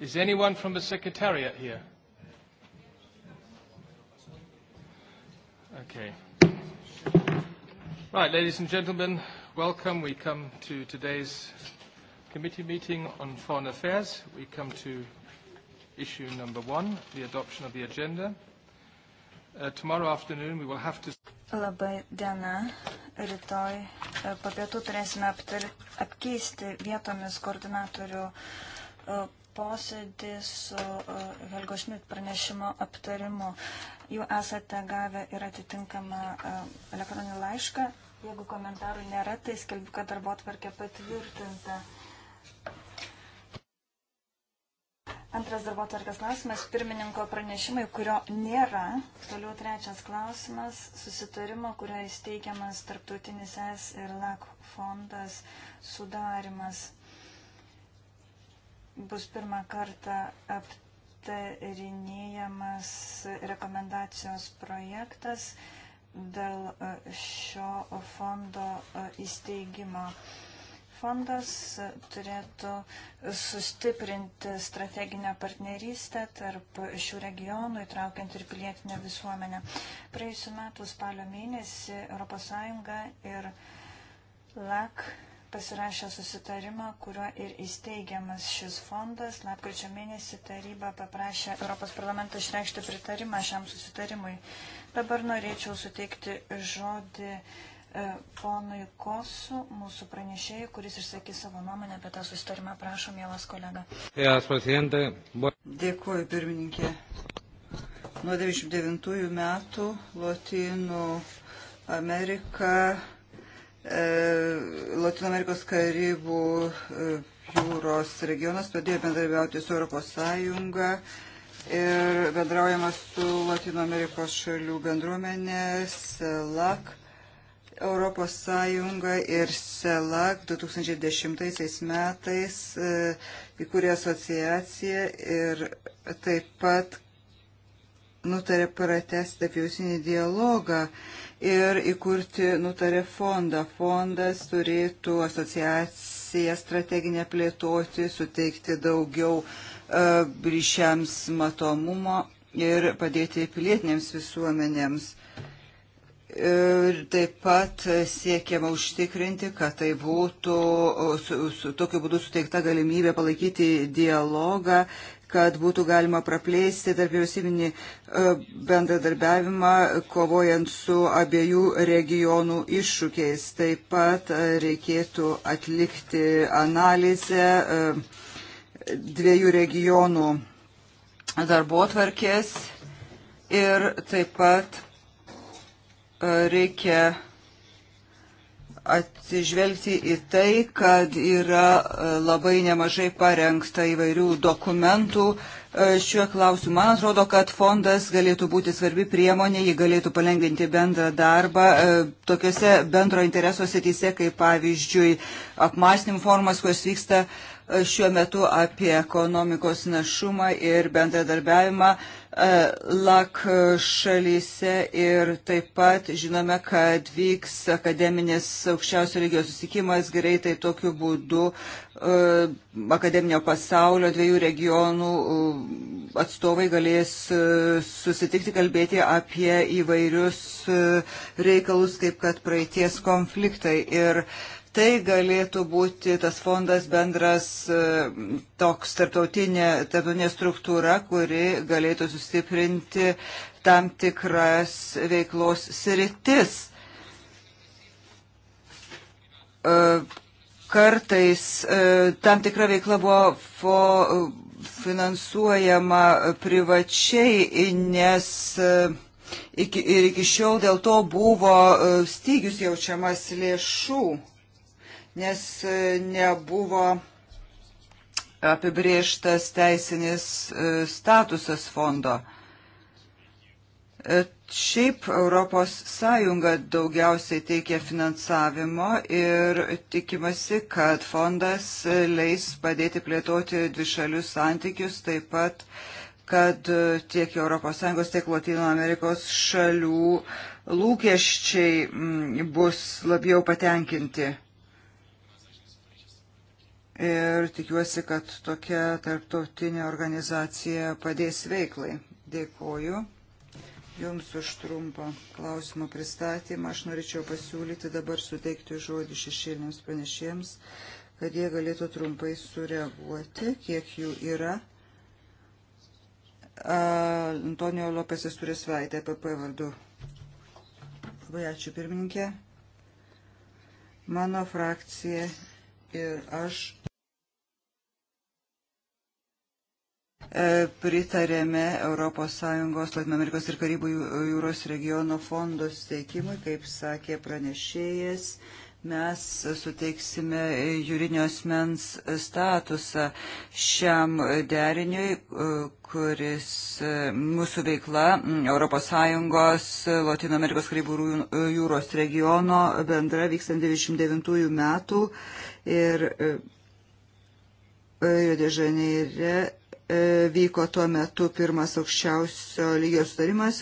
Is anyone from the Secretariat here? Okay. Right, ladies and gentlemen, welcome. We come to today's committee meeting on foreign affairs. We come to issue number one, the adoption of the agenda. Uh, tomorrow afternoon we will have to... Labai diena. Rytoj uh, po pietų turėsime aptar, apkeisti vietomis koordinatorių uh, posėdį su e, Helgo Šmit pranešimo aptarimu. Jau esate gavę ir atitinkamą e, elektroninį laišką. Jeigu komentarų nėra, tai skelbiu, kad darbo atvarkė patvirtinta. Antras darbo atvarkės klausimas - pirmininko pranešimai, kurio nėra. Toliau trečias klausimas - susitarimo, kurio įsteigiamas tarptautinis S ir LAK fondas sudarimas bus pirmą kartą aptarinėjamas rekomendacijos projektas dėl e, šio fondo e, įsteigimo. Fondas e, turėtų sustiprinti strateginę partnerystę tarp šių regionų, įtraukiant ir pilietinę visuomenę. Praėjusiu metu spalio mėnesį ES ir LAC pasirašė susitarimą, kuriuo ir įsteigiamas šis fondas. Lapkričio mėnesį taryba paprašė Europos parlamentą išreikšti pritarimą šiam susitarimui. Dabar norėčiau suteikti žodį e, ponui Kosu, mūsų pranešėjai, kuris išsakys savo nuomonę apie tą susitarimą. Prašom, mielas kolega. Dėkuoju, pirmininkė. Nuo 99 metų Lotynų Amerika E, Latino Amerikos Karibų e, jūros regionas pradėjo bendradarbiauti su Europos Sąjunga ir bendraujama su Latino Amerikos šalių bendruomenė SELAC. Europos Sąjunga ir SELAC 2010 metais e, įkūrė asociaciją ir taip pat nutarė pratesti apjausinį dialogą ir įkurti nutarė fondą. Fondas turėtų asociaciją strateginę plėtoti, suteikti daugiau uh, ryšiams matomumo ir padėti pilietinėms visuomenėms. Ir taip pat siekiama užtikrinti, kad tai būtų su, su tokiu būdu suteikta galimybė palaikyti dialogą kad būtų galima praplėsti tarp vyriausybinį e, bendradarbiavimą, kovojant su abiejų regionų iššūkiais. Taip pat e, reikėtų atlikti analizę e, dviejų regionų darbo tvarkės ir taip pat reikia atsižvelgti į tai, kad yra e, labai nemažai parengta įvairių dokumentų e, šiuo klausimu. Man atrodo, kad fondas galėtų būti svarbi priemonė, ji galėtų palengvinti bendrą darbą e, tokiuose bendro intereso sėtyse, kaip pavyzdžiui apmąstymų formas, kurios vyksta šiuo metu apie ekonomikos našumą ir bendradarbiavimą E, LAK šalyse ir taip pat žinome, kad vyks akademinis aukščiausio lygio susikimas greitai tokiu būdu e, akademinio pasaulio dviejų regionų e, atstovai galės susitikti, kalbėti apie įvairius reikalus, kaip kad praeities konfliktai. Ir uh, Tai galėtų būti tas fondas bendras e, toks tarptautinė, tarptautinė struktūra, kuri galėtų sustiprinti tam tikras veiklos sritis. E, kartais e, tam tikra veikla buvo fo, finansuojama privačiai, nes iki, ir iki šiol dėl to buvo stygius jaučiamas lėšų nes e, nebuvo apibrieštas teisinis e, statusas fondo. E, šiaip Europos Sąjunga daugiausiai teikia finansavimo ir tikimasi, kad fondas leis padėti plėtoti dvišalius santykius, taip pat, kad tiek Europos Sąjungos, tiek Latino Amerikos šalių lūkesčiai bus labiau patenkinti ir tikiuosi, kad tokia tarptautinė organizacija padės veiklai. Dėkoju Jums už trumpą klausimo pristatymą. Aš norėčiau pasiūlyti dabar suteikti žodį šešėliniams pranešėjams, kad jie galėtų trumpai sureaguoti, kiek jų yra. Antonijo Lopesis turi svaitę PP vardu. Labai ačiū pirmininkė. Mano frakcija ir aš E, pritarėme ES Latino Amerikos ir Karibų jūros regiono fondo steigimui, kaip sakė pranešėjas. Mes suteiksime jūrinio asmens statusą šiam deriniui, e, kuris e, mūsų veikla ES Latino Amerikos Karibų jūros regiono bendra vykstant 99 metų ir Rio de Žaneire E, vyko tuo metu pirmas aukščiausio lygio sutarimas,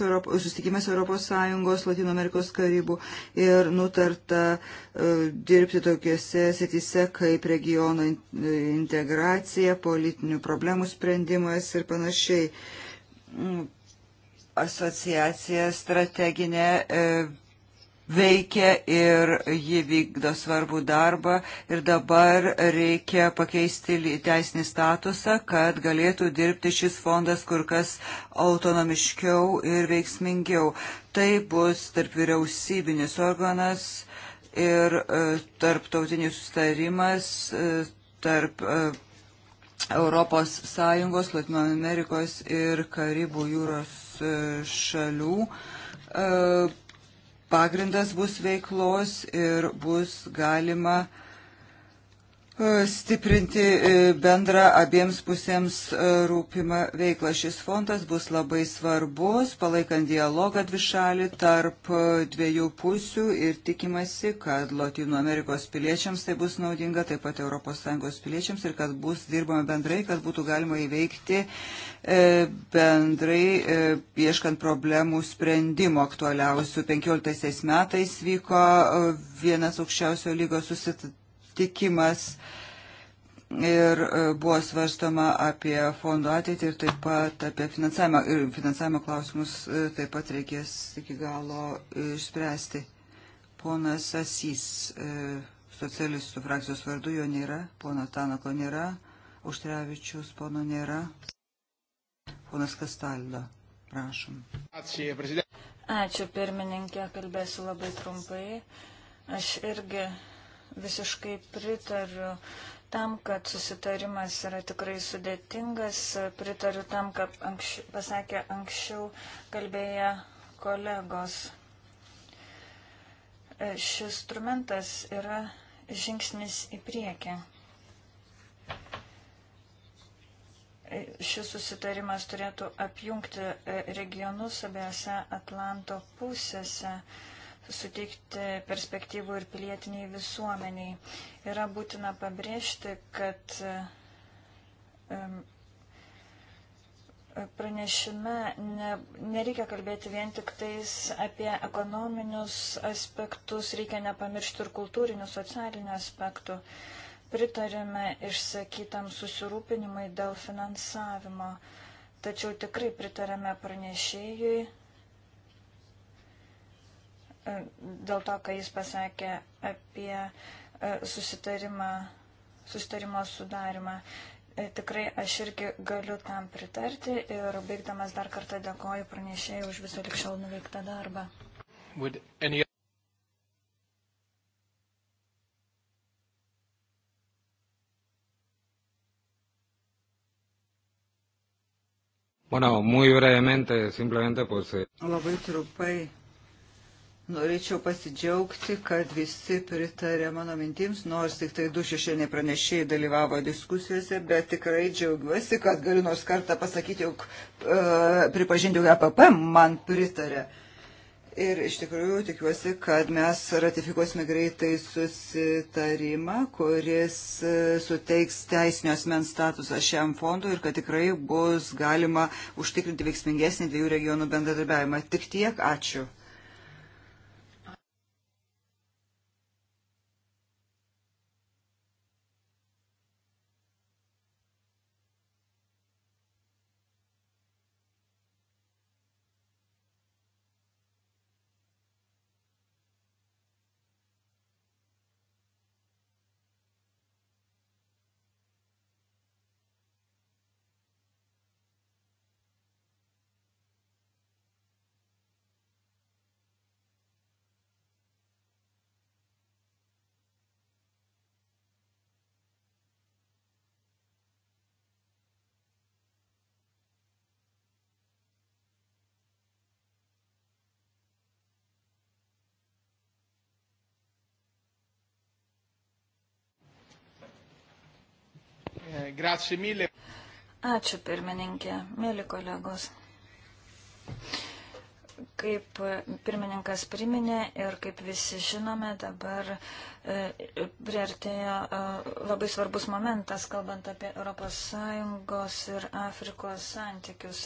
susitikimas ES, Latino Amerikos karybų ir nutarta e, dirbti tokiuose sėtise kaip regiono integracija, politinių problemų sprendimas ir panašiai. Mm, asociacija strateginė e, veikia ir ji vykdo svarbų darbą ir dabar reikia pakeisti teisinį statusą, kad galėtų dirbti šis fondas kur kas autonomiškiau ir veiksmingiau. Tai bus tarp vyriausybinis organas ir e, tarptautinis sustarimas e, tarp e, Europos Sąjungos, Latino Amerikos ir Karibų jūros šalių pagrindas bus veiklos ir bus galima uh, E, stiprinti e, bendrą abiems pusėms e, rūpimą veiklą. Šis fondas bus labai svarbus, palaikant dialogą dvišalį tarp dviejų pusių ir tikimasi, kad Lotynų Amerikos piliečiams tai bus naudinga, taip pat ES piliečiams ir kad bus dirbama bendrai, kad būtų galima įveikti bendrai, ieškant problemų sprendimo aktualiausių. 15 metais vyko vienas aukščiausio lygos susitikimas susitikimas ir e, buvo svarstama apie fondo ateitį ir taip pat apie finansavimą. Ir finansavimo klausimus e, taip pat reikės iki galo išspręsti. Ponas Asys, e, socialistų frakcijos vardu jo nėra, pono Tanako nėra, Užtrevičius pono nėra. Ponas Kastaldo, prašom. Ačiū pirmininkė, kalbėsiu labai trumpai. Aš irgi visiškai pritariu tam, kad susitarimas yra tikrai sudėtingas. Pritariu tam, ką anksči, pasakė anksčiau kalbėję kolegos. E, šis instrumentas yra žingsnis į priekį. E, šis susitarimas turėtų apjungti e, regionus abiejose Atlanto pusėse. Uh, suteikti perspektyvų ir pilietiniai visuomeniai. Yra būtina pabrėžti, kad pranešime ne, nereikia kalbėti vien tik tais apie ekonominius aspektus, reikia nepamiršti ir kultūrinių, socialinių aspektų. Pritarime išsakytam susirūpinimui dėl finansavimo, tačiau tikrai pritarėme pranešėjui E, dėl to, ką jis pasakė apie e, susitarimą, susitarimo sudarimą. E, tikrai aš irgi galiu tam pritarti ir baigdamas dar kartą dėkoju pranešėjai už visą likščiau nuveiktą darbą. Bueno, muy brevemente, simplemente pues. Eh, Labai trupai Norėčiau pasidžiaugti, kad visi pritarė mano mintims, nors tik tai du šešėliniai pranešėjai dalyvavo diskusijose, bet tikrai džiaugiuosi, kad galiu nors kartą pasakyti, jog e, pripažinti, jog APP e man pritarė. Ir iš tikrųjų tikiuosi, kad mes ratifikuosime greitai susitarimą, kuris e, suteiks teisinio asmens statusą šiam fondui ir kad tikrai bus galima užtikrinti veiksmingesnį dviejų regionų bendradarbiavimą. Tik tiek, ačiū. Grazie mille. Ačiū pirmininkė, mėly kolegos. Kaip pirmininkas priminė ir kaip visi žinome, dabar e, priartėjo e, labai svarbus momentas, kalbant apie ES ir Afrikos santykius.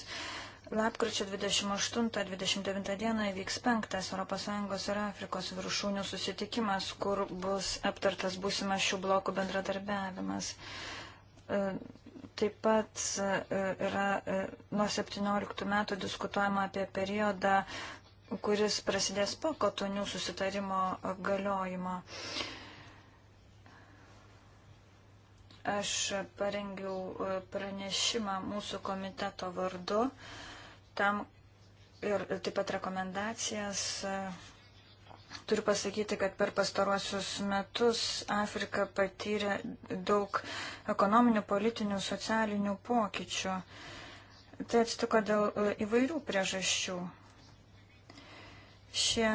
Lapkričio 28-29 dieną vyks penktas ES ir Afrikos viršūnių susitikimas, kur bus aptartas būsimas šių blokų bendradarbiavimas. E, taip pat e, yra e, nuo 17 metų diskutuojama apie periodą, kuris prasidės po kotonių susitarimo galiojimo. Aš parengiau pranešimą mūsų komiteto vardu tam ir taip pat rekomendacijas Turiu pasakyti, kad per pastaruosius metus Afrika patyrė daug ekonominių, politinių, socialinių pokyčių. Tai atsitiko dėl e, įvairių priežasčių. Šie,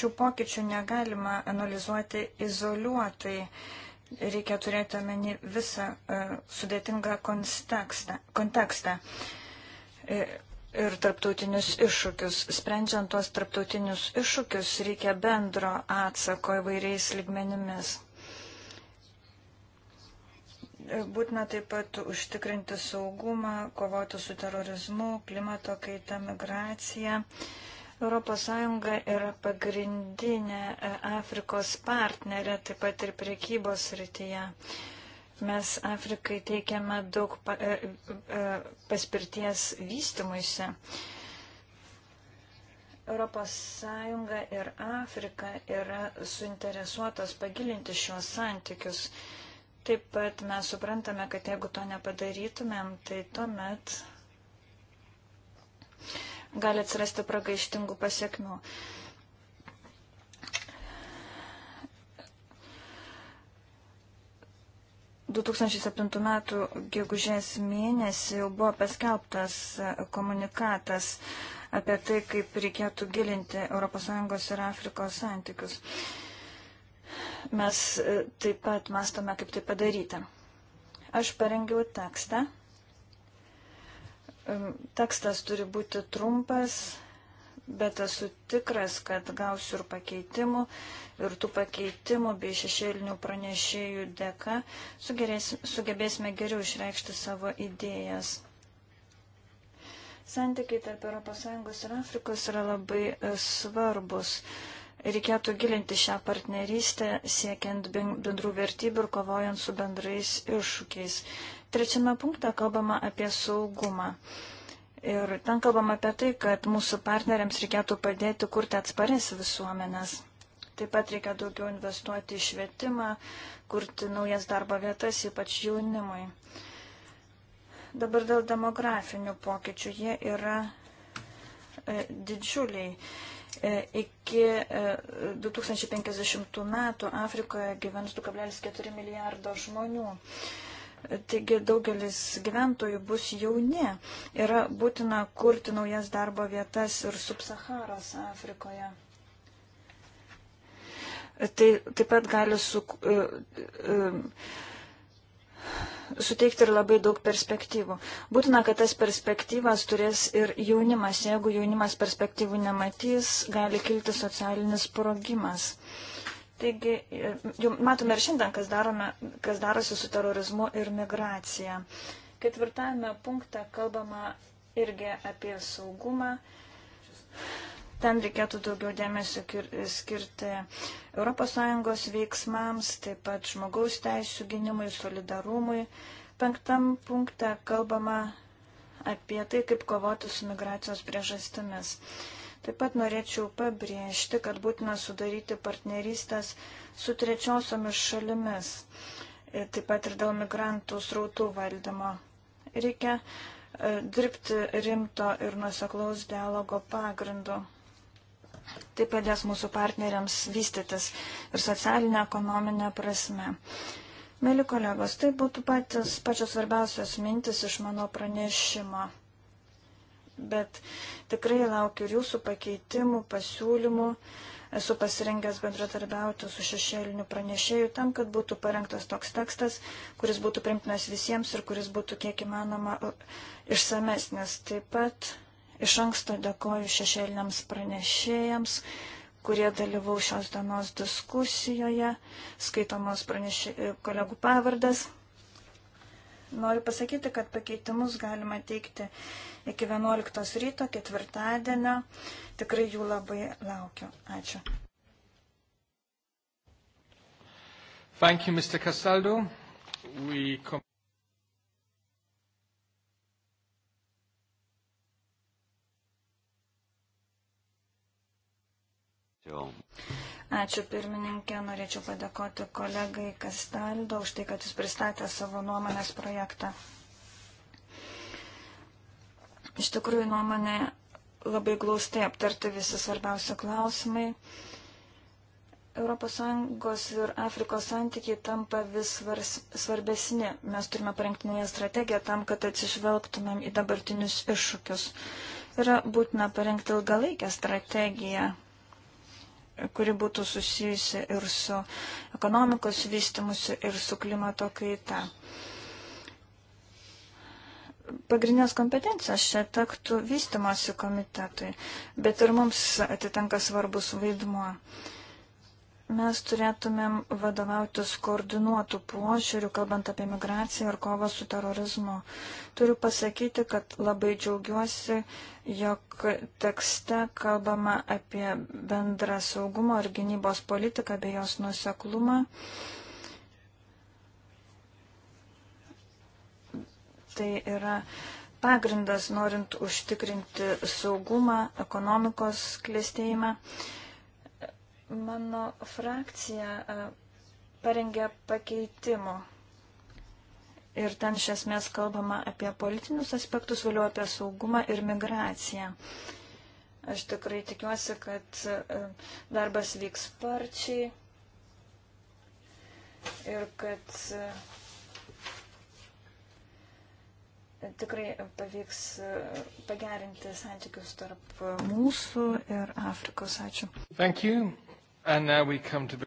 šių pokyčių negalima analizuoti izoliuotai. Reikia turėti omeny visą uh, sudėtingą kontekstą. kontekstą. Uh, ir tarptautinius iššūkius. Sprendžiant tuos tarptautinius iššūkius reikia bendro atsako įvairiais ligmenimis. Būtina taip pat užtikrinti saugumą, kovoti su terorizmu, klimato kaita, migracija. ES yra pagrindinė e, Afrikos partnerė, taip pat ir priekybos rytyje. Mes Afrikai teikiame daug e, e, e, paspirties vystimuisi. ES ir Afrika yra suinteresuotos pagilinti šios santykius. Taip pat mes suprantame, kad jeigu to nepadarytumėm, tai tuomet gali atsirasti pragaištingų pasiekmių. 2007 m. gegužės mėnesį jau buvo paskelbtas e, komunikatas apie tai, kaip reikėtų gilinti ES ir Afrikos santykius. Mes e, taip pat mastome, kaip tai padaryti. Aš parengiau tekstą. Tekstas turi būti trumpas, bet esu tikras, kad gausiu ir pakeitimų, ir tų pakeitimų bei šešėlinių pranešėjų dėka sugebėsime geriau išreikšti savo idėjas. Santykiai tarp ES ir Afrikos yra labai e, svarbus. Reikėtų gilinti šią partnerystę, siekiant bendrų vertybių ir kovojant su bendrais iššūkiais. Trečiame punkte kalbama apie saugumą. Ir ten kalbam apie tai, kad mūsų partneriams reikėtų padėti kurti atsparis visuomenės. Taip pat reikia daugiau investuoti į švietimą, kurti naujas darbo vietas, ypač jaunimui. Dabar dėl demografinių pokyčių. Jie yra e, didžiuliai. E, iki e, 2050 metų Afrikoje gyvens 2,4 milijardo žmonių. E, Taigi daugelis gyventojų bus jauni. Yra būtina kurti naujas darbo vietas ir subsaharos Afrikoje. Tai taip pat gali su, e, e, suteikti ir labai daug perspektyvų. Būtina, kad tas perspektyvas turės ir jaunimas. Jeigu jaunimas perspektyvų nematys, gali kilti socialinis sprogimas. Uh, Taigi, jau matome ir šiandien, kas, darome, kas darosi su terorizmu ir migracija. Ketvirtame punkte kalbama irgi apie saugumą. Ten reikėtų daugiau dėmesio skirti ES veiksmams, taip pat žmogaus teisų gynimui, solidarumui. Penktam punkte kalbama apie tai, kaip kovoti su migracijos priežastimis. Taip pat norėčiau pabrėžti, kad būtina sudaryti partnerystės su trečiosiomis šalimis, e, taip pat ir dėl migrantų srautų valdymo. Reikia e, dirbti rimto ir nuseklaus dialogo pagrindu. Tai padės mūsų partneriams vystytis ir socialinė, ekonominė prasme. Mėly kolegos, tai būtų patys, pačios svarbiausios mintis iš mano pranešimo bet tikrai laukiu ir jūsų pakeitimų, pasiūlymų. Esu pasirengęs bendratarbiauti su šešėliniu pranešėju tam, kad būtų parengtas toks tekstas, kuris būtų primtinas visiems ir kuris būtų kiek įmanoma išsamesnis. Taip pat iš anksto dėkoju šešėliniams pranešėjams kurie dalyvau šios dienos diskusijoje, skaitomos pranešė, kolegų pavardas. Noriu pasakyti, kad pakeitimus galima teikti iki 11 ryto, ketvirtadienio. Tikrai jų labai laukiu. Ačiū. Thank you, Mr. Castaldo. We come Jo. Ačiū pirmininkė, norėčiau padėkoti kolegai Kastaldo už tai, kad jis pristatė savo nuomonės projektą. Iš tikrųjų, nuomonė labai glaustai aptarti visi svarbiausi klausimai. ES ir Afrikos santykiai tampa vis svarbesni. Mes turime parengti naują strategiją tam, kad atsižvelgtumėm į dabartinius iššūkius. Yra būtina parengti ilgalaikę strategiją kuri būtų susijusi ir su ekonomikos vystimusi, ir su klimato kaita. Pagrindinės kompetencijos čia tektų vystimosi komitetui, bet ir mums atitenka svarbus vaidmuo. Uh, mes turėtumėm vadovautis koordinuotų požiūrių, kalbant apie migraciją ir kovą su terorizmu. Turiu pasakyti, kad labai džiaugiuosi, jog tekste kalbama apie bendrą saugumo ir gynybos politiką bei jos nuseklumą. Tai yra pagrindas norint užtikrinti saugumą, ekonomikos klėstėjimą. Uh, Mano frakcija e, parengė pakeitimo. Ir ten iš esmės kalbama apie politinius aspektus, vėliau apie saugumą ir migraciją. Aš tikrai tikiuosi, kad e, darbas vyks sparčiai ir kad e, tikrai pavyks pagerinti santykius tarp mūsų ir Afrikos. Ačiū. Thank you. And now we come to...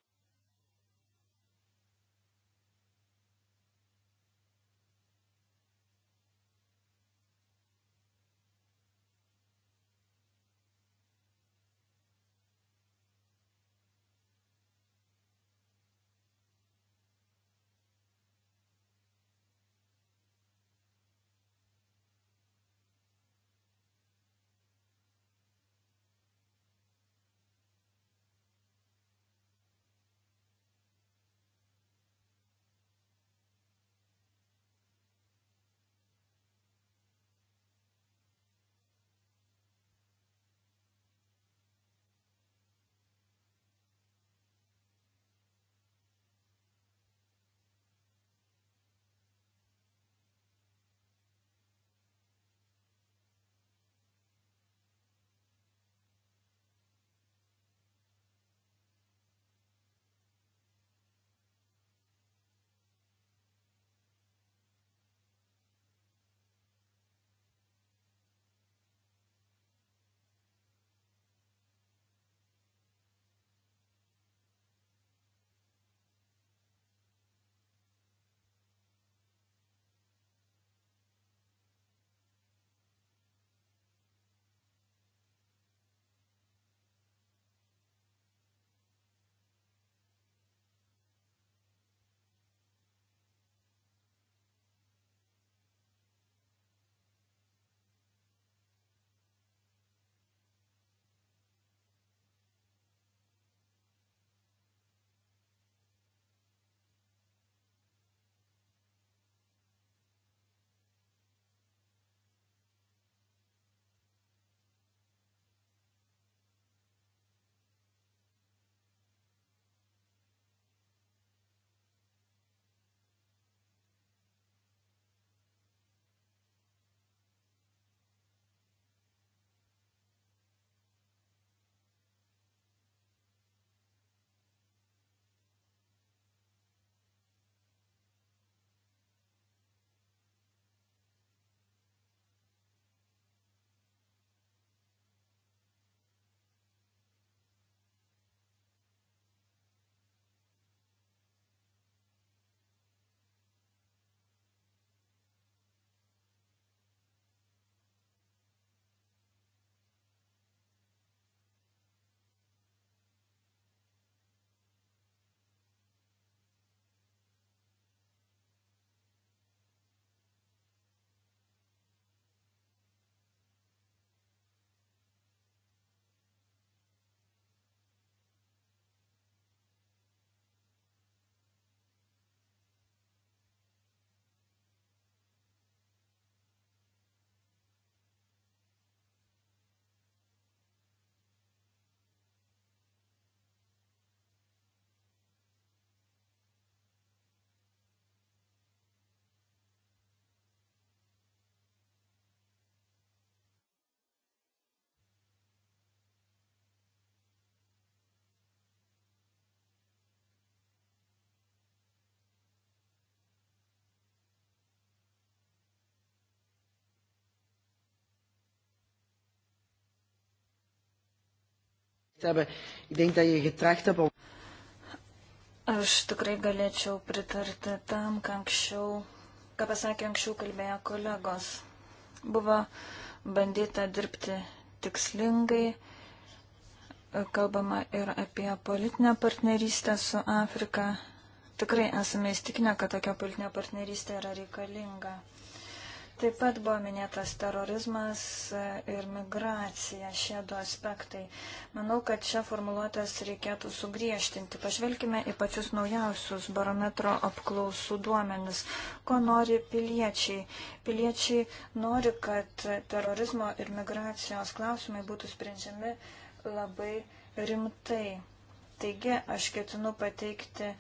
Aš tikrai galėčiau pritarti tam, ką anksčiau, ką pasakė anksčiau kalbėję kolegos. Buvo bandyta dirbti tikslingai, kalbama ir apie politinę partnerystę su Afrika. Tikrai esame įstikinę, kad tokia politinė partnerystė yra reikalinga. Taip pat buvo minėtas terorizmas e, ir migracija, šie du aspektai. Manau, kad čia formuluotės reikėtų sugriežtinti. Pažvelkime į pačius naujausius barometro apklausų duomenis. Ko nori piliečiai? Piliečiai nori, kad terorizmo ir migracijos klausimai būtų sprendžiami labai rimtai. Taigi aš ketinu pateikti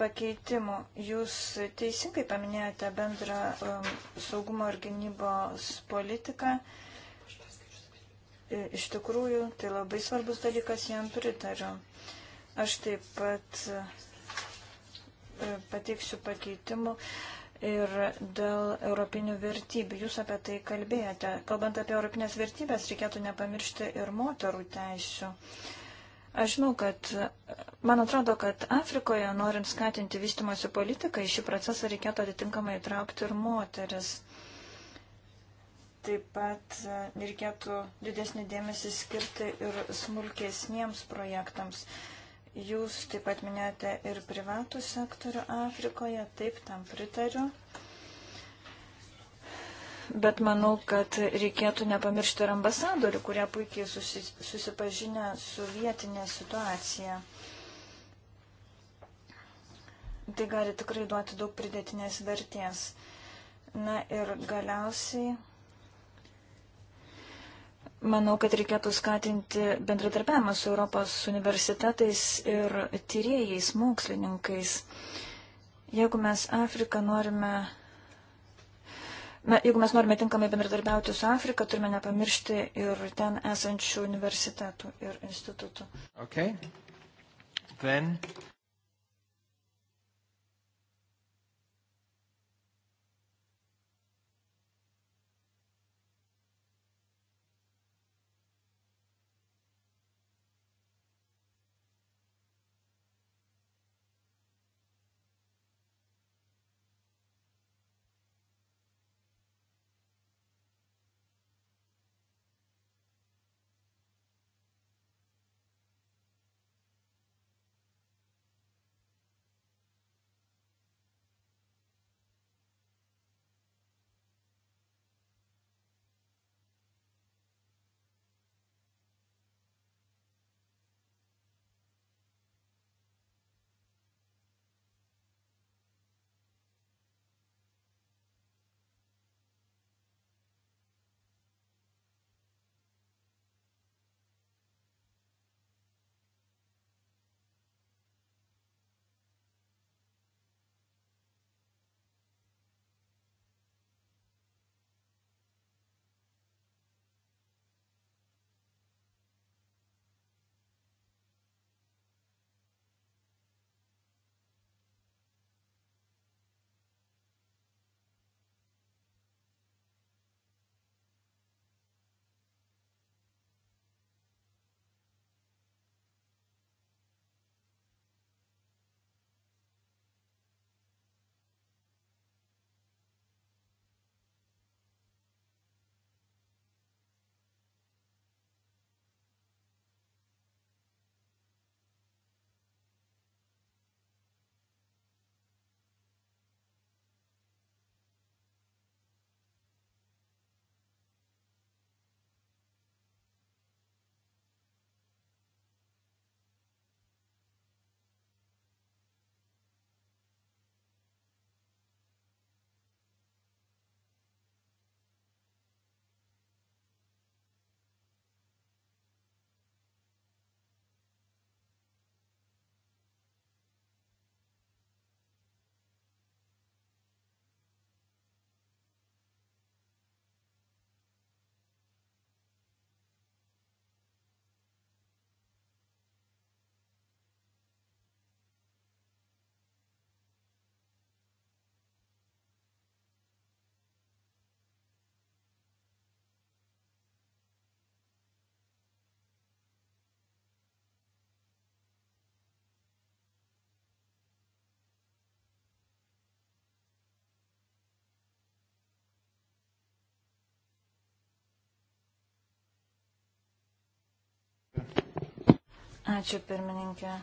pakeitimų. Jūs teisingai paminėjote bendrą um, saugumo ir gynybos politiką. Iš tikrųjų, tai labai svarbus dalykas, jam pritariu. Aš taip pat e, pateiksiu pakeitimų ir dėl europinių vertybių. Jūs apie tai kalbėjote. Kalbant apie europinės vertybės, reikėtų nepamiršti ir moterų teisių. Uh, Aš žinau, kad man atrodo, kad Afrikoje, norint skatinti vystimosi politiką, į šį procesą reikėtų atitinkamai įtraukti ir moteris. Taip pat e, reikėtų didesnį dėmesį skirti ir smulkesniems projektams. Jūs taip pat minėjote ir privatų sektorių Afrikoje, taip tam pritariu bet manau, kad reikėtų nepamiršti ir ambasadorių, kurie puikiai susi, susipažinę su vietinė situacija. Tai gali tikrai duoti daug pridėtinės vertės. Na ir galiausiai, manau, kad reikėtų skatinti bendradarbiavimą su Europos universitetais ir tyrėjais, mokslininkais. Jeigu mes Afriką norime Na, jeigu mes norime tinkamai bendradarbiauti su Afrika, turime nepamiršti ir ten esančių universitetų ir institutų. Okay. Then, Ačiū pirmininkė.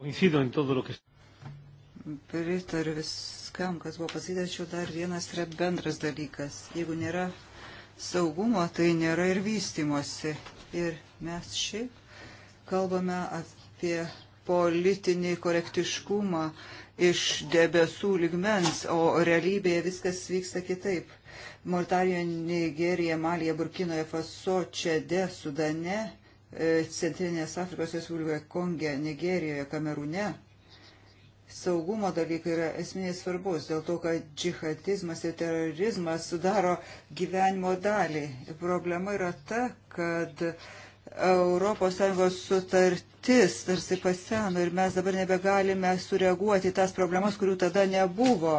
Pritariu viskam, kas buvo pasakyta, tačiau dar vienas yra bendras dalykas. Jeigu nėra saugumo, tai nėra ir vystimosi. Ir mes šiaip kalbame apie politinį korektiškumą iš debesų ligmens, o realybėje viskas vyksta kitaip. Mortarijoje, Nigerijoje, Malija, Burkinoje, Faso, Čede, Sudane E, Centrinės Afrikos Respublikoje, Konge, Nigerijoje, Kamerūne. Saugumo dalykai yra esminė svarbus, dėl to, kad džihadizmas ir terorizmas sudaro gyvenimo dalį. Problema yra ta, kad ES sutartis tarsi paseno ir mes dabar nebegalime sureaguoti tas problemas, kurių tada nebuvo.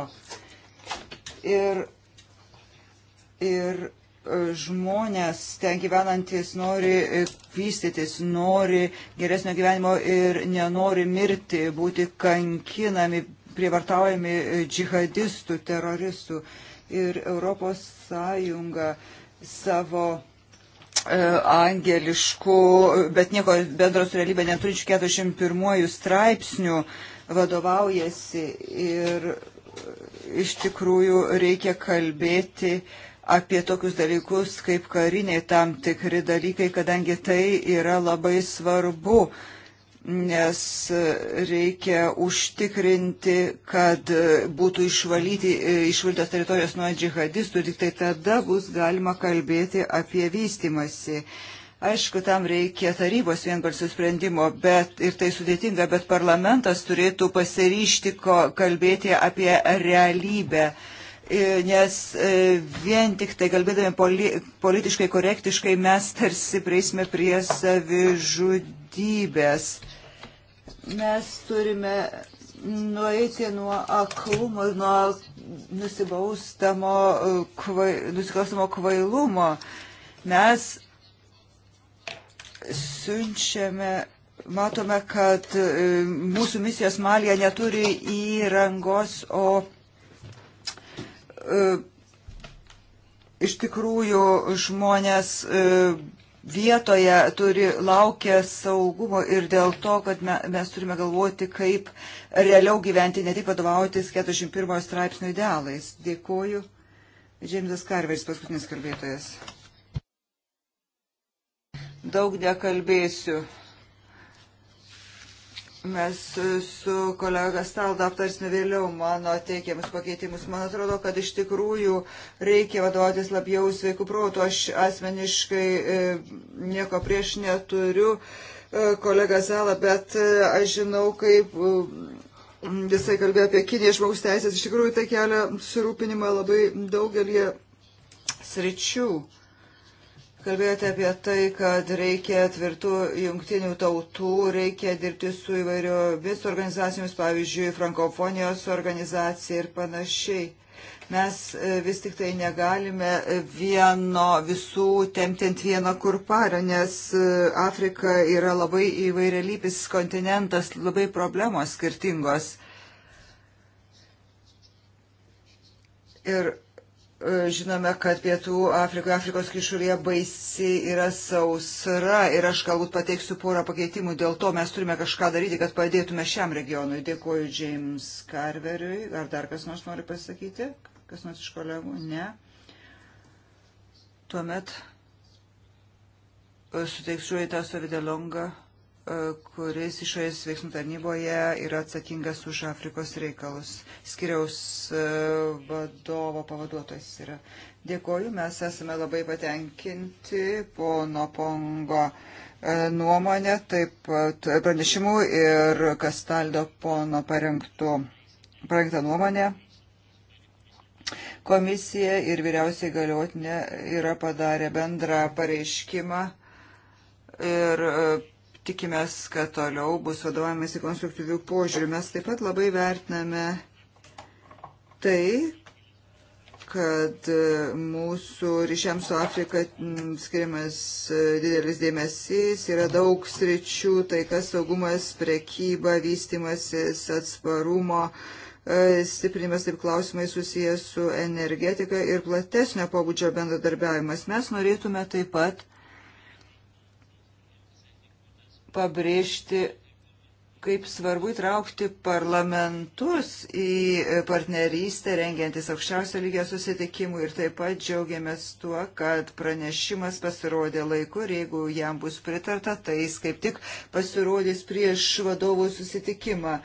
Ir, ir žmonės ten gyvenantis nori vystytis, nori geresnio gyvenimo ir nenori mirti, būti kankinami, prievartaujami džihadistų, teroristų. Ir Europos Sąjunga savo e, angeliškų, bet nieko bendro su realybė neturinčių 41 straipsnių vadovaujasi ir e, iš tikrųjų reikia kalbėti uh, apie tokius dalykus kaip kariniai tam tikri dalykai, kadangi tai yra labai svarbu, nes reikia užtikrinti, kad būtų išvalyti, išvalytos teritorijos nuo džihadistų, tik tai tada bus galima kalbėti apie vystimasi. Aišku, tam reikia tarybos vienbalsių sprendimo, bet ir tai sudėtinga, bet parlamentas turėtų pasiryšti ko, kalbėti apie realybę. Uh, E, nes e, vien tik tai kalbėdami poli, politiškai korektiškai mes tarsi prieisime prie savižudybės. Mes turime nueiti nuo aklumo, nuo nusibaustamo, e, kvai, nusikalstamo kvailumo. Mes siunčiame matome, kad mūsų misijos Malija neturi įrangos, o E, iš tikrųjų žmonės e, vietoje turi laukia saugumo ir dėl to, kad me, mes turime galvoti, kaip realiau gyventi, ne tik vadovautis 41 straipsnio idealais. Dėkuoju. Džeimsas Karveris, paskutinis kalbėtojas. Daug nekalbėsiu. Mes su kolega Stalda aptarsime vėliau mano teikiamus pakeitimus. Man atrodo, kad iš tikrųjų reikia vadovautis labiau sveikų protų. Aš asmeniškai e, nieko prieš neturiu, e, kolega Zala, bet e, aš žinau, kaip visai kalbėjo apie Kiniją žmogus teisės. Iš tikrųjų, tai kelia surūpinimą labai daugelį sričių. Kalbėjote apie tai, kad reikia tvirtų jungtinių tautų, reikia dirbti su įvairiomis organizacijomis, pavyzdžiui, frankofonijos organizacija ir panašiai. Mes e, vis tik tai negalime vieno visų temti ant vieno kurpario, nes e, Afrika yra labai įvairialypis kontinentas, labai problemos skirtingos. Ir E, žinome, kad Pietų Afrikoje, Afrikos kišulėje baisiai yra sausra ir aš galbūt pateiksiu porą pakeitimų. Dėl to mes turime kažką daryti, kad padėtume šiam regionui. Dėkuoju James Carveriui. Ar dar kas nors nori pasakyti? Kas nors iš kolegų? Ne. Tuomet e, suteiksiu į tą savidelongą kuris išorės veiksmų tarnyboje yra atsakingas už Afrikos reikalus. Skiriaus e, vadovo pavaduotojas yra. Dėkoju, mes esame labai patenkinti pono Pongo e, nuomonę, taip pat pranešimų ir Kastaldo pono parengtų, parengtą nuomonę. Komisija ir vyriausiai galiotinė yra padarę bendrą pareiškimą ir e, tikimės, kad toliau bus vadovavimas į konstruktyvių požiūrių. Mes taip pat labai vertiname tai, kad mūsų ryšiams su Afrika skiriamas didelis dėmesys, yra daug sričių, tai kas saugumas, prekyba, vystimasis, atsparumo, e, stiprinimas ir klausimai susijęs su energetika ir platesnio pobūdžio bendradarbiavimas. Mes norėtume taip pat pabrėžti, kaip svarbu įtraukti parlamentus į partnerystę rengiantis aukščiausio lygio susitikimui ir taip pat džiaugiamės tuo, kad pranešimas pasirodė laiku ir jeigu jam bus pritarta, tai jis kaip tik pasirodys prieš vadovų susitikimą.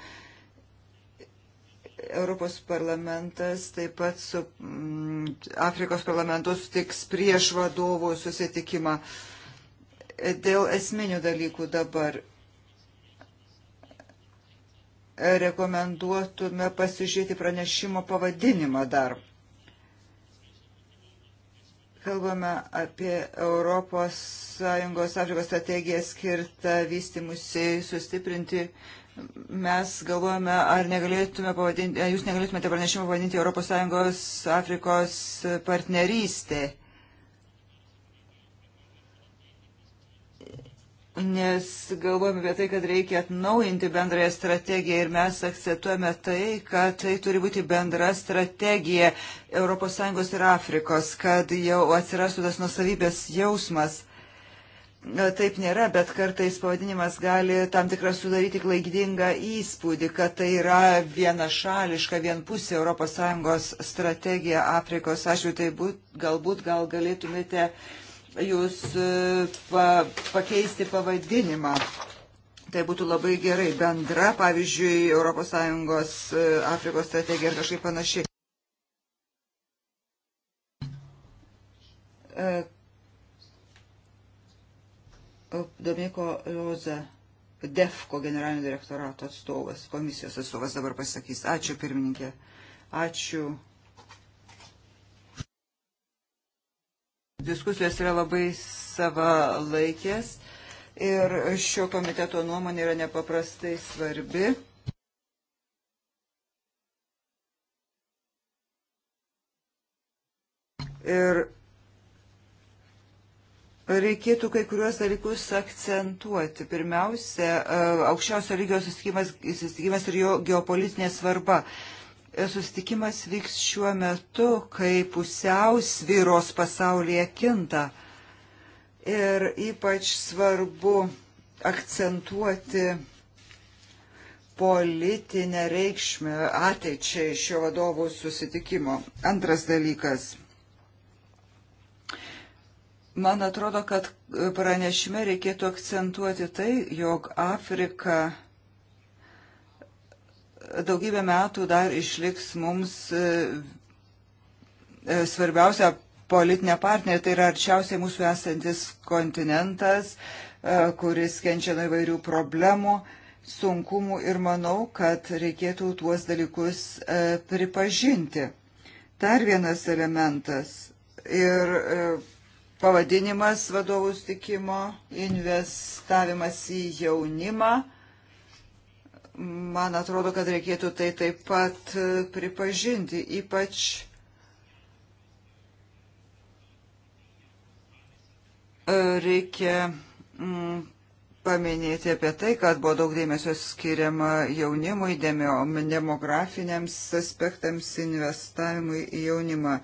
Europos parlamentas taip pat su mm, Afrikos parlamentu sutiks prieš vadovų susitikimą. Uh, Dėl esminių dalykų dabar rekomenduotume pasižiūrėti pranešimo pavadinimą dar. Kalbame apie ES Afrikos strategiją skirtą vystimusiai sustiprinti Mes galvojame, ar negalėtume pavadinti, jūs negalėtumėte pranešimą pavadinti ES Afrikos partnerystė. nes galvojame apie tai, kad reikia atnaujinti bendrąją strategiją ir mes akcentuojame tai, kad tai turi būti bendra strategija ES ir Afrikos, kad jau atsirastų tas nusavybės jausmas. Taip nėra, bet kartais pavadinimas gali tam tikrą sudaryti klaidingą įspūdį, kad tai yra vienašališka, vienpusė ES strategija Afrikos. Aš jau tai būt, galbūt gal galėtumėte uh, jūs e, pa, pakeisti pavadinimą. Tai būtų labai gerai bendra, pavyzdžiui, ES e, Afrikos strategija ar kažkaip panašiai. E, Domiko Loza, DEFCO generalinio direktorato atstovas, komisijos atstovas dabar pasakys. Ačiū pirmininkė. Ačiū Diskusijos yra labai savalaikės ir šio komiteto nuomonė yra nepaprastai svarbi. Ir reikėtų kai kuriuos dalykus akcentuoti. Pirmiausia, e, aukščiausio lygio susitikimas ir jo geopolitinė svarba. Sustikimas vyks šiuo metu, kai pusiausvyros pasaulyje kinta. Ir ypač svarbu akcentuoti politinę reikšmę ateičiai šio vadovų susitikimo. Antras dalykas. Man atrodo, kad pranešime reikėtų akcentuoti tai, jog Afrika daugybę metų dar išliks mums e, e, svarbiausia politinė partnerė, tai yra arčiausiai mūsų esantis kontinentas, e, kuris kenčia nuo įvairių problemų, sunkumų ir manau, kad reikėtų tuos dalykus pripažinti. Dar vienas elementas ir pavadinimas vadovų stikimo, investavimas į jaunimą man atrodo, kad reikėtų tai taip pat e, pripažinti, ypač reikia mm, paminėti apie tai, kad buvo daug dėmesio skiriama jaunimui, demografiniams aspektams, investavimui į jaunimą.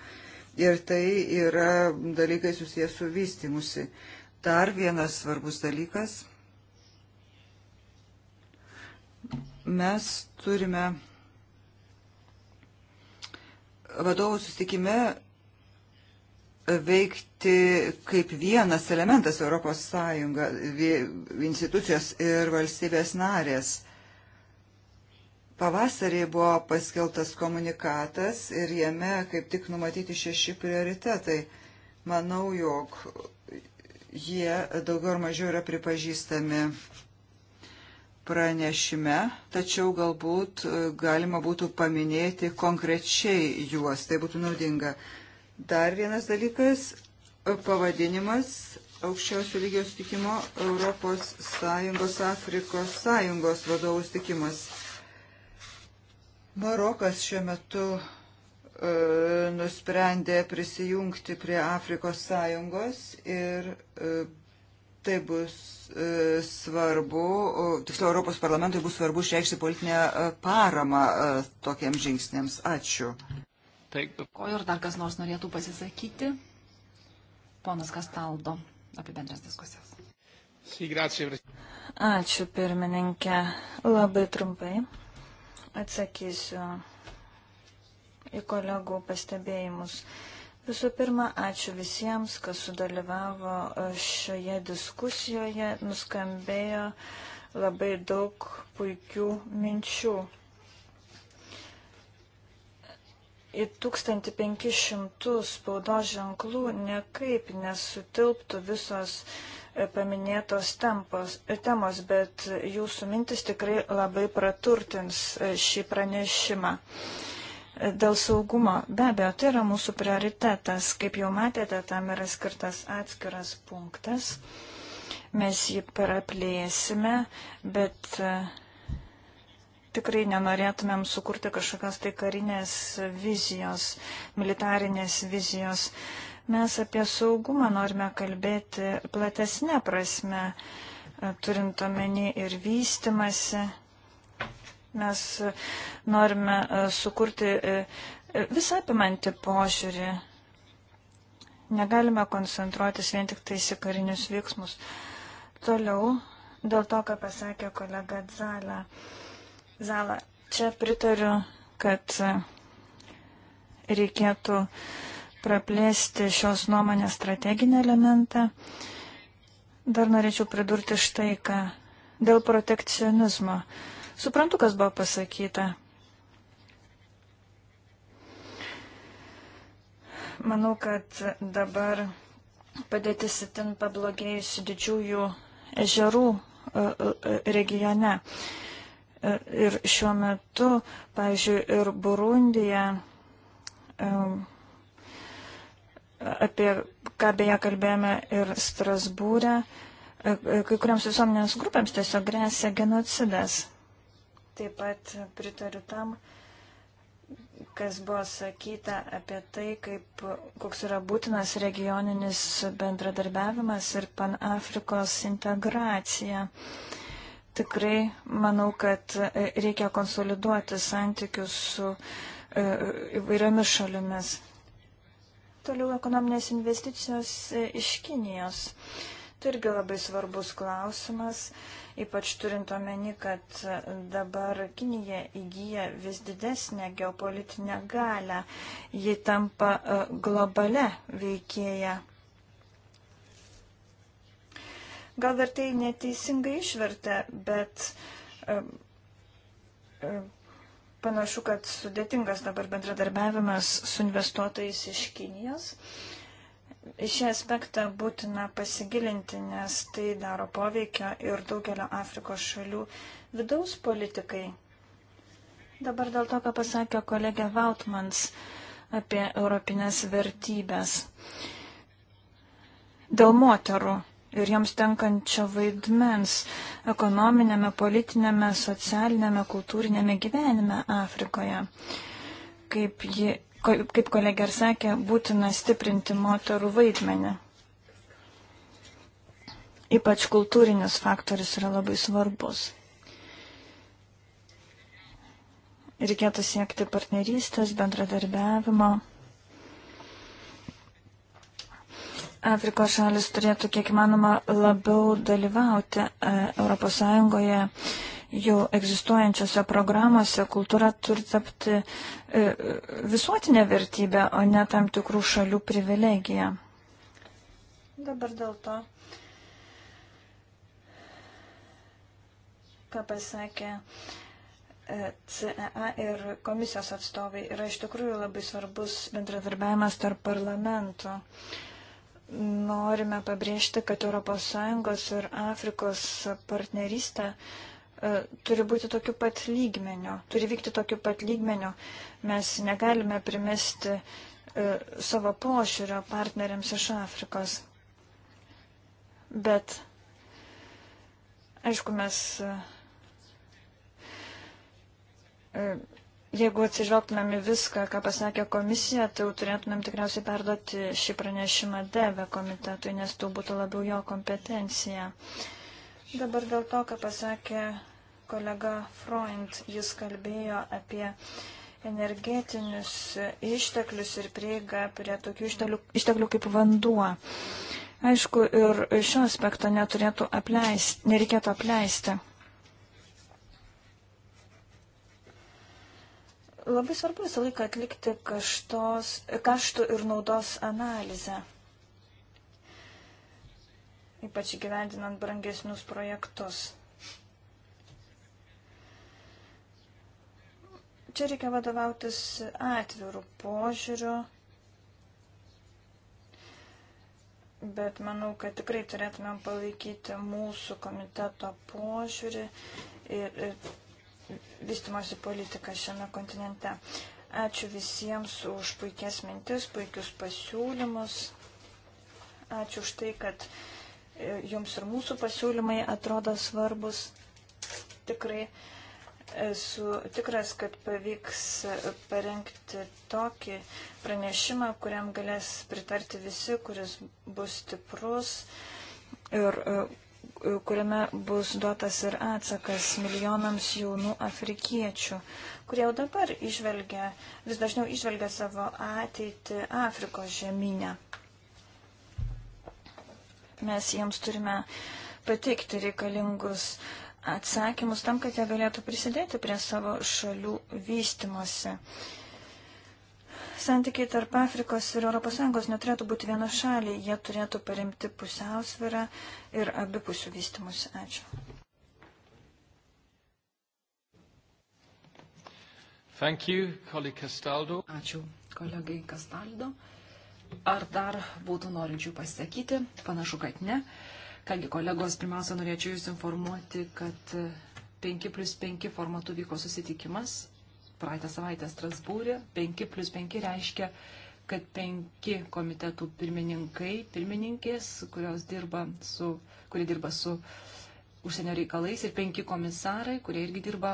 Ir tai yra dalykai susijęs su vystimusi. Dar vienas svarbus dalykas Mes turime vadovų susitikime veikti kaip vienas elementas Europos Sąjunga, institucijos ir valstybės narės. Pavasarį buvo paskeltas komunikatas ir jame kaip tik numatyti šeši prioritetai. Manau, jog jie daugiau ar mažiau yra pripažįstami pranešime, tačiau galbūt e, galima būtų paminėti konkrečiai juos, tai būtų naudinga. Dar vienas dalykas - pavadinimas aukščiausio lygio sutikimo Europos Sąjungos Afrikos Sąjungos vadovų sutikimas. Marokas šiuo metu e, nusprendė prisijungti prie Afrikos Sąjungos ir e, tai bus e, svarbu, tiksliau Europos parlamentui bus svarbu išreikšti politinę e, paramą e, tokiems žingsniams. Ačiū. Taip. O ir dar kas nors norėtų pasisakyti? Ponas Kastaldo apie bendras diskusijas. Ačiū pirmininkė. Labai trumpai atsakysiu į kolegų pastebėjimus. Uh, Visų pirma, ačiū visiems, kas sudalyvavo e, šioje diskusijoje. Nuskambėjo labai daug puikių minčių. Į 1500 spaudos ženklų niekaip nesutilptų visos e, paminėtos tempos, e, temos, bet jūsų mintis tikrai labai praturtins šį pranešimą. Dėl saugumo, be abejo, tai yra mūsų prioritetas. Kaip jau matėte, tam yra skirtas atskiras punktas. Mes jį praplėsime, bet e, tikrai nenorėtumėm sukurti kažkokios tai karinės vizijos, militarinės vizijos. Mes apie saugumą norime kalbėti platesnė prasme, e, turint omeny ir vystimasi Mes e, norime e, sukurti e, visą apimantį požiūrį. Negalime koncentruotis vien tik tais į karinius veiksmus. Toliau, dėl to, ką pasakė kolega Zala. Zala, čia pritariu, kad reikėtų praplėsti šios nuomonės strateginį elementą. Dar norėčiau pridurti štai ką. Dėl protekcionizmo. Uh, Suprantu, kas buvo pasakyta. Manau, kad dabar padėtis itin pablogėjusi didžiųjų ežerų e, e, regione. E, ir šiuo metu, pavyzdžiui, ir Burundija, apie ką beje kalbėjome ir Strasbūrė, kai kuriams visuomenės grupėms tiesiog grėsia genocidas. Taip pat pritariu tam, kas buvo sakyta apie tai, kaip, koks yra būtinas regioninis bendradarbiavimas ir Pan-Afrikos integracija. Tikrai manau, kad e, reikia konsoliduoti santykius su e, įvairiomis šalimis. Toliau ekonominės investicijos e, iš Kinijos. Tai irgi labai svarbus klausimas ypač turint omeny, kad dabar Kinija įgyja vis didesnę geopolitinę galę, ji tampa e, globale veikėja. Gal dar tai neteisingai išvertė, bet e, e, panašu, kad sudėtingas dabar bendradarbiavimas su investuotojais iš Kinijos. Uh, šį aspektą būtina pasigilinti, nes tai daro poveikio ir daugelio Afrikos šalių vidaus politikai. Dabar dėl to, ką pasakė kolegė Vautmans apie europinės vertybės. Dėl moterų ir joms tenkančio vaidmens ekonominėme, politinėme, socialinėme, kultūrinėme gyvenime Afrikoje. Kaip ji kaip kolegė ir sakė, būtina stiprinti moterų vaidmenį. Ypač kultūrinis faktorius yra labai svarbus. Reikėtų siekti partnerystės, bendradarbiavimo. Afrikos šalis turėtų kiek manoma labiau dalyvauti ES jau egzistuojančiose programuose kultūra turi tapti e, visuotinė vertybė, o ne tam tikrų šalių privilegija. Dabar dėl to, ką pasakė e, CEA ir komisijos atstovai, yra iš tikrųjų labai svarbus bendradarbiavimas tarp parlamento norime pabrėžti, kad ES ir Afrikos partnerystė E, turi būti tokiu pat lygmeniu, turi vykti tokiu pat lygmeniu. Mes negalime primesti e, savo pošiūrio partneriams iš Afrikos. Bet, aišku, mes, e, jeigu atsižvelgtumėm į viską, ką pasakė komisija, tai jau turėtumėm tikriausiai perduoti šį pranešimą DEVE komitetui, nes tai būtų labiau jo kompetencija. Dabar dėl to, ką pasakė kolega Freund, jis kalbėjo apie energetinius išteklius ir prieigą prie tokių išteklių, išteklių kaip vanduo. Aišku, ir šio aspekto neturėtų apleisti, nereikėtų apleisti. Labai svarbu visą laiką atlikti kaštos, kaštų ir naudos analizę ypač įgyvendinant brangesnius projektus. Čia reikia vadovautis atvirų požiūrių, bet manau, kad tikrai turėtumėm palaikyti mūsų komiteto požiūrį ir, ir vystimosi politiką šiame kontinente. Ačiū visiems už puikias mintis, puikius pasiūlymus. Ačiū už tai, kad e, jums ir mūsų pasiūlymai atrodo svarbus. Tikrai. Esu tikras, kad pavyks parengti tokį pranešimą, kuriam galės pritarti visi, kuris bus stiprus ir e, kuriame bus duotas ir atsakas milijonams jaunų afrikiečių, kurie jau dabar išvelgia, vis dažniau išvelgia savo ateitį Afrikos žemynę. Mes jiems turime pateikti reikalingus uh, atsakymus tam, kad jie galėtų prisidėti prie savo šalių vystimosi. Santykiai tarp Afrikos ir ES neturėtų būti viena šaliai, jie turėtų paremti pusiausvirą ir abipusių vystimus. Ačiū. Thank you, Ačiū kolegai Kastaldo. Ar dar būtų norinčių pasakyti? Panašu, kad ne. Kągi, kolegos, pirmiausia, norėčiau Jūs informuoti, kad 5 plus 5 formatu vyko susitikimas praeitą savaitę Strasbūrė. 5 plus 5 reiškia, kad penki komitetų pirmininkai, pirmininkės, kurios dirba su, kurie dirba su užsienio reikalais ir penki komisarai, kurie irgi dirba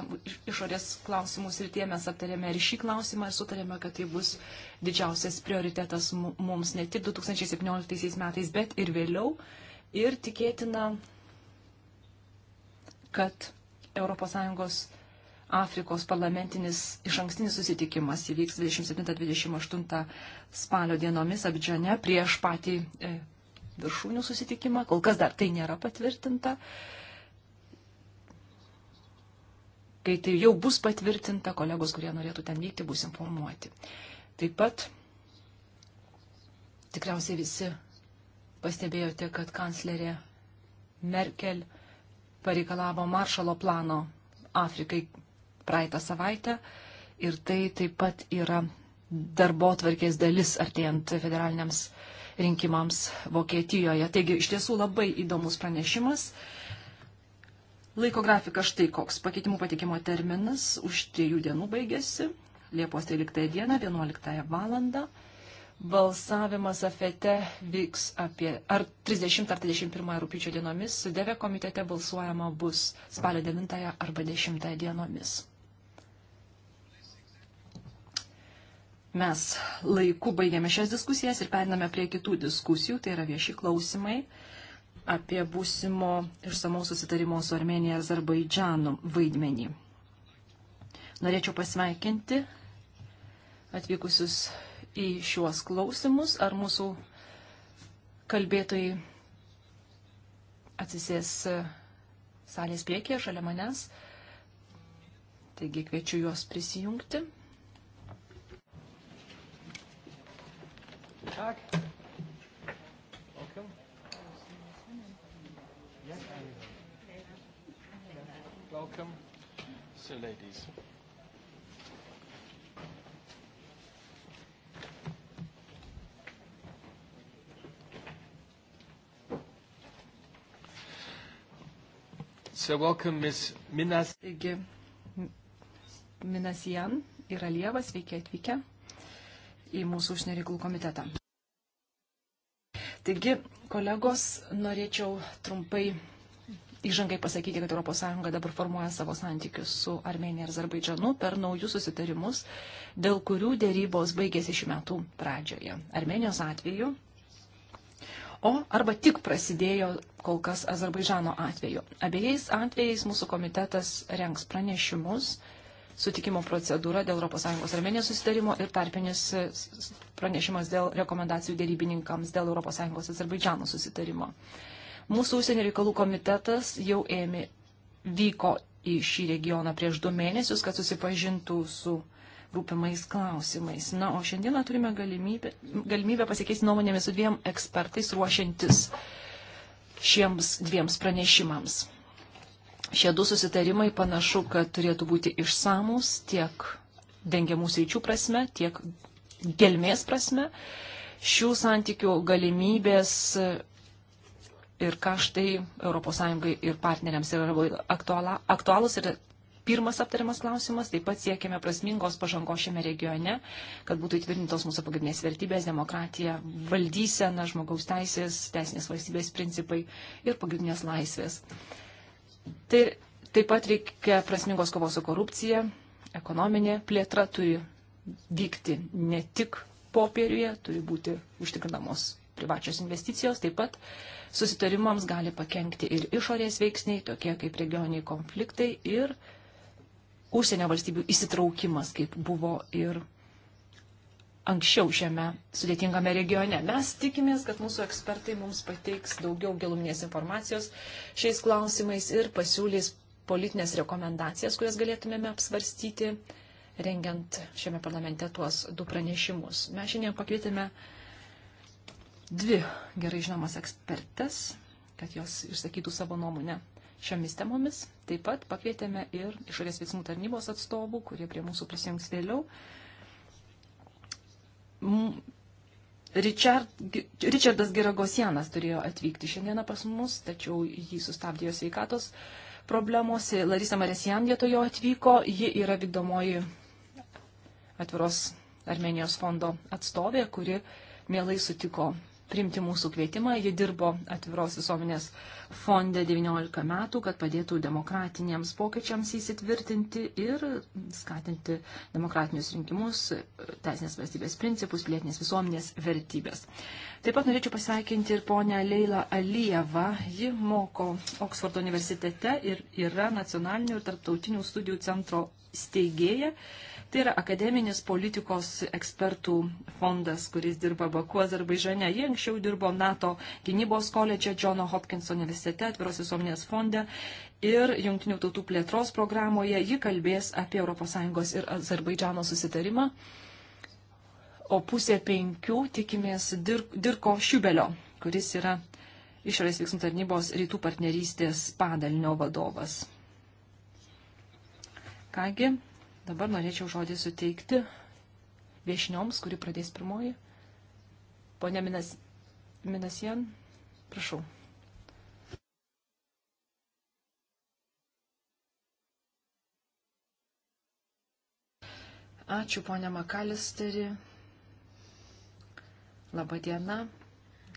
išorės klausimus ir tie mes aptarėme ir šį klausimą ir sutarėme, kad tai bus didžiausias prioritetas mums ne tik 2017 metais, bet ir vėliau ir tikėtina, kad ES Afrikos parlamentinis iš ankstinis susitikimas įvyks 27-28 spalio dienomis Abidžane prieš patį e, viršūnių susitikimą. Kol kas dar tai nėra patvirtinta. Kai tai jau bus patvirtinta, kolegos, kurie norėtų ten vykti, bus informuoti. Taip pat tikriausiai visi pastebėjote, kad kanclerė Merkel pareikalavo maršalo plano Afrikai praeitą savaitę ir tai taip pat yra darbo tvarkės dalis artėjant federaliniams rinkimams Vokietijoje. Taigi iš tiesų labai įdomus pranešimas. Laiko grafikas štai koks. Pakeitimų patikimo terminas už trijų dienų baigėsi. Liepos 13 dieną, 11 valandą. Balsavimas afete vyks apie ar 30 ar 31 rūpiučio dienomis, sudėvė komitete balsuojama bus spalio 9 arba 10 dienomis. Mes laiku baigėme šias diskusijas ir periname prie kitų diskusijų, tai yra vieši klausimai apie būsimo išsamaus susitarimo su Armenija Azerbaidžianu vaidmenį. Norėčiau pasveikinti atvykusius į šiuos klausimus, ar mūsų kalbėtojai atsisės e, salės priekyje šalia manęs. Taigi kviečiu juos prisijungti. Tag. Welcome. Yes, I am. Welcome. So, ladies. So welcome, Ms. Minas. Taigi, Minas Jan yra Lievas, sveiki atvykę į mūsų užsienio reikalų komitetą. Taigi, kolegos, norėčiau trumpai įžangai pasakyti, kad ES dabar formuoja savo santykius su Armenija ir Azerbaidžanu per naujus susitarimus, dėl kurių dėrybos baigėsi šių metų pradžioje. Armenijos atveju o arba tik prasidėjo kol kas Azerbaidžano atveju. Abiejais atvejais mūsų komitetas renks pranešimus sutikimo procedūra dėl ES Armenijos susitarimo ir tarpinis e, pranešimas dėl rekomendacijų dėrybininkams dėl ES Azerbaidžiano susitarimo. Mūsų užsienio reikalų komitetas jau ėmė, vyko į šį regioną prieš du mėnesius, kad susipažintų su rūpimais klausimais. Na, o šiandieną turime galimybę, galimybę pasikeisti nuomonėmis su dviem ekspertais ruošiantis šiems dviems pranešimams. Šie du susitarimai panašu, kad turėtų būti išsamūs tiek dengiamų sričių prasme, tiek gelmės prasme. Šių santykių galimybės ir kaštai ES ir partneriams yra labai aktualūs ir pirmas aptariamas klausimas. Taip pat siekiame prasmingos pažangos šiame regione, kad būtų įtvirtintos mūsų pagrindinės vertybės - demokratija, valdysena, žmogaus teisės, teisinės valstybės principai ir pagrindinės laisvės. Tai taip pat reikia prasmingos kovos su korupcija, ekonominė plėtra turi vykti ne tik popieriuje, turi būti užtikrinamos privačios investicijos, taip pat susitarimams gali pakengti ir išorės veiksniai, tokie kaip regioniai konfliktai ir užsienio valstybių įsitraukimas, kaip buvo ir anksčiau šiame sudėtingame regione. Mes tikimės, kad mūsų ekspertai mums pateiks daugiau giluminės informacijos šiais klausimais ir pasiūlys politinės rekomendacijas, kurias galėtumėme apsvarstyti, rengiant šiame parlamente tuos du pranešimus. Mes šiandien pakvietėme dvi gerai žinomas ekspertes, kad jos išsakytų savo nuomonę šiomis temomis. Taip pat pakvietėme ir išorės veiksmų tarnybos atstovų, kurie prie mūsų prisijungs vėliau. Richard, Richardas Giragosianas turėjo atvykti šiandieną pas mus, tačiau jį sustabdė jo sveikatos problemos. Larisa Maresian vietojo atvyko, ji yra vykdomoji atviros Armenijos fondo atstovė, kuri mielai sutiko priimti mūsų kvietimą. Ji dirbo atviros visuomenės fonde 19 metų, kad padėtų demokratiniams pokyčiams įsitvirtinti ir skatinti demokratinius rinkimus, teisinės valstybės principus, pilietinės visuomenės vertybės. Taip pat norėčiau pasveikinti ir ponę Leilą Alievą. Ji moko Oksfordo universitete ir yra nacionalinių ir tarptautinių studijų centro steigėja. Tai yra akademinis politikos ekspertų fondas, kuris dirba Baku, Azerbaidžane. Jie anksčiau dirbo NATO gynybos koledže, Džono Hopkinso universitete, Atviros visuomenės fonde ir Junktinių tautų plėtros programoje. Ji kalbės apie ES ir Azerbaidžano susitarimą. O pusė penkių tikimės dir, Dirko Šiubelio, kuris yra išorės veiksmų tarnybos rytų partnerystės padalinio vadovas. Kągi, Dabar norėčiau žodį suteikti viešnioms, kuri pradės pirmoji. Pone Minas, Minasien, prašau. Ačiū, ponia Makalisteri. Labą dieną,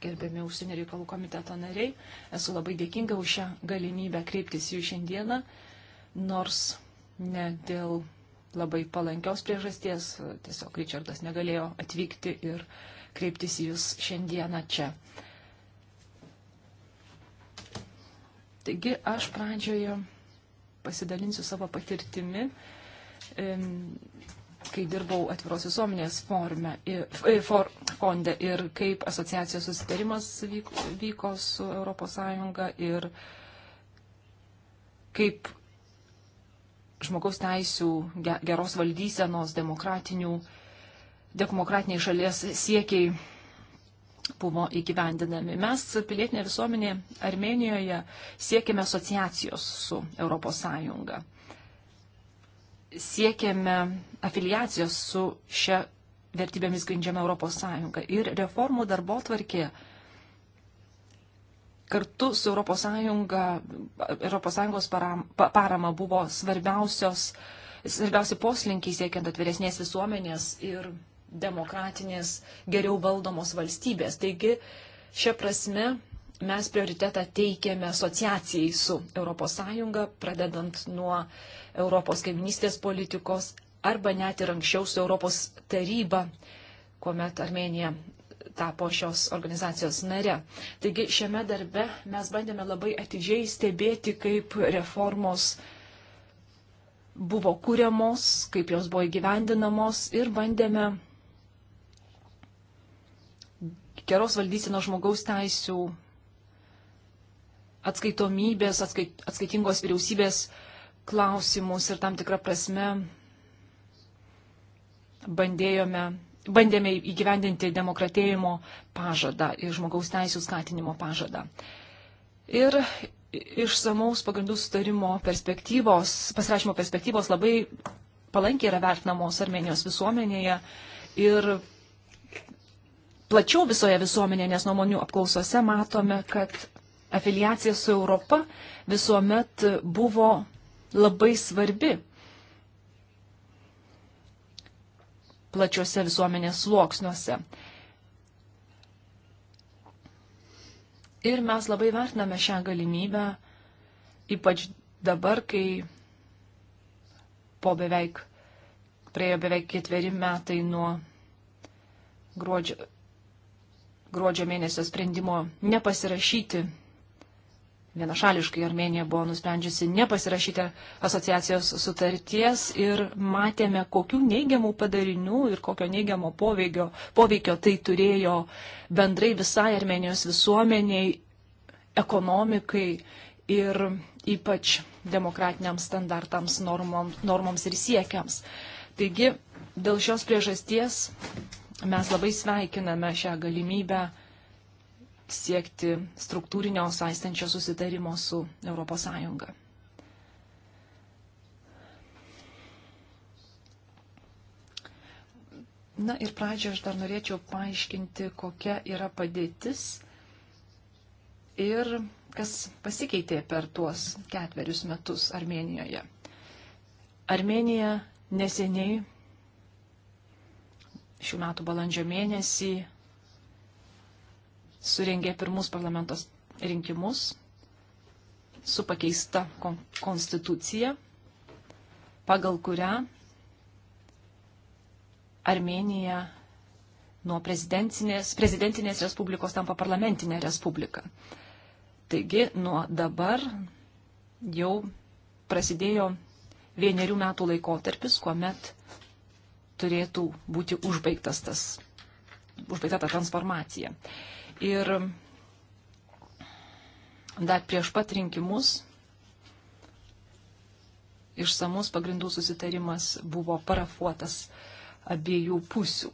gerbiami užsienio reikalų komiteto nariai. Esu labai dėkinga už šią galimybę kreiptis jų šiandieną, nors ne dėl labai palankios priežasties, tiesiog Richardas negalėjo atvykti ir kreiptis į jūs šiandieną čia. Taigi aš pradžioje pasidalinsiu savo patirtimi, kai dirbau atviros visuomenės forme, e, for, fonde ir kaip asociacijos susitarimas vyko, vyko su ES ir kaip žmogaus teisų, geros valdysenos, demokratiniai šalies siekiai buvo įgyvendinami. Mes, pilietinė visuomenė Armenijoje, siekėme asociacijos su ES. Siekėme afiliacijos su šia vertybėmis grindžiama ES. Ir reformų darbo tvarkė kartu su ES, ES parama buvo svarbiausios, svarbiausi poslinkiai siekiant atviresnės visuomenės ir demokratinės, geriau valdomos valstybės. Taigi, šia prasme, mes prioritetą teikėme asociacijai su ES, pradedant nuo Europos kaiminystės politikos arba net ir anksčiau su Europos taryba, kuomet Armenija tapo šios organizacijos nare. Taigi šiame darbe mes bandėme labai atidžiai stebėti, kaip reformos buvo kūriamos, kaip jos buvo įgyvendinamos ir bandėme geros valdysino žmogaus teisų atskaitomybės, atskait, atskaitingos vyriausybės klausimus ir tam tikrą prasme bandėjome bandėme įgyvendinti demokratėjimo pažadą ir žmogaus teisų skatinimo pažadą. Ir išsamaus pagrindų sutarimo perspektyvos, pasirašymo perspektyvos labai palankiai yra vertinamos Armenijos visuomenėje ir plačiau visoje visuomenėje, nes nuomonių apklausose matome, kad afiliacija su Europa visuomet buvo labai svarbi plačiuose visuomenės sluoksniuose. Ir mes labai vertiname šią galimybę, ypač dabar, kai po beveik, praėjo beveik ketveri metai nuo gruodžio, gruodžio mėnesio sprendimo nepasirašyti vienašališkai Armenija buvo nusprendžiusi nepasirašyti asociacijos sutarties ir matėme, kokių neigiamų padarinių ir kokio neigiamo poveikio, poveikio tai turėjo bendrai visai Armenijos visuomeniai, ekonomikai ir ypač demokratiniams standartams, normom, normoms ir siekiams. Taigi, dėl šios priežasties mes labai sveikiname šią galimybę siekti struktūrinio saistančio susitarimo su ES. Na ir pradžioje aš dar norėčiau paaiškinti, kokia yra padėtis ir kas pasikeitė per tuos ketverius metus Armenijoje. Armenija neseniai šių metų balandžio mėnesį surengė pirmus parlamentos rinkimus su pakeista kon konstitucija, pagal kurią Armenija nuo prezidentinės, prezidentinės respublikos tampa parlamentinė respublika. Taigi nuo dabar jau prasidėjo vienerių metų laikotarpis, kuomet turėtų būti užbaigtas tas, užbaigta ta transformacija. Uh, Ir dar prieš pat rinkimus išsamus pagrindų susitarimas buvo parafuotas abiejų pusių.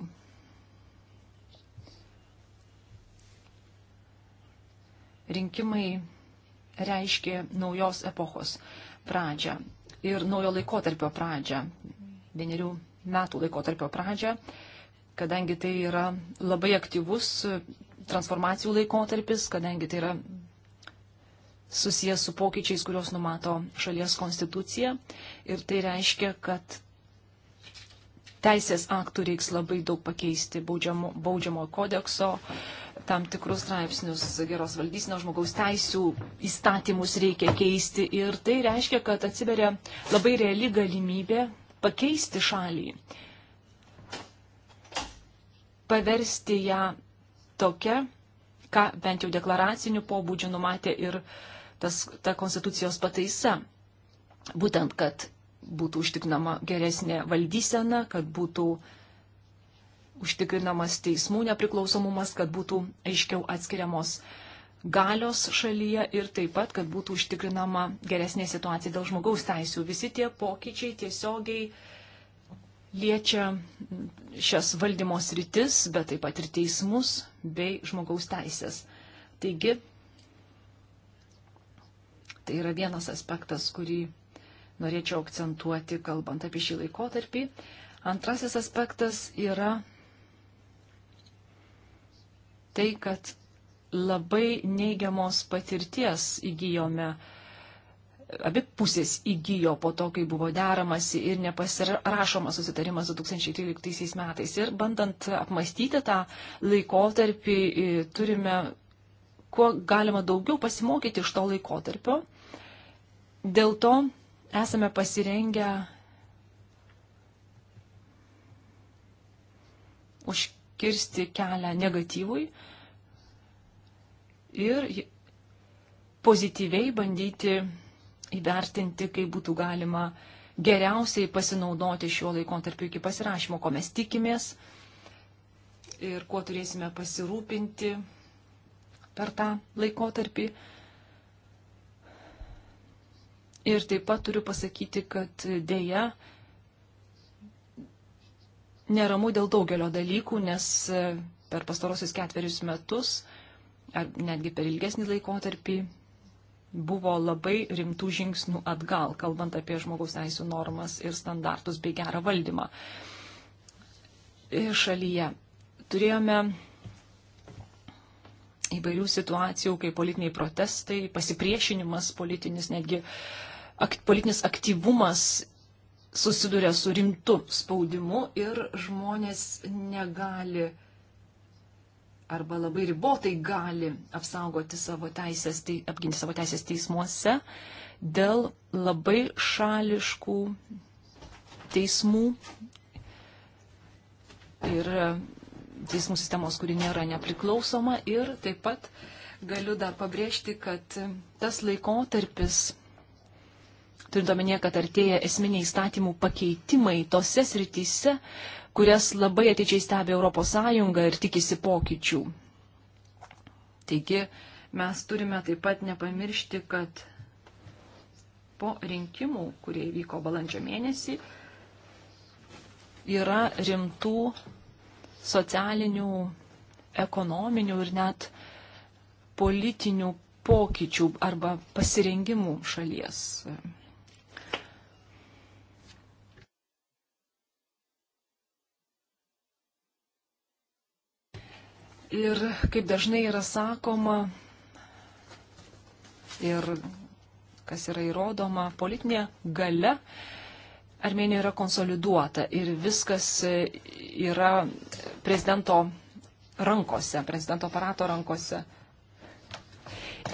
Rinkimai reiškė naujos epochos pradžią ir naujo laikotarpio pradžią, vienerių metų laikotarpio pradžią, kadangi tai yra labai aktyvus transformacijų laikotarpis, kadangi tai yra susijęs su pokyčiais, kuriuos numato šalies konstitucija. Ir tai reiškia, kad teisės aktų reiks labai daug pakeisti baudžiamo, baudžiamo kodekso, tam tikrus straipsnius geros valdysinos žmogaus teisų įstatymus reikia keisti. Ir tai reiškia, kad atsiveria labai reali galimybė pakeisti šalį, paversti ją tokia, ką bent jau deklaracinių pobūdžių numatė ir tas, ta konstitucijos pataisa. Būtent, kad būtų užtikrinama geresnė valdysena, kad būtų užtikrinamas teismų nepriklausomumas, kad būtų aiškiau atskiriamos galios šalyje ir taip pat, kad būtų užtikrinama geresnė situacija dėl žmogaus teisų. Visi tie pokyčiai tiesiogiai uh, liečia šias valdymo sritis, bet taip pat ir teismus bei žmogaus teisės. Taigi, tai yra vienas aspektas, kurį norėčiau akcentuoti, kalbant apie šį laikotarpį. Antrasis aspektas yra tai, kad labai neigiamos patirties įgyjome uh, abi pusės įgyjo po to, kai buvo deramasi ir nepasirašomas susitarimas 2013 metais. Ir bandant apmastyti tą laikotarpį, turime kuo galima daugiau pasimokyti iš to laikotarpio. Dėl to esame pasirengę užkirsti kelią negatyvui ir pozityviai bandyti įvertinti, kaip būtų galima geriausiai pasinaudoti šiuo laikotarpiu iki pasirašymo, ko mes tikimės ir kuo turėsime pasirūpinti per tą laikotarpį. Ir taip pat turiu pasakyti, kad dėja neramu dėl daugelio dalykų, nes per pastarosius ketverius metus ar netgi per ilgesnį laikotarpį buvo labai rimtų žingsnių atgal, kalbant apie žmogaus teisų normas ir standartus bei gerą valdymą e, šalyje. Turėjome įvairių situacijų, kai politiniai protestai, pasipriešinimas politinis, netgi ak, politinis aktyvumas susiduria su rimtu spaudimu ir žmonės negali arba labai ribotai gali apsaugoti savo teisės, tai, apginti savo teisės teismuose dėl labai šališkų teismų ir teismų sistemos, kuri nėra nepriklausoma ir taip pat galiu dar pabrėžti, kad tas laikotarpis, turint omenyje, kad artėja esminiai įstatymų pakeitimai tose srityse, kurias labai ateičiai stebi ES ir tikisi pokyčių. Taigi mes turime taip pat nepamiršti, kad po rinkimų, kurie įvyko balandžio mėnesį, yra rimtų socialinių, ekonominių ir net politinių pokyčių arba pasirengimų šalies Ir kaip dažnai yra sakoma ir kas yra įrodoma, politinė gale Armenija yra konsoliduota ir viskas yra prezidento rankose, prezidento aparato rankose.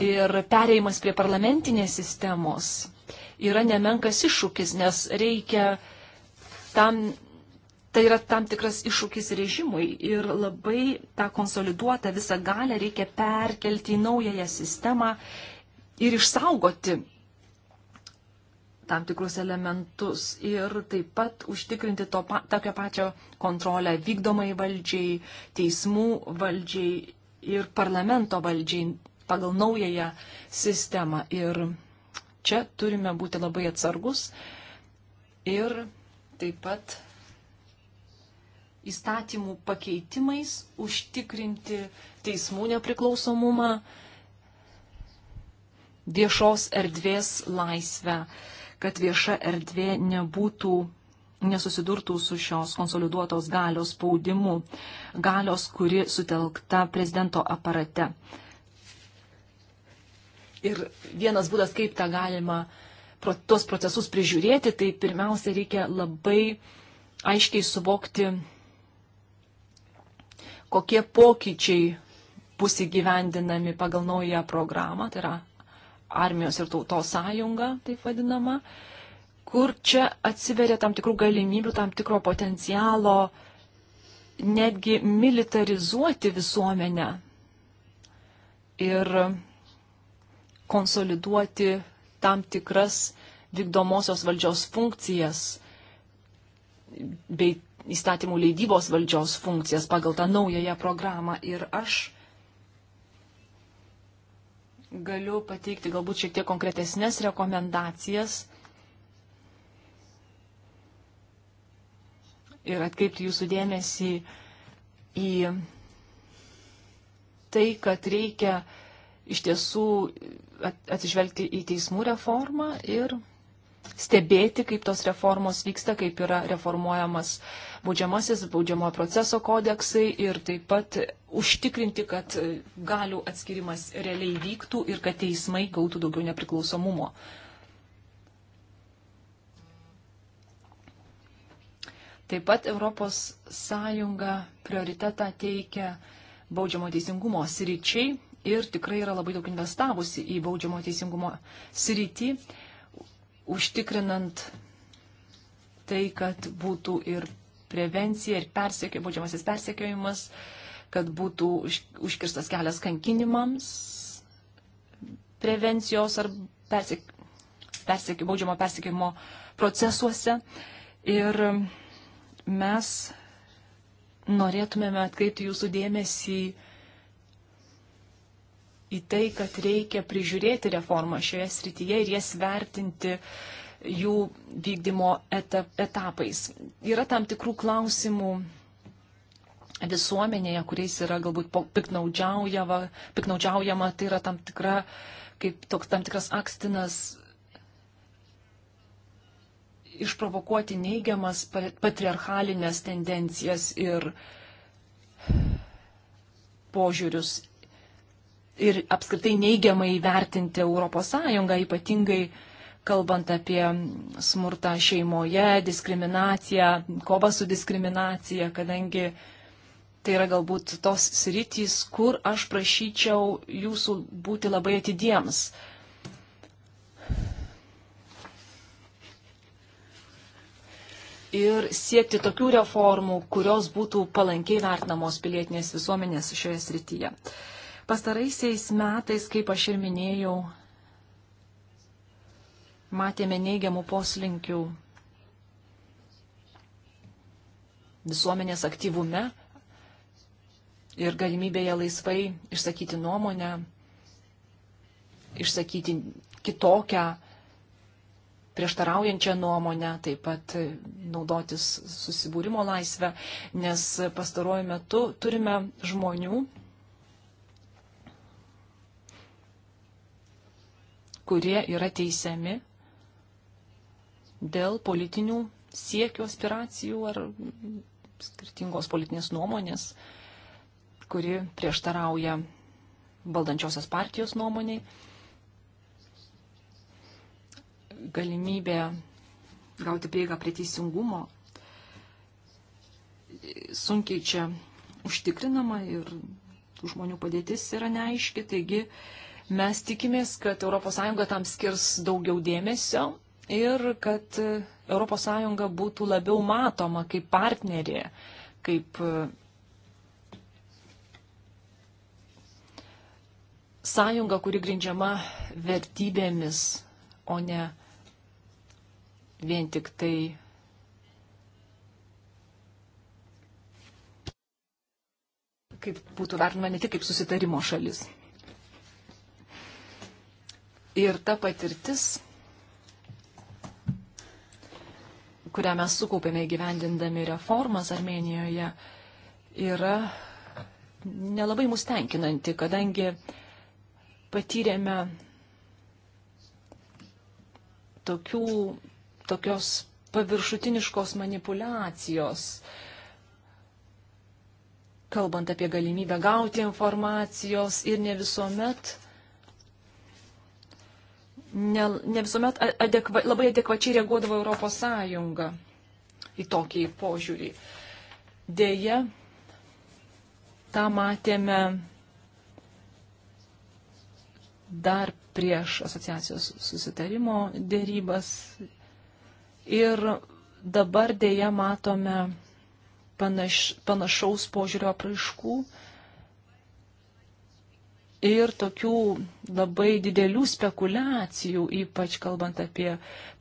Ir pereimas prie parlamentinės sistemos yra nemenkas iššūkis, nes reikia tam tai yra tam tikras iššūkis režimui ir labai tą konsoliduotą visą galę reikia perkelti į naująją sistemą ir išsaugoti tam tikrus elementus ir taip pat užtikrinti to, pa, tokią pačią kontrolę vykdomai valdžiai, teismų valdžiai ir parlamento valdžiai pagal naująją sistemą. Ir čia turime būti labai atsargus ir taip pat įstatymų pakeitimais užtikrinti teismų nepriklausomumą, viešos erdvės laisvę, kad vieša erdvė nebūtų nesusidurtų su šios konsoliduotos galios spaudimu, galios, kuri sutelkta prezidento aparate. Ir vienas būdas, kaip tą galima, tuos procesus prižiūrėti, tai pirmiausia reikia labai aiškiai suvokti kokie pokyčiai bus įgyvendinami pagal naują programą, tai yra armijos ir tautos sąjunga, taip vadinama, kur čia atsiveria tam tikrų galimybių, tam tikro potencialo netgi militarizuoti visuomenę ir konsoliduoti tam tikras vykdomosios valdžios funkcijas bei įstatymų leidybos valdžios funkcijas pagal tą naująją programą. Ir aš galiu pateikti galbūt šiek tiek konkretesnės rekomendacijas ir atkreipti jūsų dėmesį į tai, kad reikia iš tiesų atsižvelgti į teismų reformą ir stebėti, kaip tos reformos vyksta, kaip yra reformuojamas baudžiamasis, baudžiamo proceso kodeksai ir taip pat užtikrinti, kad galių atskirimas realiai vyktų ir kad teismai gautų daugiau nepriklausomumo. Taip pat ES prioritetą teikia baudžiamo teisingumo sričiai ir tikrai yra labai daug investavusi į baudžiamo teisingumo sritį užtikrinant tai, kad būtų ir prevencija, ir persiekio, baudžiamasis persiekiojimas, kad būtų už, užkirstas kelias kankinimams, prevencijos ar persiek, persiekio, baudžiamo persiekimo procesuose. Ir mes norėtumėme atkreipti jūsų dėmesį į į tai, kad reikia prižiūrėti reformą šioje srityje ir jas vertinti jų vykdymo etap, etapais. Yra tam tikrų klausimų visuomenėje, kuriais yra galbūt piknaudžiaujama, piknaudžiaujama tai yra tam, tikra, kaip, toks, tam tikras akstinas išprovokuoti neigiamas patriarchalinės tendencijas ir požiūrius ir apskritai neigiamai vertinti ES, ypatingai kalbant apie smurtą šeimoje, diskriminaciją, kovą su diskriminacija, kadangi tai yra galbūt tos sritys, kur aš prašyčiau jūsų būti labai atidiems. Ir siekti tokių reformų, kurios būtų palankiai vertinamos pilietinės visuomenės šioje srityje. Uh, Pastaraisiais metais, kaip aš ir minėjau, matėme neigiamų poslinkių visuomenės aktyvume ir galimybėje laisvai išsakyti nuomonę, išsakyti kitokią prieštaraujančią nuomonę, taip pat naudotis susibūrimo laisvę, nes pastaruoju metu turime žmonių, kurie yra teisiami dėl politinių siekių, aspiracijų ar skirtingos politinės nuomonės, kuri prieštarauja valdančiosios partijos nuomoniai. Galimybė gauti prieigą prie teisingumo sunkiai čia užtikrinama ir tų žmonių padėtis yra neaiški, taigi Mes tikimės, kad ES tam skirs daugiau dėmesio ir kad ES būtų labiau matoma kaip partnerė, kaip e, sąjunga, kuri grindžiama vertybėmis, o ne vien tik tai kaip būtų vertinama ne tik kaip susitarimo šalis. Ir ta patirtis, kurią mes sukaupėme įgyvendindami reformas Armenijoje, yra nelabai mus tenkinanti, kadangi patyrėme tokių, tokios paviršutiniškos manipulacijos, kalbant apie galimybę gauti informacijos ir ne visuomet ne, ne visuomet adekva, labai adekvačiai reaguodavo Europos Sąjunga į tokį požiūrį. Deja, tą matėme dar prieš asociacijos susitarimo dėrybas ir dabar dėja matome panaš, panašaus požiūrio apraiškų ir tokių labai didelių spekulacijų, ypač kalbant apie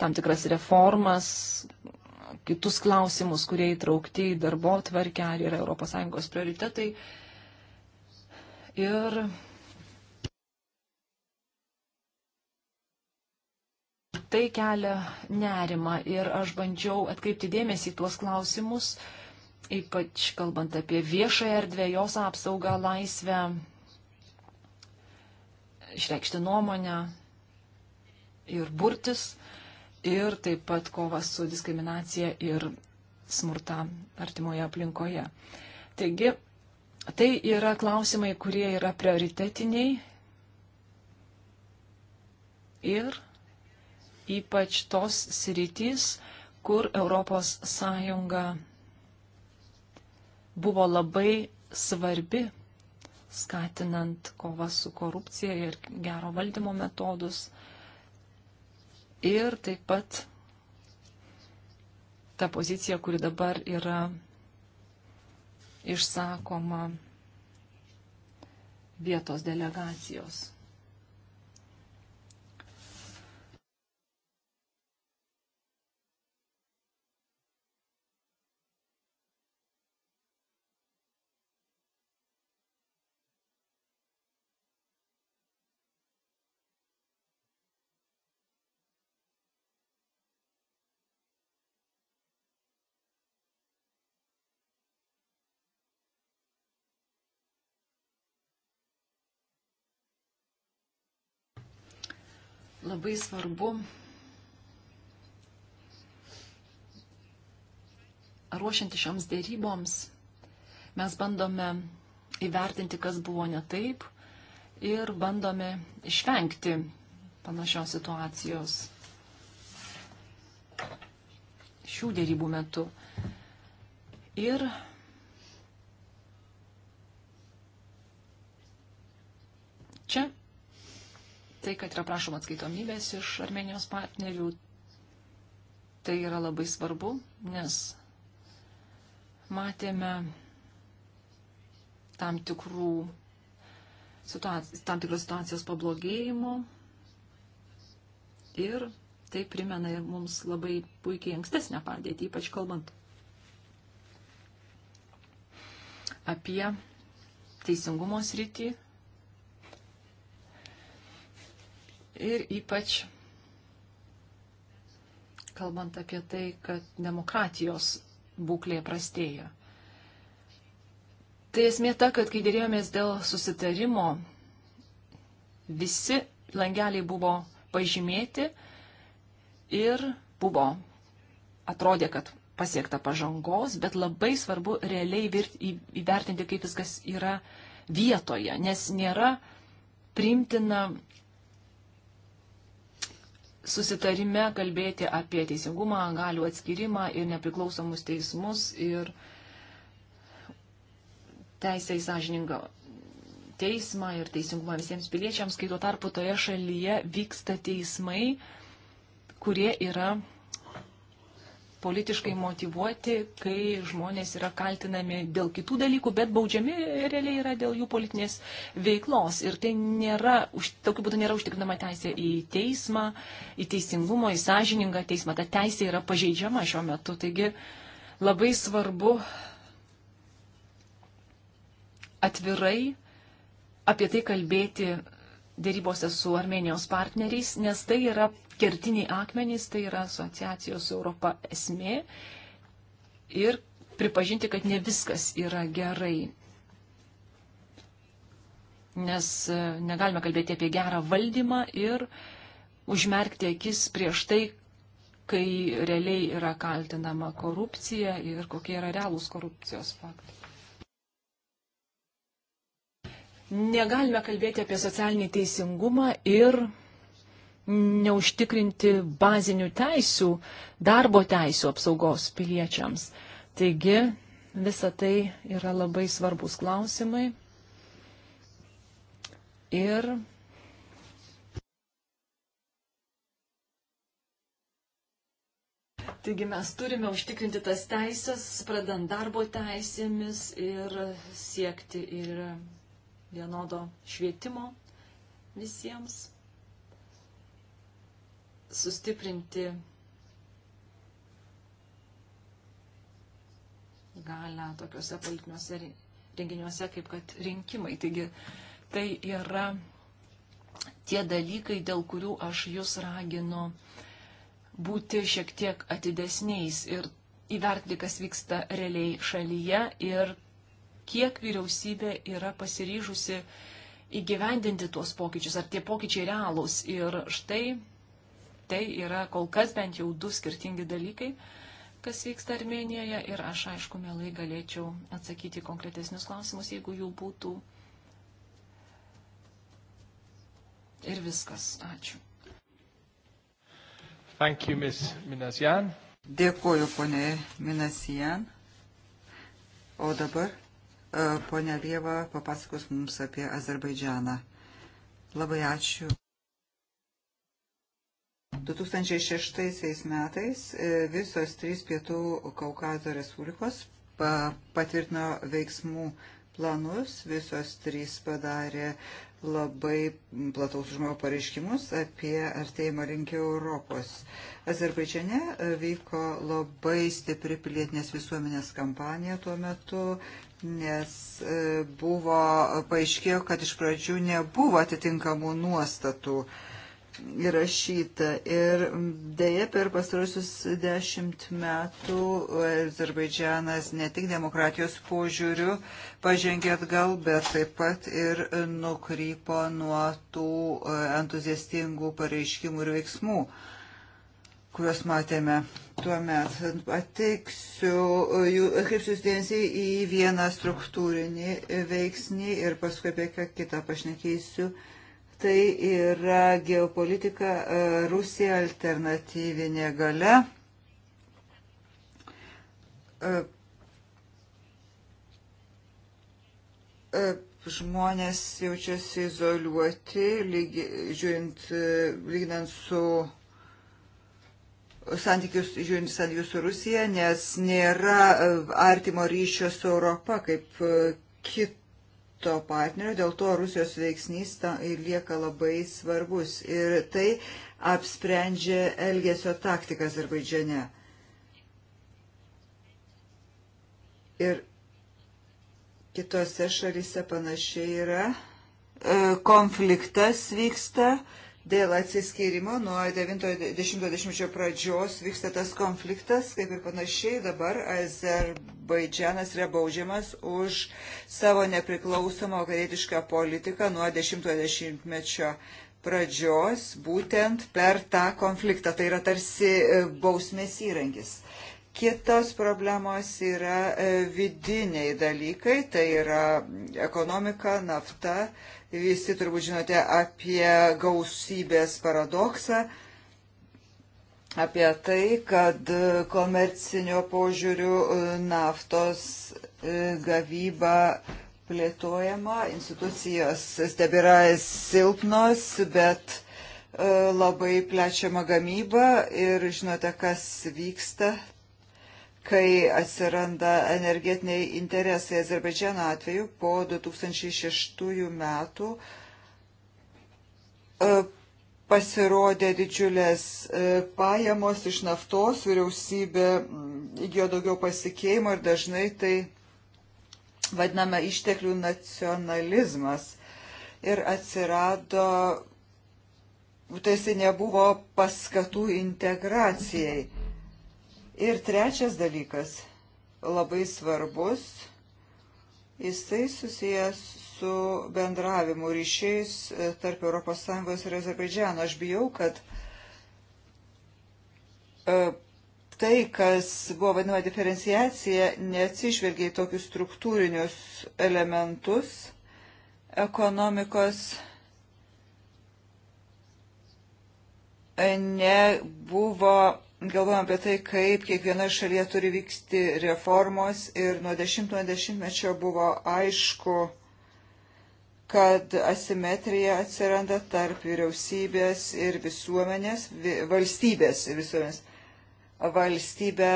tam tikras reformas, kitus klausimus, kurie įtraukti į darbo tvarkę, ar yra ES prioritetai. Ir tai kelia nerima ir aš bandžiau atkreipti dėmesį į tuos klausimus, ypač kalbant apie viešąją erdvę, jos apsaugą, laisvę, išreikšti nuomonę ir burtis, ir taip pat kova su diskriminacija ir smurta artimoje aplinkoje. Taigi, tai yra klausimai, kurie yra prioritetiniai ir ypač tos sritys, kur ES buvo labai svarbi skatinant kovą su korupcija ir gero valdymo metodus. Ir taip pat ta pozicija, kuri dabar yra išsakoma vietos delegacijos. labai svarbu ruošianti šioms dėryboms, mes bandome įvertinti, kas buvo ne taip ir bandome išvengti panašios situacijos šių dėrybų metu. Ir čia tai, kad yra prašoma atskaitomybės iš Armenijos partnerių, tai yra labai svarbu, nes matėme tam, tikrų, situacijos, tam tikros situacijos pablogėjimo ir tai primena ir mums labai puikiai ankstesnę padėtį, ypač kalbant apie teisingumo srityje Ir ypač kalbant apie tai, kad demokratijos būklė prastėja. Tai esmė ta, kad kai dėrėjomės dėl susitarimo, visi langeliai buvo pažymėti ir buvo, atrodė, kad pasiekta pažangos, bet labai svarbu realiai įvertinti, kaip viskas yra vietoje, nes nėra primtina susitarime kalbėti apie teisingumą, galių atskirimą ir nepriklausomus teismus ir teisę į sąžiningą teismą ir teisingumą visiems piliečiams, kai tuo tarpu toje šalyje vyksta teismai, kurie yra politiškai motivuoti, kai žmonės yra kaltinami dėl kitų dalykų, bet baudžiami realiai yra dėl jų politinės veiklos. Ir tai nėra, tokiu būdu nėra užtikrinama teisė į teismą, į teisingumą, į sąžiningą teismą. Ta teisė yra pažeidžiama šiuo metu. Taigi labai svarbu atvirai apie tai kalbėti dėrybose su Armenijos partneriais, nes tai yra kertiniai akmenys, tai yra asociacijos Europa esmė ir pripažinti, kad ne viskas yra gerai. Nes e, negalime kalbėti apie gerą valdymą ir užmerkti akis prieš tai, kai realiai yra kaltinama korupcija ir kokie yra realūs korupcijos faktai. Negalime kalbėti apie socialinį teisingumą ir neužtikrinti bazinių teisių, darbo teisų apsaugos piliečiams. Taigi, visa tai yra labai svarbus klausimai. Ir Taigi mes turime užtikrinti tas teisės, pradant darbo teisėmis ir siekti ir vienodo švietimo visiems sustiprinti galę tokiuose politiniuose renginiuose, kaip kad rinkimai. Taigi tai yra tie dalykai, dėl kurių aš jūs raginu būti šiek tiek atidesniais ir įvertinti, kas vyksta realiai šalyje ir kiek vyriausybė yra pasiryžusi įgyvendinti tuos pokyčius, ar tie pokyčiai realūs. Ir štai tai yra kol kas bent jau du skirtingi dalykai, kas vyksta Armenijoje ir aš aišku mielai galėčiau atsakyti konkretesnius klausimus, jeigu jų būtų. Ir viskas. Ačiū. Thank you, Ms. Minasian. Dėkuoju, ponė Minasian. O dabar e, ponė Lieva papasakos mums apie Azerbaidžianą. Labai ačiū. 2006 metais e, visos trys pietų Kaukazo Respublikos patvirtino veiksmų planus, visos trys padarė labai plataus žmogų pareiškimus apie artėjimą link Europos. Azerbaidžiane e, vyko labai stipri pilietinės visuomenės kampanija tuo metu, nes e, buvo paaiškėjo, kad iš pradžių nebuvo atitinkamų nuostatų uh, įrašyta. Ir dėja per pastarusius dešimt metų Azerbaidžianas ne tik demokratijos požiūrių pažengė atgal, bet taip pat ir nukrypo nuo tų e, entuziastingų pareiškimų ir veiksmų kuriuos matėme tuo metu. Ateiksiu, e, atkreipsiu dėmesį į vieną struktūrinį veiksnį ir paskui apie ką kitą pašnekėsiu. Uh, Tai yra geopolitika, e, Rusija alternatyvinė gale. E, žmonės jaučiasi izoliuoti, lygi, žiūrint, e, lyginant su santykius, žiūrint santykius su Rusija, nes nėra artimo ryšio su Europa kaip kit to partnerio, dėl to Rusijos veiksnys ta, lieka labai svarbus ir tai apsprendžia elgesio taktiką Azerbaidžiane. Ir kitose šalyse panašiai yra. E, konfliktas vyksta Dėl atsiskyrimo nuo 90-20 pradžios vyksta tas konfliktas, kaip ir panašiai dabar Azerbaidžianas yra baudžiamas už savo nepriklausomą vakarietišką politiką nuo 10-20 pradžios, būtent per tą konfliktą. Tai yra tarsi e, bausmės įrankis. Kitos problemos yra e, vidiniai dalykai, tai yra ekonomika, nafta, Visi turbūt žinote apie gausybės paradoksą, apie tai, kad komercinio požiūrių e, naftos e, gavyba plėtojama, institucijos stebėra silpnos, bet e, labai plečiama gamyba ir žinote, kas vyksta kai atsiranda energetiniai interesai Azerbaidžiano atveju po 2006 metų e, pasirodė didžiulės e, pajamos iš naftos, vyriausybė mm, įgijo daugiau pasikeimo ir dažnai tai vadiname išteklių nacionalizmas. Ir atsirado, tai nebuvo paskatų integracijai Ir trečias dalykas, labai svarbus, jisai susijęs su bendravimu ryšiais e, tarp ES ir Azerbaidžiano. Aš bijau, kad e, tai, kas buvo vadinama diferenciacija, neatsižvelgia į tokius struktūrinius elementus ekonomikos e, nebuvo galvojam apie tai, kaip kiekvienoje šalyje turi vykti reformos ir nuo 10-mečio buvo aišku, kad asimetrija atsiranda tarp vyriausybės ir visuomenės, valstybės ir visuomenės. Valstybė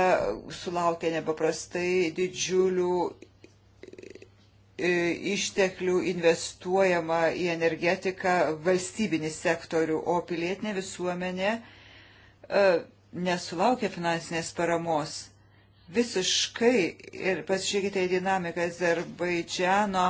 sulaukia nepaprastai didžiulių e, išteklių investuojama į energetiką valstybinį sektorių, o pilietinė visuomenė e, nesulaukia finansinės paramos. Visiškai, ir pasižiūrėkite į dinamiką, Azerbaidžiano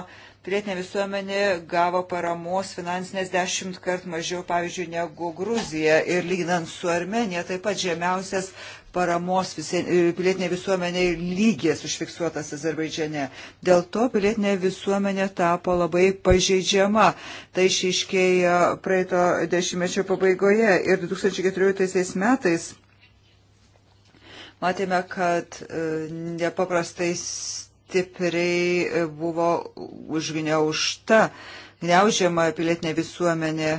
pilietinė visuomenė gavo paramos finansinės dešimt kart mažiau, pavyzdžiui, negu Gruzija. Ir lyginant su Armenija, taip pat žemiausias paramos pilietinė visuomenė lygės užfiksuotas Azerbaidžiane. Dėl to pilietinė visuomenė tapo labai pažeidžiama. Tai išiškėjo praeito dešimtmečio pabaigoje ir 2014 metais matėme, kad e, nepaprastai stipriai e, buvo užgneušta, gniaužiama pilietinė visuomenė,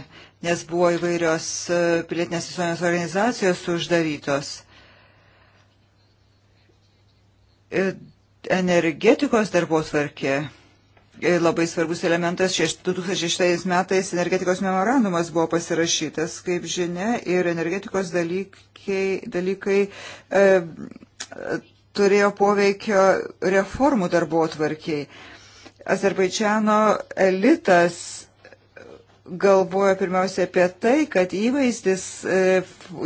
nes buvo įvairios e, pilietinės visuomenės organizacijos uždarytos. Energetikos darbos varkė E, labai svarbus elementas. 2006 metais energetikos memorandumas buvo pasirašytas, kaip žinia, ir energetikos dalykai, dalykai e, turėjo poveikio reformų darbo atvarkiai. Azerbaidžiano elitas galvoja pirmiausia apie tai, kad įvaizdis, e,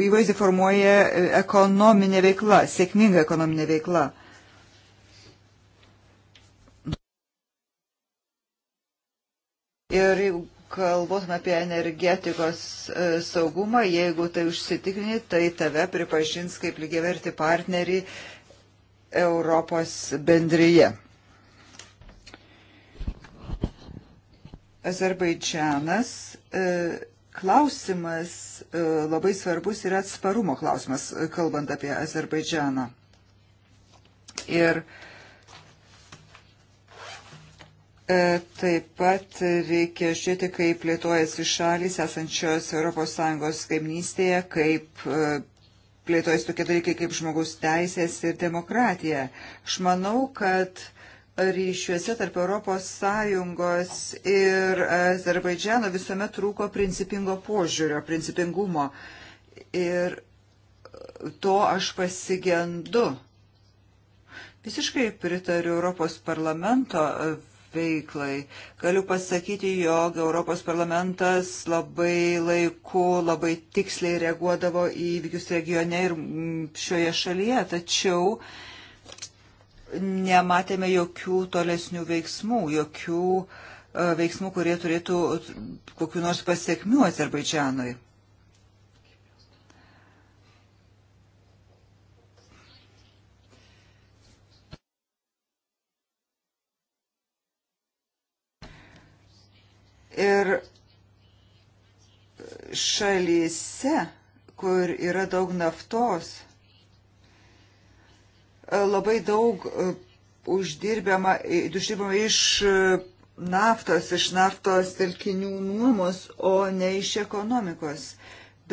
įvaizdį formuoja ekonominė veikla, sėkminga ekonominė veikla. Ir jeigu kalbėtume apie energetikos e, saugumą, jeigu tai užsitikrini, tai tave pripažins kaip lygiaverti partnerį Europos bendryje. Azerbaidžianas e, klausimas e, labai svarbus yra atsparumo klausimas, kalbant apie Azerbaidžianą. Ir uh, E, taip pat reikia žiūrėti, kaip plėtojasi šalis esančios ES kaimnystėje, kaip e, plėtojasi tokie dalykai kaip žmogus teisės ir demokratija. Aš manau, kad ryšiuose tarp ES ir Azerbaidžiano visuomet trūko principingo požiūrio, principingumo. Ir to aš pasigendu. Visiškai pritariu Europos parlamento veiklai. Galiu pasakyti, jog Europos parlamentas labai laiku, labai tiksliai reaguodavo į įvykius regione ir šioje šalyje, tačiau nematėme jokių tolesnių veiksmų, jokių e, veiksmų, kurie turėtų kokiu nors pasiekmių Azerbaidžianui. Ir šalyse, kur yra daug naftos, labai daug e, uždirbama, uždirbama iš e, naftos, iš naftos telkinių nuomos, o ne iš ekonomikos.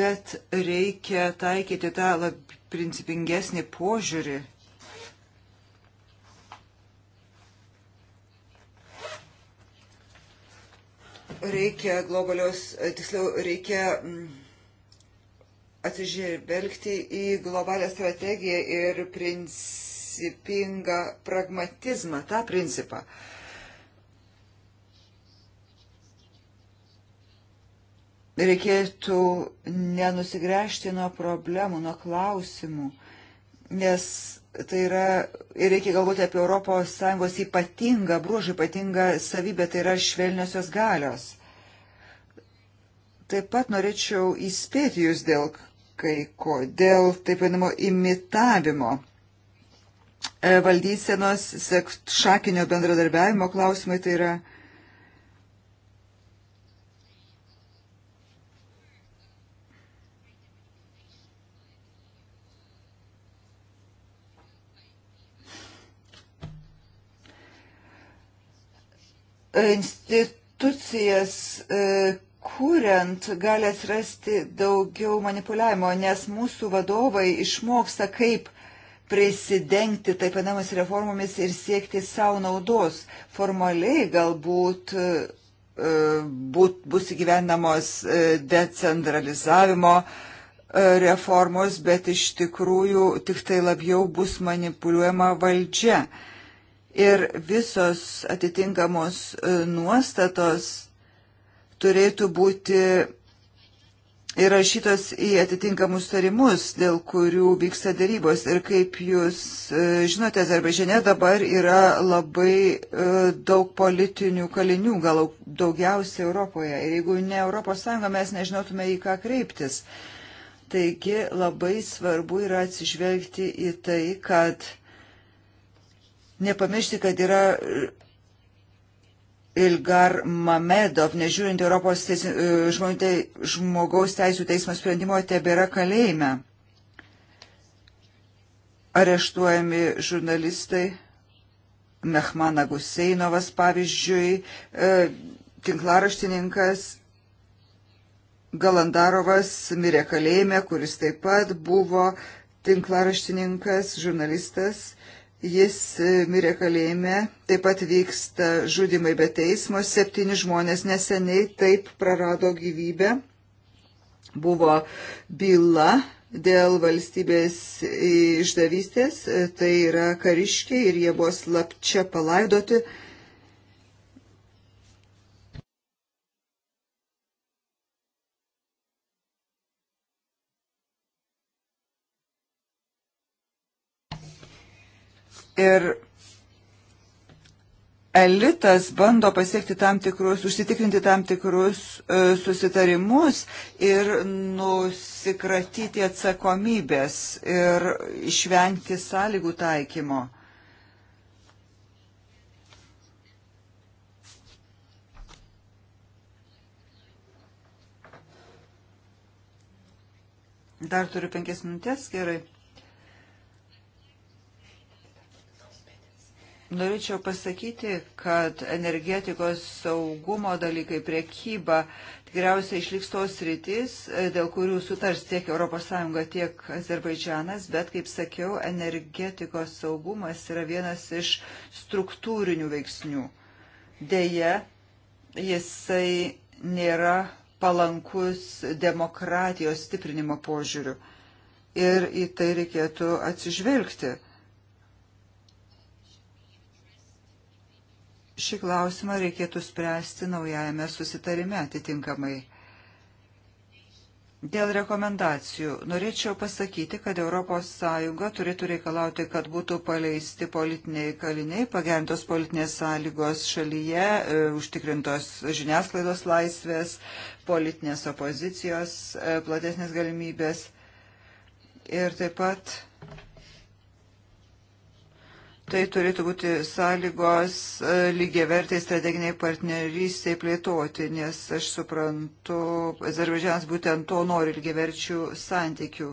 Bet reikia taikyti tą principingesnį požiūrį reikia globalios, e, tiksliau, reikia mm, atsižvelgti į globalią strategiją ir principingą pragmatizmą, tą principą. Reikėtų nenusigręžti nuo problemų, nuo klausimų, nes Tai yra, ir reikia galvoti apie ES ypatingą bruožą, ypatingą savybę, tai yra švelniosios galios. Taip pat norėčiau įspėti jūs dėl kai ko, dėl taip vadinamo imitavimo e, valdysenos, šakinio bendradarbiavimo klausimai, tai yra institucijas e, kuriant gali atsirasti daugiau manipuliavimo, nes mūsų vadovai išmoksta, kaip prisidengti taip vadinamas reformomis ir siekti savo naudos. Formaliai galbūt e, būt, bus įgyvendamos e, decentralizavimo reformos, bet iš tikrųjų tik tai labiau bus manipuliuojama valdžia ir visos atitinkamos e, nuostatos turėtų būti įrašytos į atitinkamus tarimus, dėl kurių vyksta darybos. Ir kaip jūs e, žinote, Azerbaidžiane dabar yra labai e, daug politinių kalinių, gal daugiausia Europoje. Ir jeigu ne ES, mes nežinotume į ką kreiptis. Taigi labai svarbu yra atsižvelgti į tai, kad nepamiršti, kad yra e, Ilgar Mamedov, nežiūrint Europos teis, e, te, žmogaus teisų teismo sprendimo, tebėra kalėjime. Areštuojami žurnalistai, Mehmana Guseinovas pavyzdžiui, e, tinklaraštininkas Galandarovas mirė kalėjime, kuris taip pat buvo tinklaraštininkas, žurnalistas Jis e, mirė kalėjime, taip pat vyksta žudimai be teismo, septyni žmonės neseniai taip prarado gyvybę. Buvo byla dėl valstybės išdavystės, e, tai yra kariškiai ir jie buvo slapčia palaidoti. Ir elitas bando pasiekti tam tikrus, užsitikrinti tam tikrus e, susitarimus ir nusikratyti atsakomybės ir išvengti sąlygų taikymo. Dar turiu penkias minutės, gerai. Norėčiau pasakyti, kad energetikos saugumo dalykai, priekyba tikriausiai išliks tos rytis, e, dėl kurių sutars tiek ES, tiek Azerbaidžianas, bet, kaip sakiau, energetikos saugumas yra vienas iš struktūrinių veiksnių. Deja, jisai nėra palankus demokratijos stiprinimo požiūriu ir į tai reikėtų atsižvelgti šį klausimą reikėtų spręsti naujajame susitarime atitinkamai. Dėl rekomendacijų norėčiau pasakyti, kad ES turėtų reikalauti, kad būtų paleisti politiniai kaliniai, pagerintos politinės sąlygos šalyje, e, užtikrintos žiniasklaidos laisvės, politinės opozicijos, e, platesnės galimybės ir taip pat tai turėtų būti sąlygos e, lygiavertai strateginiai partnerystiai plėtoti, nes aš suprantu, Azerbaidžianas būtent to nori lygiaverčių santykių.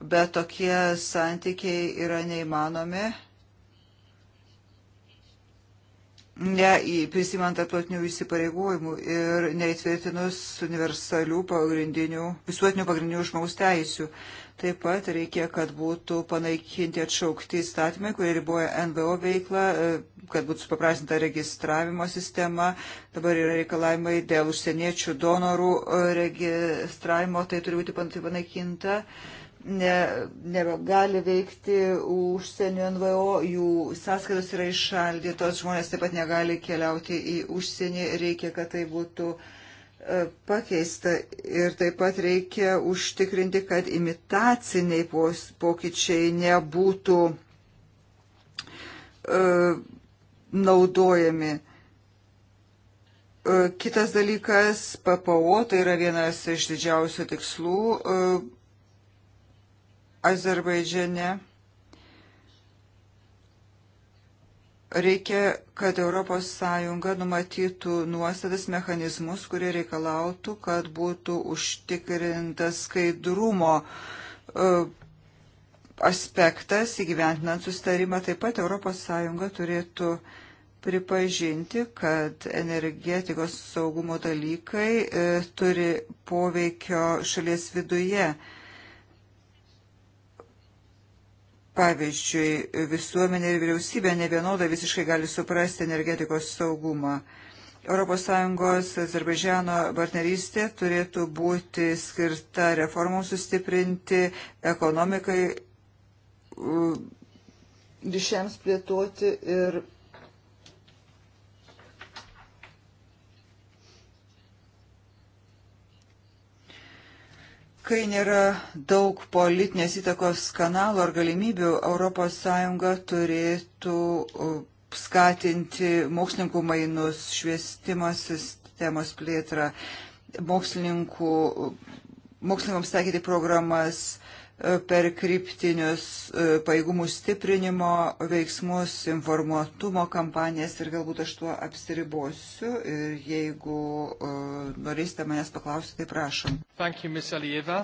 Bet tokie santykiai yra neįmanomi, ne prisimant tarptautinių įsipareigojimų ir neįtvirtinus universalių pagrindinių, visuotinių pagrindinių žmogaus teisių. Uh, Taip pat reikia, kad būtų panaikinti atšaukti įstatymai, kurie riboja NVO veiklą, e, kad būtų supaprastinta registravimo sistema. Dabar yra reikalavimai dėl užsieniečių donorų e, registravimo, tai turi būti panaikinta. Ne, nebegali veikti užsienio NVO, jų sąskaitos yra išaldytos, žmonės taip pat negali keliauti į užsienį, reikia, kad tai būtų uh, E, pakeista ir taip pat reikia užtikrinti, kad imitaciniai pokyčiai nebūtų e, naudojami. E, kitas dalykas, PPO, tai yra vienas iš didžiausių tikslų Azerbaidžiane. Reikia, kad ES numatytų nuostatas mechanizmus, kurie reikalautų, kad būtų užtikrintas skaidrumo e, aspektas įgyventinant sustarimą. Taip pat ES turėtų pripažinti, kad energetikos saugumo dalykai e, turi poveikio šalies viduje. Pavyzdžiui, visuomenė ir vyriausybė ne vienoda visiškai gali suprasti energetikos saugumą. ES Azerbaidžiano partnerystė turėtų būti skirta reformoms sustiprinti, ekonomikai ryšiams plėtoti ir Kai nėra daug politinės įtakos kanalų ar galimybių, ES turėtų skatinti mokslininkų mainus, šviestimo sistemos plėtrą, mokslininkų, mokslininkams taikyti programas, per kryptinius e, paėgumų stiprinimo veiksmus, informuotumo kampanijas ir galbūt aš tuo apsiribosiu. Ir jeigu uh, norėsite manęs paklausyti, tai prašom. Thank you, Ms. Alieva.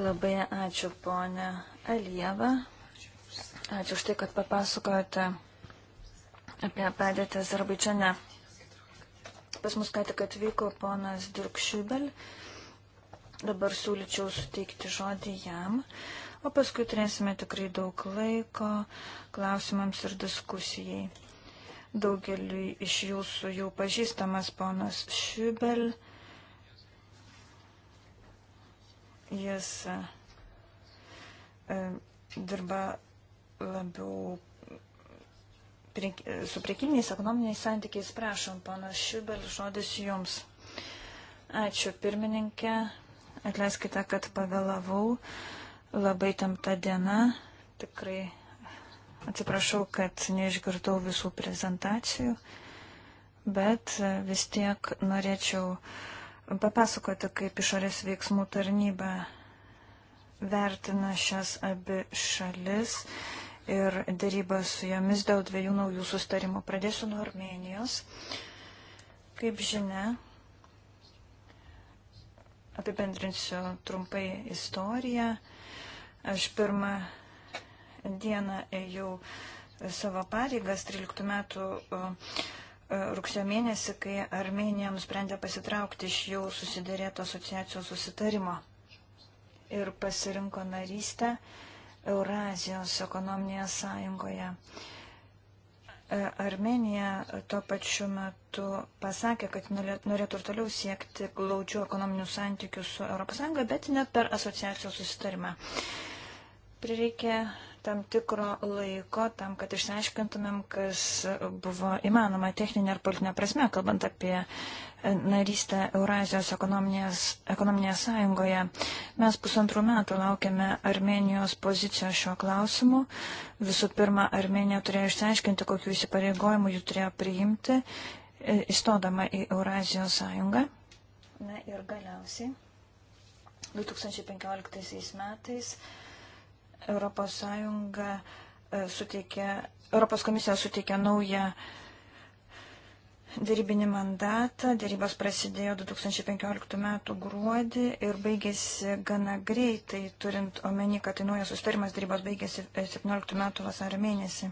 Labai ačiū, ponė Alieva. Ačiū už tai, kad papasakojate apie padėtį Azerbaidžiane. Pas mus ką tik atvyko ponas Dirkšybel. Uh, Dabar siūlyčiau suteikti žodį jam, o paskui turėsime tikrai daug laiko klausimams ir diskusijai. Daugeliui iš jūsų jau pažįstamas ponas Šibel. Jis e, dirba labiau su priekybiniais ekonominiais santykiais. Prašom, panas Šibel, žodis jums. Ačiū pirmininkė, Atleiskite, kad pavėlavau. Labai tamta diena. Tikrai atsiprašau, kad neišgirdau visų prezentacijų, bet vis tiek norėčiau papasakoti, kaip išorės veiksmų tarnyba vertina šias abi šalis ir dėrybas su jomis dėl dviejų naujų sustarimų. Pradėsiu nuo Armenijos. Kaip žinia, apibendrinsiu trumpai istoriją. Aš pirmą dieną ėjau savo pareigas 13 metų rugsėjo mėnesį, kai Armenija nusprendė pasitraukti iš jau susidarėto asociacijos susitarimo ir pasirinko narystę Eurazijos ekonominėje sąjungoje. Uh, E, Armenija tuo pačiu metu pasakė, kad norėtų ir toliau siekti glaudžių ekonominių santykių su ES, bet ne per asociacijos susitarimą. Prireikė tam tikro laiko tam, kad išsiaiškintumėm, kas buvo įmanoma techninė ir politinė prasme, kalbant apie narystę Eurazijos ekonominėje sąjungoje. Mes pusantrų metų laukiame Armenijos pozicijos šiuo klausimu. Visų pirma, Armenija turėjo išsiaiškinti, kokiu įsipareigojimu jų turėjo priimti, e, įstodama į Eurazijos sąjungą. Na ir galiausiai 2015 metais Europos sąjunga e, suteikė, Europos komisija suteikė naują uh, dėrybinį mandatą. Dėrybos prasidėjo 2015 m. gruodį ir baigėsi gana greitai, turint omeny, kad tai naujas sustarimas dėrybos baigėsi 17 m. vasario mėnesį.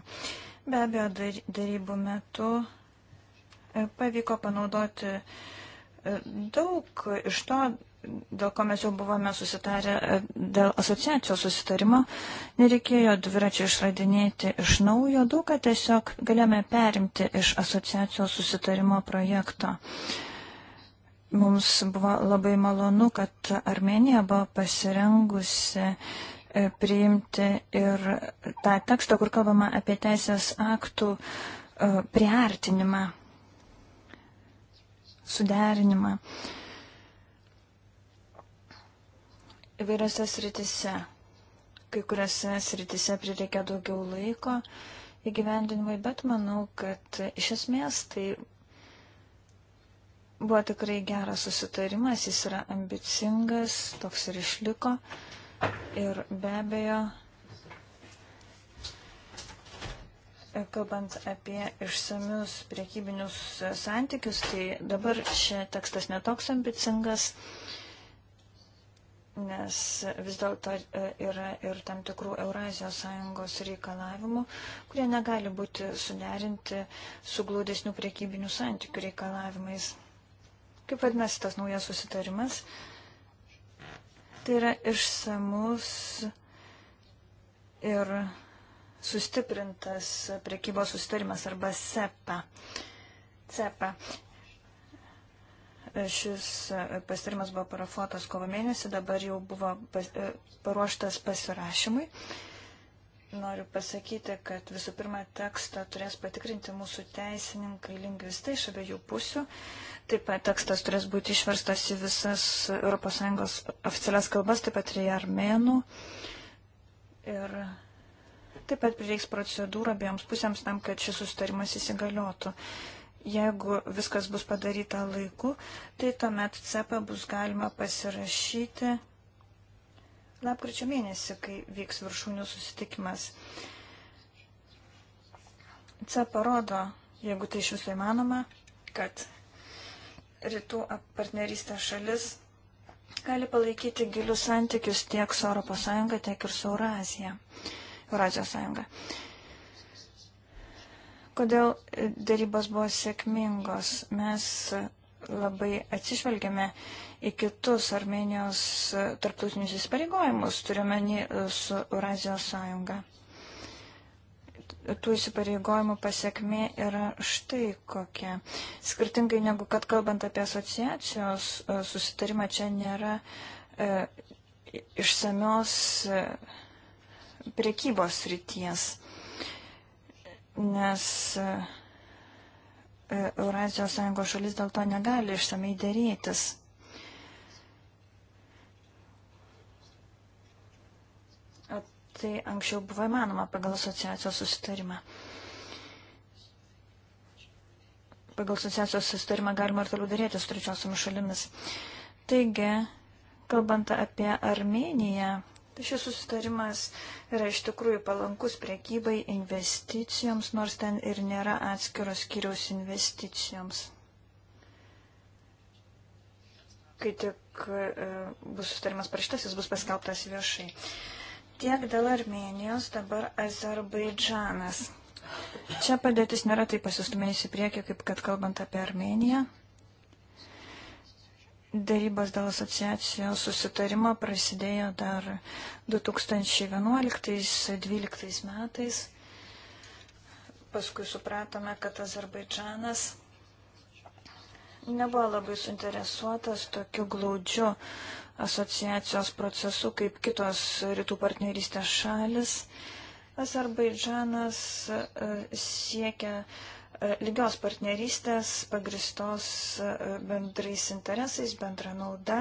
Be abejo, dėrybų metu e, pavyko panaudoti e, daug iš to dėl ko mes jau buvome susitarę e, dėl asociacijos susitarimo, nereikėjo dviračio išradinėti iš naujo, daug ką tiesiog galėjome perimti iš asociacijos susitarimo projekto. Mums buvo labai malonu, kad Armenija buvo pasirengusi e, priimti ir tą tekstą, kur kalbama apie teisės aktų e, priartinimą, suderinimą. Uh, įvairiose sritise. Kai kuriuose sritise prireikia daugiau laiko įgyvendinimui, bet manau, kad iš esmės tai buvo tikrai geras susitarimas, jis yra ambicingas, toks ir išliko. Ir be abejo, kalbant apie išsamius priekybinius santykius, tai dabar čia tekstas netoks ambicingas. Uh, nes vis dėlto e, yra ir tam tikrų Eurazijos sąjungos reikalavimų, kurie negali būti suderinti su glaudesnių priekybinių santykių reikalavimais. Kaip vadinasi tas naujas susitarimas? Tai yra išsamus ir sustiprintas priekybos susitarimas arba SEPA. CEPA. Šis e, pasirimas buvo parafotas kovo mėnesį, dabar jau buvo pas, e, paruoštas pasirašymui. Noriu pasakyti, kad visų pirma tekstą turės patikrinti mūsų teisininkai, lingvistai iš abiejų pusių. Taip pat tekstas turės būti išverstas į visas ES oficialias kalbas, taip pat ir į armenų. Ir taip pat prireiks procedūrą abiejoms pusėms tam, kad šis sustarimas įsigaliotų. Uh, Jeigu viskas bus padaryta laiku, tai tuomet CEPA bus galima pasirašyti lapkričio mėnesį, kai vyks viršūnių susitikimas. CEPA rodo, jeigu tai iš viso įmanoma, kad rytų partnerystės šalis gali palaikyti gilius santykius tiek su ES, tiek ir su Eurazija. Eurazijos sąjunga. Eurazijos sąjunga. Kodėl e, darybos buvo sėkmingos? Mes labai atsižvelgėme į kitus Armenijos e, tarptautinius įsipareigojimus, turiuomenį e, su Eurazijos sąjunga. Tų įsipareigojimų pasiekmė yra štai kokia. Skirtingai negu kad kalbant apie asociacijos susitarimą, čia nėra e, išsamios prekybos ryties nes e, Eurazijos sąjungos šalis dėl to negali išsamei dėrėtis. Tai anksčiau buvo įmanoma pagal asociacijos susitarimą. Pagal asociacijos susitarimą galima ir toliau dėrėti su trečiosiomis šalimis. Taigi, kalbant apie Armeniją, Šis susitarimas yra iš tikrųjų palankus priekybai investicijoms, nors ten ir nėra atskiros skiriaus investicijoms. Kai tik e, bus susitarimas parašytas, jis bus paskelbtas viešai. Tiek dėl Armenijos, dabar Azerbaidžanas. Čia padėtis nėra taip pasistumėjusi priekį, kaip kad kalbant apie Armeniją. Darybos dėl asociacijos susitarimo prasidėjo dar 2011-2012 metais. Paskui supratome, kad Azerbaidžanas nebuvo labai suinteresuotas tokiu glaudžiu asociacijos procesu kaip kitos rytų partnerystės šalis. Azerbaidžanas e, siekia lygios partnerystės, pagristos e, bendrais interesais, bendra nauda.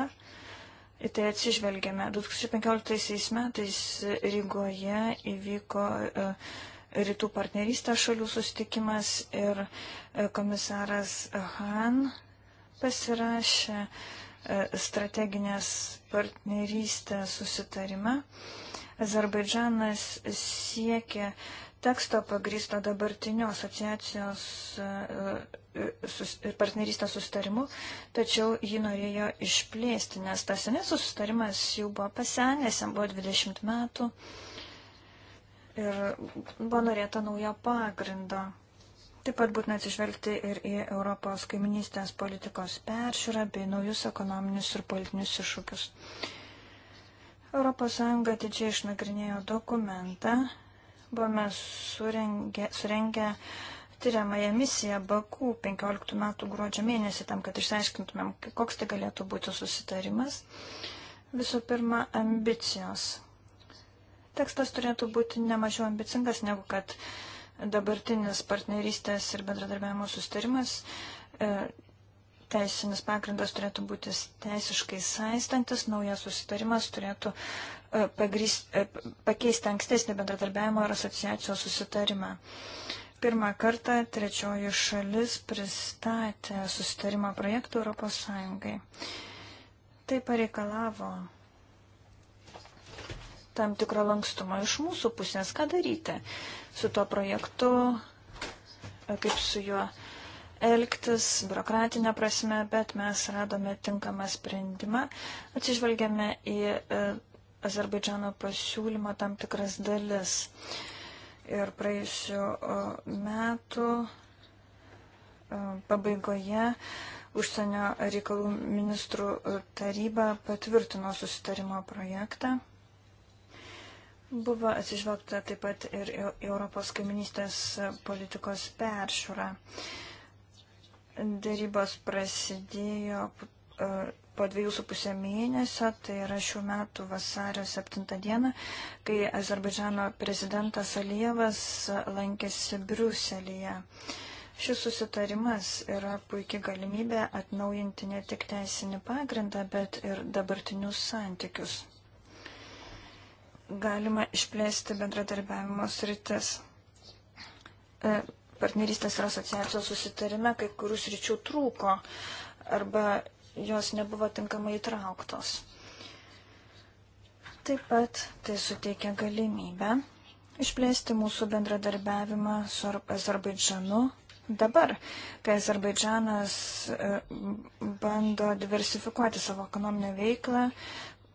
Į tai atsižvelgėme. 2015 metais Rygoje įvyko e, rytų partnerystės šalių sustikimas ir e, komisaras Han pasirašė strateginės partnerystės susitarimą. Azerbaidžanas siekia uh, teksto pagristo dabartiniu asociacijos e, e, ir partnerystės sustarimu, tačiau jį norėjo išplėsti, nes tas senis sustarimas jau buvo pasenęs, jam buvo 20 metų ir buvo norėta naujo pagrindo. Taip pat būtina atsižvelgti ir į Europos kaiminystės politikos peržiūrą bei naujus ekonominius ir politinius iššūkius. ES atidžiai išnagrinėjo dokumentą buvome surengę, surengę tyriamąją misiją Bakų 15 metų gruodžio mėnesį, tam, kad išsiaiškintumėm, koks tai galėtų būti susitarimas. Visų pirma, ambicijos. Tekstas turėtų būti nemažiau ambicingas negu kad dabartinis partnerystės ir bendradarbiavimo sustarimas. E, teisinis pagrindas turėtų būti teisiškai saistantis, naujas susitarimas turėtų pagrys, e, pakeisti ankstesnį bendradarbiavimo ir asociacijos susitarimą. Pirmą kartą trečioji šalis pristatė susitarimo projektų Europos Sąjungai. Tai pareikalavo tam tikro lankstumo iš mūsų pusės, ką daryti su tuo projektu, kaip su juo elgtis biurokratinė prasme, bet mes radome tinkamą sprendimą, atsižvelgiame į e, Azerbaidžiano pasiūlymą tam tikras dalis. Ir praėjusiu metu pabaigoje užsienio reikalų ministrų taryba patvirtino susitarimo projektą. Buvo atsižvelgta taip pat ir Europos kaiminystės politikos peršūra. Dėrybos prasidėjo po dviejų su pusė mėnesio, tai yra šių metų vasario 7 dieną, kai Azerbaidžano prezidentas Alievas lankėsi Briuselėje. Šis susitarimas yra puikia galimybė atnaujinti ne tik teisinį pagrindą, bet ir dabartinius santykius. Galima išplėsti bendradarbiavimo sritis. E, partnerystės ir asociacijos susitarime kai kurius ryčių trūko arba jos nebuvo tinkamai įtrauktos. Taip pat tai suteikia galimybę išplėsti mūsų bendradarbiavimą su Azerbaidžanu dabar, kai Azerbaidžanas e, bando diversifikuoti savo ekonominę veiklą,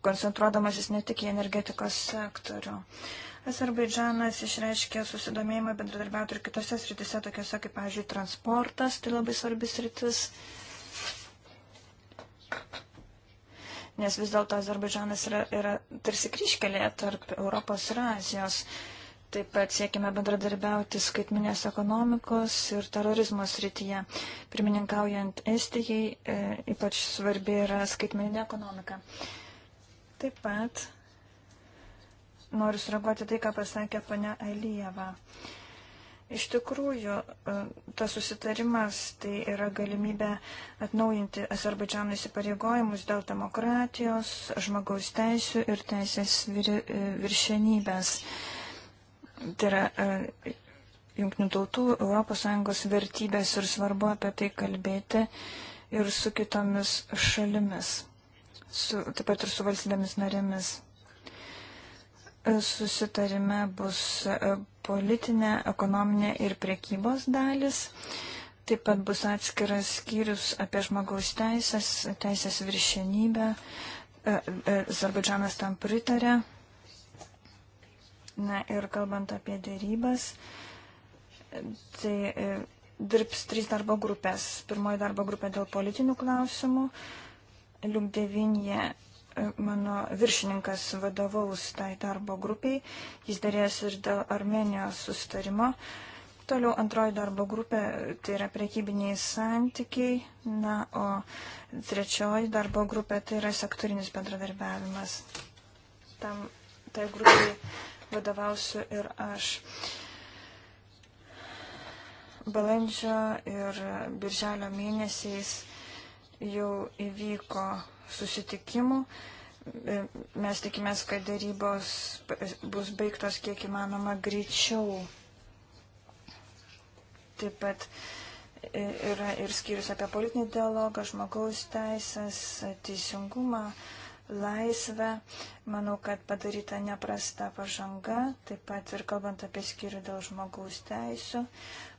koncentruodamasis ne tik į energetikos sektorių. Azerbaidžanas išreiškė susidomėjimą bendradarbiauti ir kitose sritise, tokiose kaip, pavyzdžiui, transportas, tai labai svarbis sritis. Uh, Nes vis dėlto Azerbaidžanas yra, yra tarsi kryškelėje tarp Europos ir Azijos. Taip pat siekime bendradarbiauti skaitminės ekonomikos ir terorizmo srityje. Pirmininkaujant Estijai e, ypač svarbi yra skaitmininė ekonomika. Taip pat noriu sureaguoti tai, ką pasakė ponia Elyjeva. E, Iš tikrųjų, e, tas susitarimas tai yra galimybė atnaujinti Azerbaidžiano įsipareigojimus dėl demokratijos, žmogaus teisų ir teisės vir, e, viršenybės. Tai yra e, jungtinių tautų, ES vertybės ir svarbu apie tai kalbėti ir su kitomis šalimis, su, taip pat ir su valstybėmis narėmis susitarime bus e, politinė, ekonominė ir priekybos dalis. Taip pat bus atskiras skyrius apie žmogaus teisės, teisės viršienybę. E, e, Azerbaidžanas tam pritarė. Na ir kalbant apie dėrybas, tai dirbs trys darbo grupės. Pirmoji darbo grupė dėl politinių klausimų. Liuk 9 mano viršininkas vadovaus tai darbo grupiai, jis dėrės ir dėl Armenijos sustarimo. Toliau antroji darbo grupė, tai yra prekybiniai santykiai, na, o trečioji darbo grupė, tai yra sektorinis bendradarbiavimas. Tam, tai grupiai vadovausiu ir aš. Balandžio ir birželio mėnesiais jau įvyko susitikimų. Mes tikimės, kad darybos bus baigtos kiek įmanoma greičiau. Taip pat yra ir skyrius apie politinį dialogą, žmogaus teisės, teisingumą, laisvę. Manau, kad padaryta neprasta pažanga, taip pat ir kalbant apie skyrių dėl žmogaus teisų.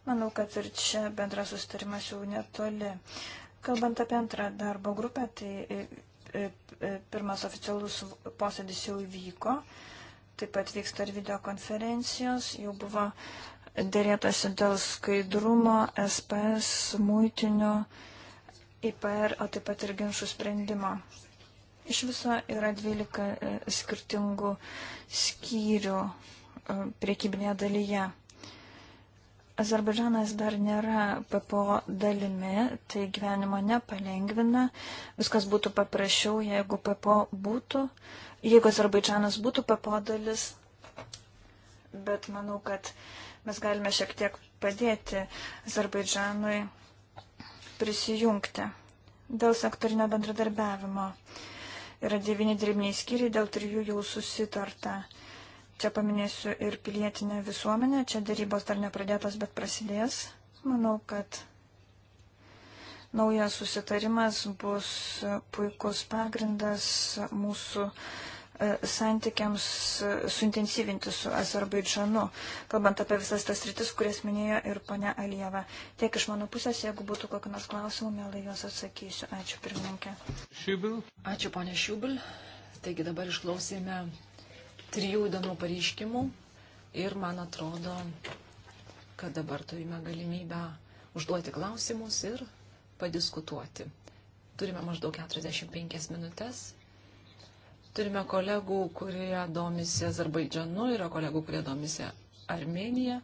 Manau, kad ir čia bendras sustarimas jau netoli. Kalbant apie antrą darbo grupę, tai e, e, e, pirmas oficialus posėdis jau įvyko, taip pat vyksta ir videokonferencijos, jau buvo dėrėtasi dėl skaidrumo, SPS, muitinio, IPR, o taip pat ir ginčių sprendimo. Iš viso yra 12 skirtingų skyrių priekybinėje dalyje. Azerbaidžanas dar nėra PPO dalimi, tai gyvenimo nepalengvina. Viskas būtų paprasčiau, jeigu PPO būtų, jeigu Azerbaidžanas būtų PPO dalis. Bet manau, kad mes galime šiek tiek padėti Azerbaidžanui prisijungti. Dėl sektorinio bendradarbiavimo yra devyni dirbiniai skyriai, dėl trijų jau susitarta. Čia paminėsiu ir pilietinę visuomenę. Čia darybos dar nepradėtos, bet prasidės. Manau, kad naujas susitarimas bus puikus pagrindas mūsų e, santykiams e, suintensyvinti su Azerbaidžanu, kalbant apie visas tas rytis, kurias minėjo ir ponia Alieva. Tiek iš mano pusės, jeigu būtų kokių nors klausimų, mielai juos atsakysiu. Ačiū pirmininkė. Šiubil. Ačiū ponia Šiubil. Taigi dabar išklausėme trijų įdomių pareiškimų ir man atrodo, kad dabar turime galimybę užduoti klausimus ir padiskutuoti. Turime maždaug 45 minutės. Turime kolegų, kurie domisi Azerbaidžanu, yra kolegų, kurie domisi Armenija.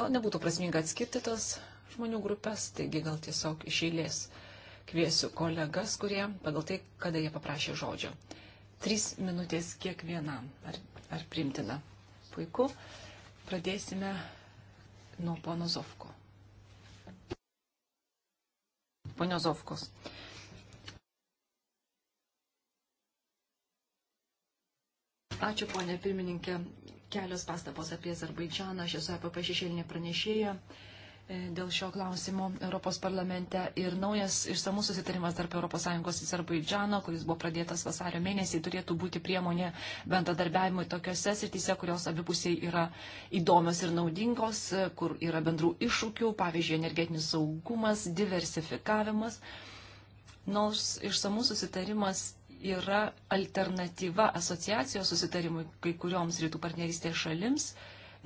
Gal nebūtų prasminga atskirti tas žmonių grupės, taigi gal tiesiog iš eilės kviesiu kolegas, kurie pagal tai, kada jie paprašė žodžio. Trys minutės kiekvienam. Ar, ar primtina? Puiku. Pradėsime nuo pono Zovko. Pono Zovkos. Ačiū, ponė pirmininkė. Kelios pastabos apie Azerbaidžaną. Aš esu apie pašešėlinį pranešėją. Uh, E, dėl šio klausimo Europos parlamente ir naujas išsamus susitarimas tarp ES ir Azerbaidžano, kuris buvo pradėtas vasario mėnesį, turėtų būti priemonė bendradarbiavimui tokiuose srityse, kurios abipusiai yra įdomios ir naudingos, e, kur yra bendrų iššūkių, pavyzdžiui, energetinis saugumas, diversifikavimas. Nors išsamus susitarimas yra alternatyva asociacijos susitarimui kai kurioms rytų partnerystės šalims,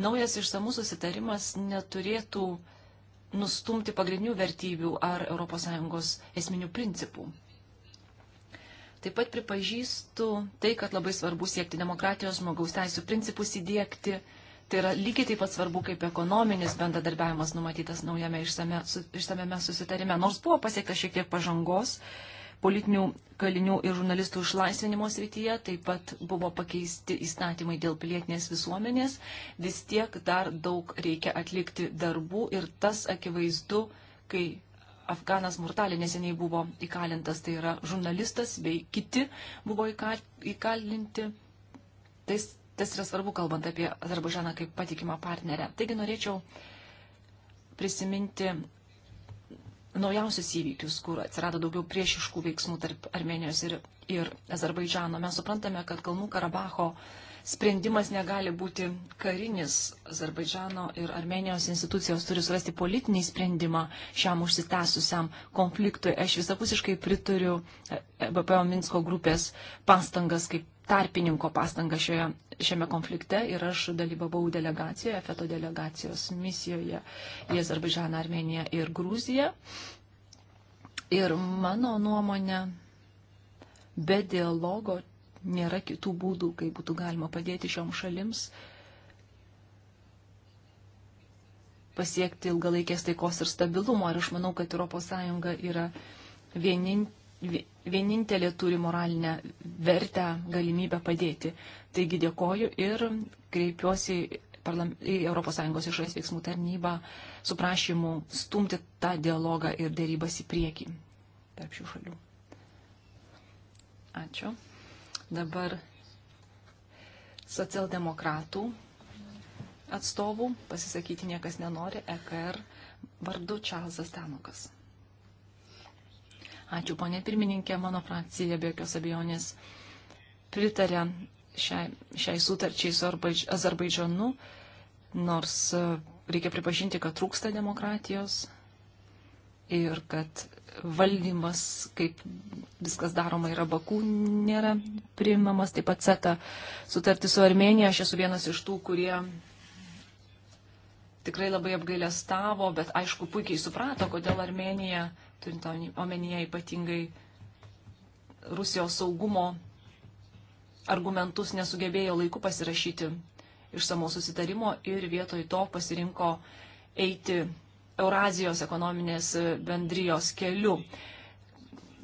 naujas išsamus susitarimas neturėtų uh, nustumti pagrindinių vertybių ar ES esminių principų. Taip pat pripažįstu tai, kad labai svarbu siekti demokratijos žmogaus teisų principus įdėkti. Tai yra lygiai taip pat svarbu kaip ekonominis bendradarbiavimas numatytas naujame išsame, išsameme susitarime. Nors buvo pasiekta šiek tiek pažangos, politinių kalinių ir žurnalistų išlaisvinimo srityje, taip pat buvo pakeisti įstatymai dėl pilietinės visuomenės, vis tiek dar daug reikia atlikti darbų ir tas akivaizdu, kai Afganas Murtalė neseniai buvo įkalintas, tai yra žurnalistas bei kiti buvo įkalinti. Tais, tas yra svarbu, kalbant apie Azerbaidžaną kaip patikimą partnerę. Taigi norėčiau prisiminti naujausius įvykius, kur atsirado daugiau priešiškų veiksmų tarp Armenijos ir, ir Azerbaidžano. Mes suprantame, kad Kalnų Karabaho sprendimas negali būti karinis. Azerbaidžano ir Armenijos institucijos turi surasti politinį sprendimą šiam užsitęsusiam konfliktui. Aš visapusiškai prituriu e, e, BPO Minsko grupės pastangas kaip tarpininko pastangą šioje šiame konflikte ir aš dalyvavau delegacijoje, FETO delegacijos misijoje į Azerbaidžaną, Armeniją ir Gruziją. Ir mano nuomonė, be dialogo nėra kitų būdų, kaip būtų galima padėti šiom šalims pasiekti ilgalaikės taikos ir stabilumo. Ir aš manau, kad ES yra vienintelė vienintelė turi moralinę vertę, galimybę padėti. Taigi dėkoju ir kreipiuosi į ES išorės veiksmų tarnybą su prašymu stumti tą dialogą ir dėrybas į priekį tarp šių šalių. Ačiū. Dabar socialdemokratų atstovų pasisakyti niekas nenori, EKR er vardu Čarlzas Tanukas. Ačiū, ponė pirmininkė, mano frakcija be jokios abejonės pritarė šiai, šiai sutarčiai su Azerbaidžanu, nors e, reikia pripažinti, kad trūksta demokratijos ir kad valdymas, kaip viskas daroma yra Bakų, nėra priimamas. Taip pat CETA sutartį su Armenija, aš esu vienas iš tų, kurie tikrai labai apgailę stavo, bet aišku puikiai suprato, kodėl Armenija turint omenyje ypatingai Rusijos saugumo argumentus nesugebėjo laiku pasirašyti išsamaus susitarimo ir vietoj to pasirinko eiti Eurazijos ekonominės bendrijos keliu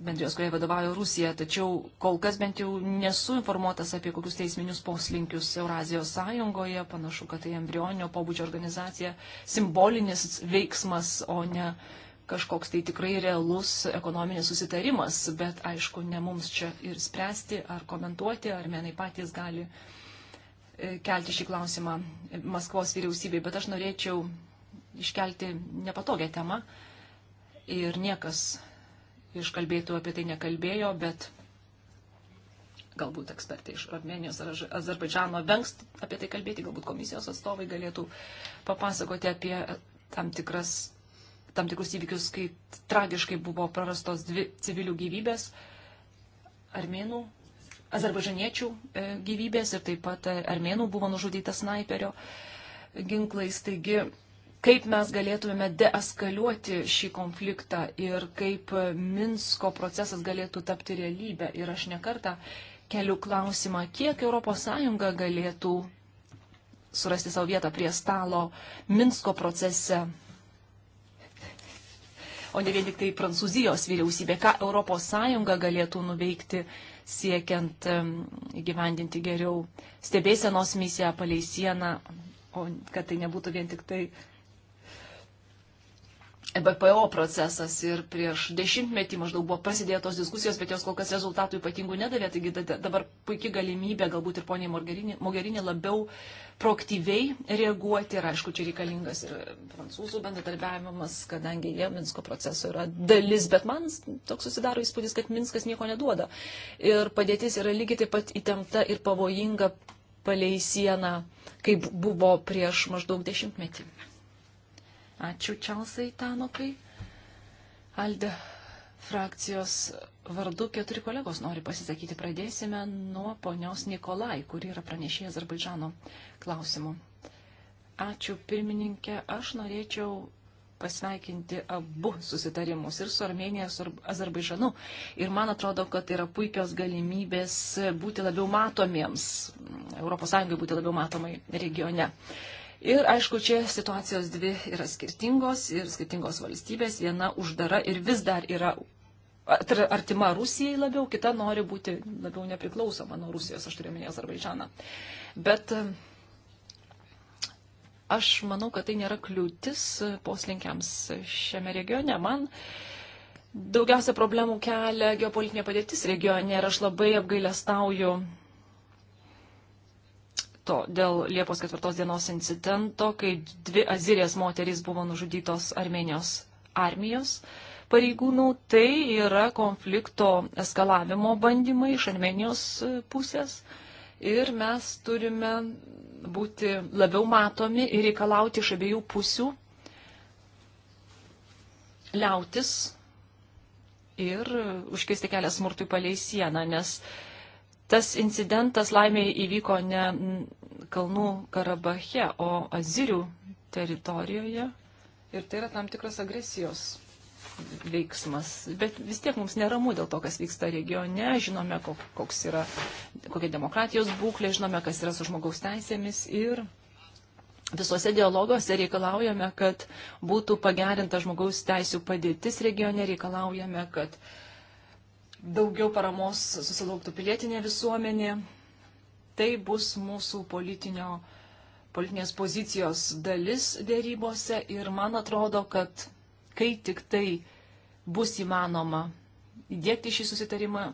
bendrijos, kuriai vadovauja Rusija, tačiau kol kas bent jau nesu informuotas apie kokius teisminius poslinkius Eurazijos sąjungoje, panašu, kad tai embrioninio pobūdžio organizacija, simbolinis veiksmas, o ne kažkoks tai tikrai realus ekonominis susitarimas, bet aišku, ne mums čia ir spręsti, ar komentuoti, ar menai patys gali e, kelti šį klausimą Maskvos vyriausybei, bet aš norėčiau iškelti nepatogią temą ir niekas iš kalbėtų apie tai nekalbėjo, bet galbūt ekspertai iš Armenijos ar Azerbaidžiano vengs apie tai kalbėti, galbūt komisijos atstovai galėtų papasakoti apie tam tikras tam tikrus įvykius, kai tragiškai buvo prarastos dvi civilių gyvybės, armėnų, azerbaidžaniečių e, gyvybės ir taip pat e, armėnų buvo nužudyta snaiperio ginklais. Taigi, kaip mes galėtumėme deeskaliuoti šį konfliktą ir kaip Minsko procesas galėtų tapti realybę. Ir aš nekartą keliu klausimą, kiek ES galėtų surasti savo vietą prie stalo Minsko procese o ne vien tik tai Prancūzijos vyriausybė. Ką ES galėtų nuveikti siekiant įgyvendinti geriau stebėsenos misiją palei sieną, o kad tai nebūtų vien tik tai E BPO procesas ir prieš dešimtmetį maždaug buvo prasidėjo tos diskusijos, bet jos kol kas rezultatų ypatingų nedavė, taigi dabar puikia galimybė galbūt ir poniai Mogerinė labiau proaktyviai reaguoti ir aišku, čia reikalingas ir prancūzų bendradarbiavimas, kadangi jie Minsko proceso yra dalis, bet man toks susidaro įspūdis, kad Minskas nieko neduoda ir padėtis yra lygiai taip pat įtempta ir pavojinga palei sieną, kaip buvo prieš maždaug dešimtmetį. Ačiū Čelsai Tanokai. Alde frakcijos vardu keturi kolegos nori pasisakyti. Pradėsime nuo ponios Nikolai, kuri yra pranešėja Azerbaidžano klausimų. Ačiū pirmininkė. Aš norėčiau pasveikinti abu susitarimus ir su Armenija, ir su Azerbaidžanu. Ir man atrodo, kad tai yra puikios galimybės būti labiau matomiems, ES būti labiau matomai regione. Uh, Ir aišku, čia situacijos dvi yra skirtingos ir skirtingos valstybės. Viena uždara ir vis dar yra artima Rusijai labiau, kita nori būti labiau nepriklausoma nuo Rusijos, aš turiu minėjęs Azerbaidžaną. Bet aš manau, kad tai nėra kliūtis poslinkiams šiame regione. Man daugiausia problemų kelia geopolitinė padėtis regione ir aš labai apgailestauju to, dėl Liepos 4 dienos incidento, kai dvi azirės moterys buvo nužudytos Armenijos armijos pareigūnų. Tai yra konflikto eskalavimo bandymai iš Armenijos pusės. Ir mes turime būti labiau matomi ir reikalauti iš abiejų pusių liautis ir užkisti kelią smurtui palei sieną, nes uh, Tas incidentas laimiai įvyko ne Kalnų Karabache, o Azirių teritorijoje. Ir tai yra tam tikras agresijos veiksmas. Bet vis tiek mums neramu dėl to, kas vyksta regione, žinome, koks yra, kokia demokratijos būklė, žinome, kas yra su žmogaus teisėmis ir visuose dialoguose reikalaujame, kad būtų pagerinta žmogaus teisų padėtis regione, reikalaujame, kad uh, daugiau paramos susilauktų pilietinė visuomenė. Tai bus mūsų politinio, politinės pozicijos dalis dėrybose ir man atrodo, kad kai tik tai bus įmanoma įdėkti šį susitarimą,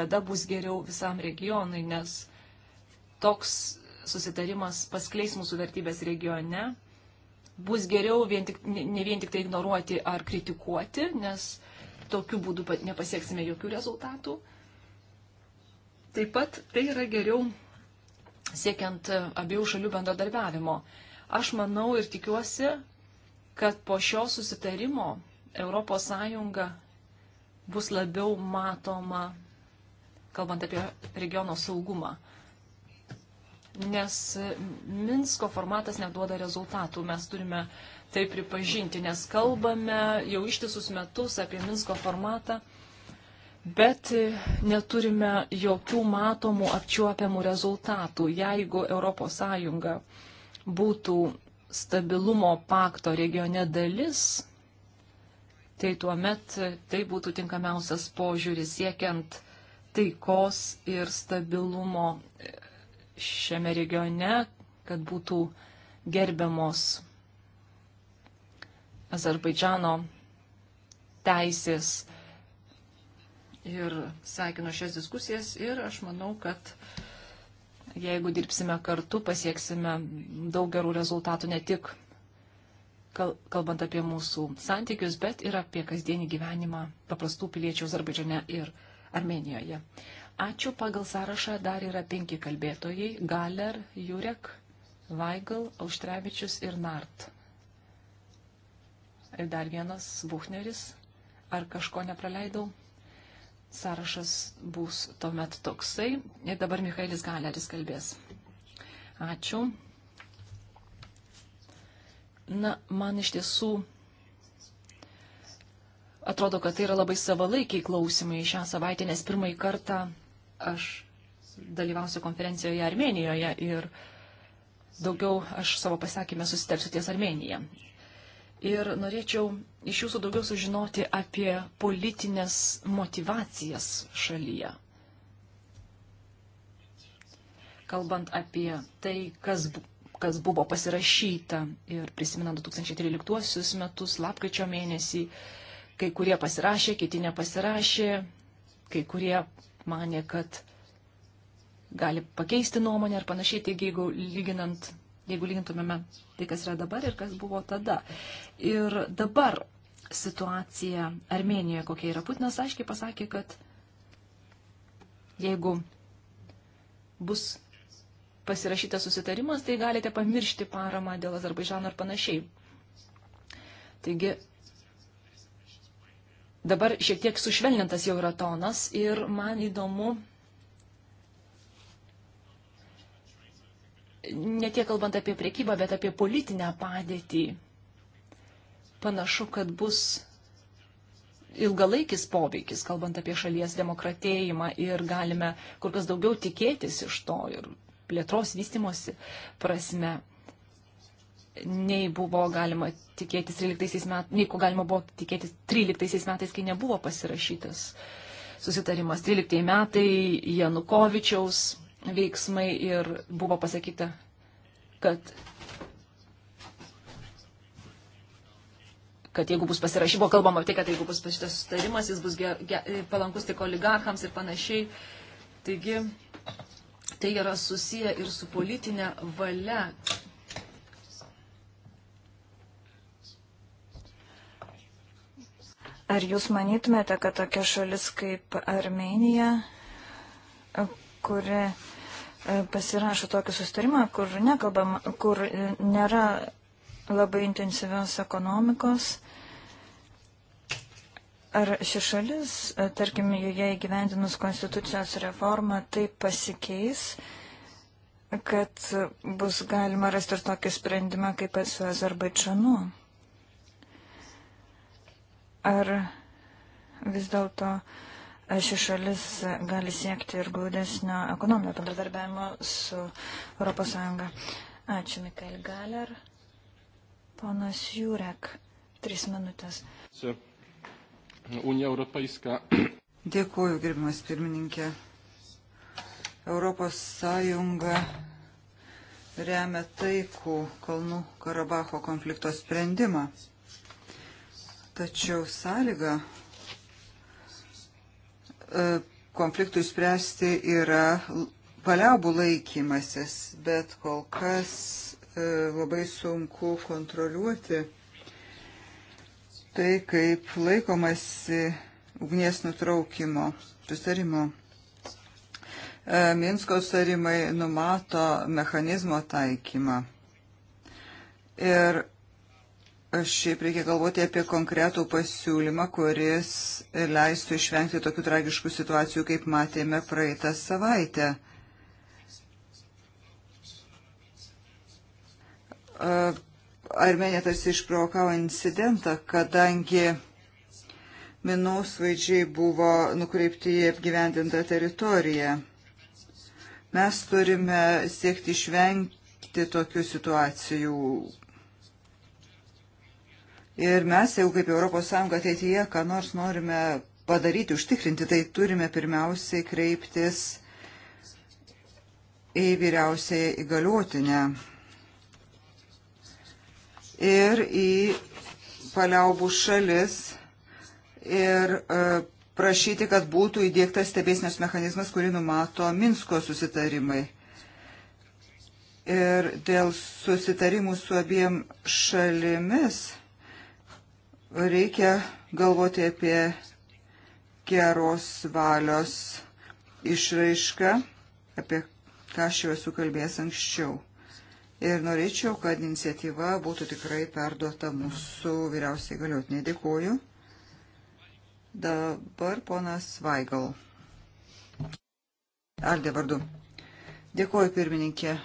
tada bus geriau visam regionui, nes toks susitarimas paskleis mūsų vertybės regione. Bus geriau vien tik, ne vien tik tai ignoruoti ar kritikuoti, nes tokiu būdu nepasieksime jokių rezultatų. Taip pat tai yra geriau siekiant e, abiejų šalių bendradarbiavimo. Aš manau ir tikiuosi, kad po šio susitarimo ES bus labiau matoma, kalbant apie regiono saugumą. Nes Minsko formatas neduoda rezultatų. Mes turime uh, tai pripažinti, nes kalbame jau ištisus metus apie Minsko formatą, bet neturime jokių matomų apčiuopiamų rezultatų. Jeigu ES būtų stabilumo pakto regione dalis, tai tuo met tai būtų tinkamiausias požiūris siekiant taikos ir stabilumo šiame regione, kad būtų gerbiamos Azerbaidžiano teisės. Ir sveikinu šias diskusijas ir aš manau, kad jeigu dirbsime kartu, pasieksime daug gerų rezultatų ne tik kalbant apie mūsų santykius, bet ir apie kasdienį gyvenimą paprastų piliečių Azerbaidžiane ir Armenijoje. Ačiū pagal sąrašą, dar yra penki kalbėtojai - Galer, Jurek, Vaigal, Auštrevičius ir Nart ir dar vienas Buchneris. Ar kažko nepraleidau? Sąrašas bus tuomet toksai. Ir dabar Michaelis Galeris kalbės. Ačiū. Na, man iš tiesų atrodo, kad tai yra labai savalaikiai klausimai šią savaitę, nes pirmąjį kartą aš dalyvausiu konferencijoje Armenijoje ir daugiau aš savo pasakymę susitelksiu ties Armenija ir norėčiau iš jūsų daugiau sužinoti apie politinės motivacijas šalyje. Kalbant apie tai, kas, kas buvo pasirašyta ir prisimenant 2013 metus, lapkričio mėnesį, kai kurie pasirašė, kiti nepasirašė, kai kurie mane, kad gali pakeisti nuomonę ir panašiai, taigi jeigu lyginant jeigu lygintumėme tai, kas yra dabar ir kas buvo tada. Ir dabar situacija Armenijoje, kokia yra. Putinas aiškiai pasakė, kad jeigu bus pasirašytas susitarimas, tai galite pamiršti paramą dėl Azerbaidžano ir panašiai. Taigi dabar šiek tiek sušvelnintas jau yra tonas ir man įdomu, ne tiek kalbant apie priekybą, bet apie politinę padėtį, panašu, kad bus ilgalaikis poveikis, kalbant apie šalies demokratėjimą ir galime kur kas daugiau tikėtis iš to ir plėtros vystimosi prasme, nei buvo galima tikėtis 13 metais, nei ko galima buvo tikėtis 13 metais, kai nebuvo pasirašytas susitarimas. 13 metai Janukovičiaus veiksmai ir buvo pasakyta, kad, kad jeigu bus pasirašymo, kalbama tai, kad jeigu bus šitas sustarimas, jis bus ge, ge, palankus tik oligarchams ir panašiai. Taigi, tai yra susiję ir su politinė valia. Ar jūs manytumėte, kad tokia šalis kaip Armenija, kuri E, pasirašo tokį sustarimą, kur, nekalbam, kur e, nėra labai intensyvios ekonomikos. Ar ši šalis, e, tarkim, joje įgyvendinus konstitucijos reformą, taip pasikeis, kad bus galima rasti ir tokį sprendimą kaip su Azerbaidžanu? Ar vis dėlto uh, ši šalis gali siekti ir glaudesnio ekonominio bendradarbiavimo su ES. Ačiū, Mikael Galer. Ponas Jurek, tris minutės. Unija Europeiska. Dėkuoju, gerbimas pirmininkė. Europos Sąjunga remia taikų Kalnų Karabacho konflikto sprendimą. Tačiau sąlyga, E, konfliktui spręsti yra paliaubų laikymasis, bet kol kas e, labai sunku kontroliuoti tai, kaip laikomasi ugnies nutraukimo sutarimo. E, Minsko sutarimai numato mechanizmo taikymą. Ir Šiaip reikia galvoti apie konkretų pasiūlymą, kuris leistų išvengti tokių tragiškų situacijų, kaip matėme praeitą savaitę. Armenija tarsi išprovokavo incidentą, kadangi minų svaidžiai buvo nukreipti į apgyvendintą teritoriją. Mes turime siekti išvengti tokių situacijų, Ir mes, jeigu kaip ES ateityje, ką nors norime padaryti, užtikrinti, tai turime pirmiausiai kreiptis į vyriausiai įgaliotinę ir į paliaubų šalis ir e, prašyti, kad būtų įdėktas stebėsnės mechanizmas, kurį numato Minsko susitarimai ir dėl susitarimų su abiem šalimis Reikia galvoti apie geros valios išraišką, apie ką aš jau esu kalbėjęs anksčiau. Ir norėčiau, kad iniciatyva būtų tikrai perduota mūsų vyriausiai galiotinė. Dėkuoju. Dabar ponas Vaigal. Aldė vardu. Dėkuoju, pirmininkė.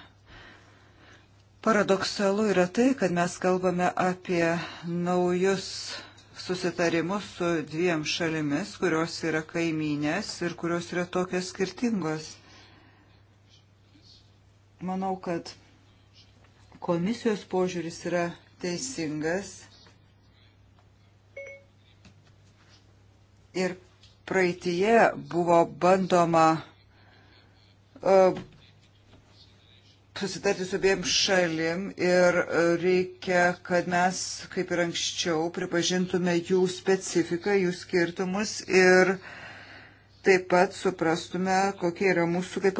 Paradoksalu yra tai, kad mes kalbame apie naujus susitarimus su dviem šalimis, kurios yra kaiminės ir kurios yra tokios skirtingos. Manau, kad komisijos požiūris yra teisingas ir praeitie buvo bandoma e, susitarti su abiem šalim ir e, reikia, kad mes, kaip ir anksčiau, pripažintume jų specifiką, jų skirtumus ir taip pat suprastume, kokie yra mūsų kaip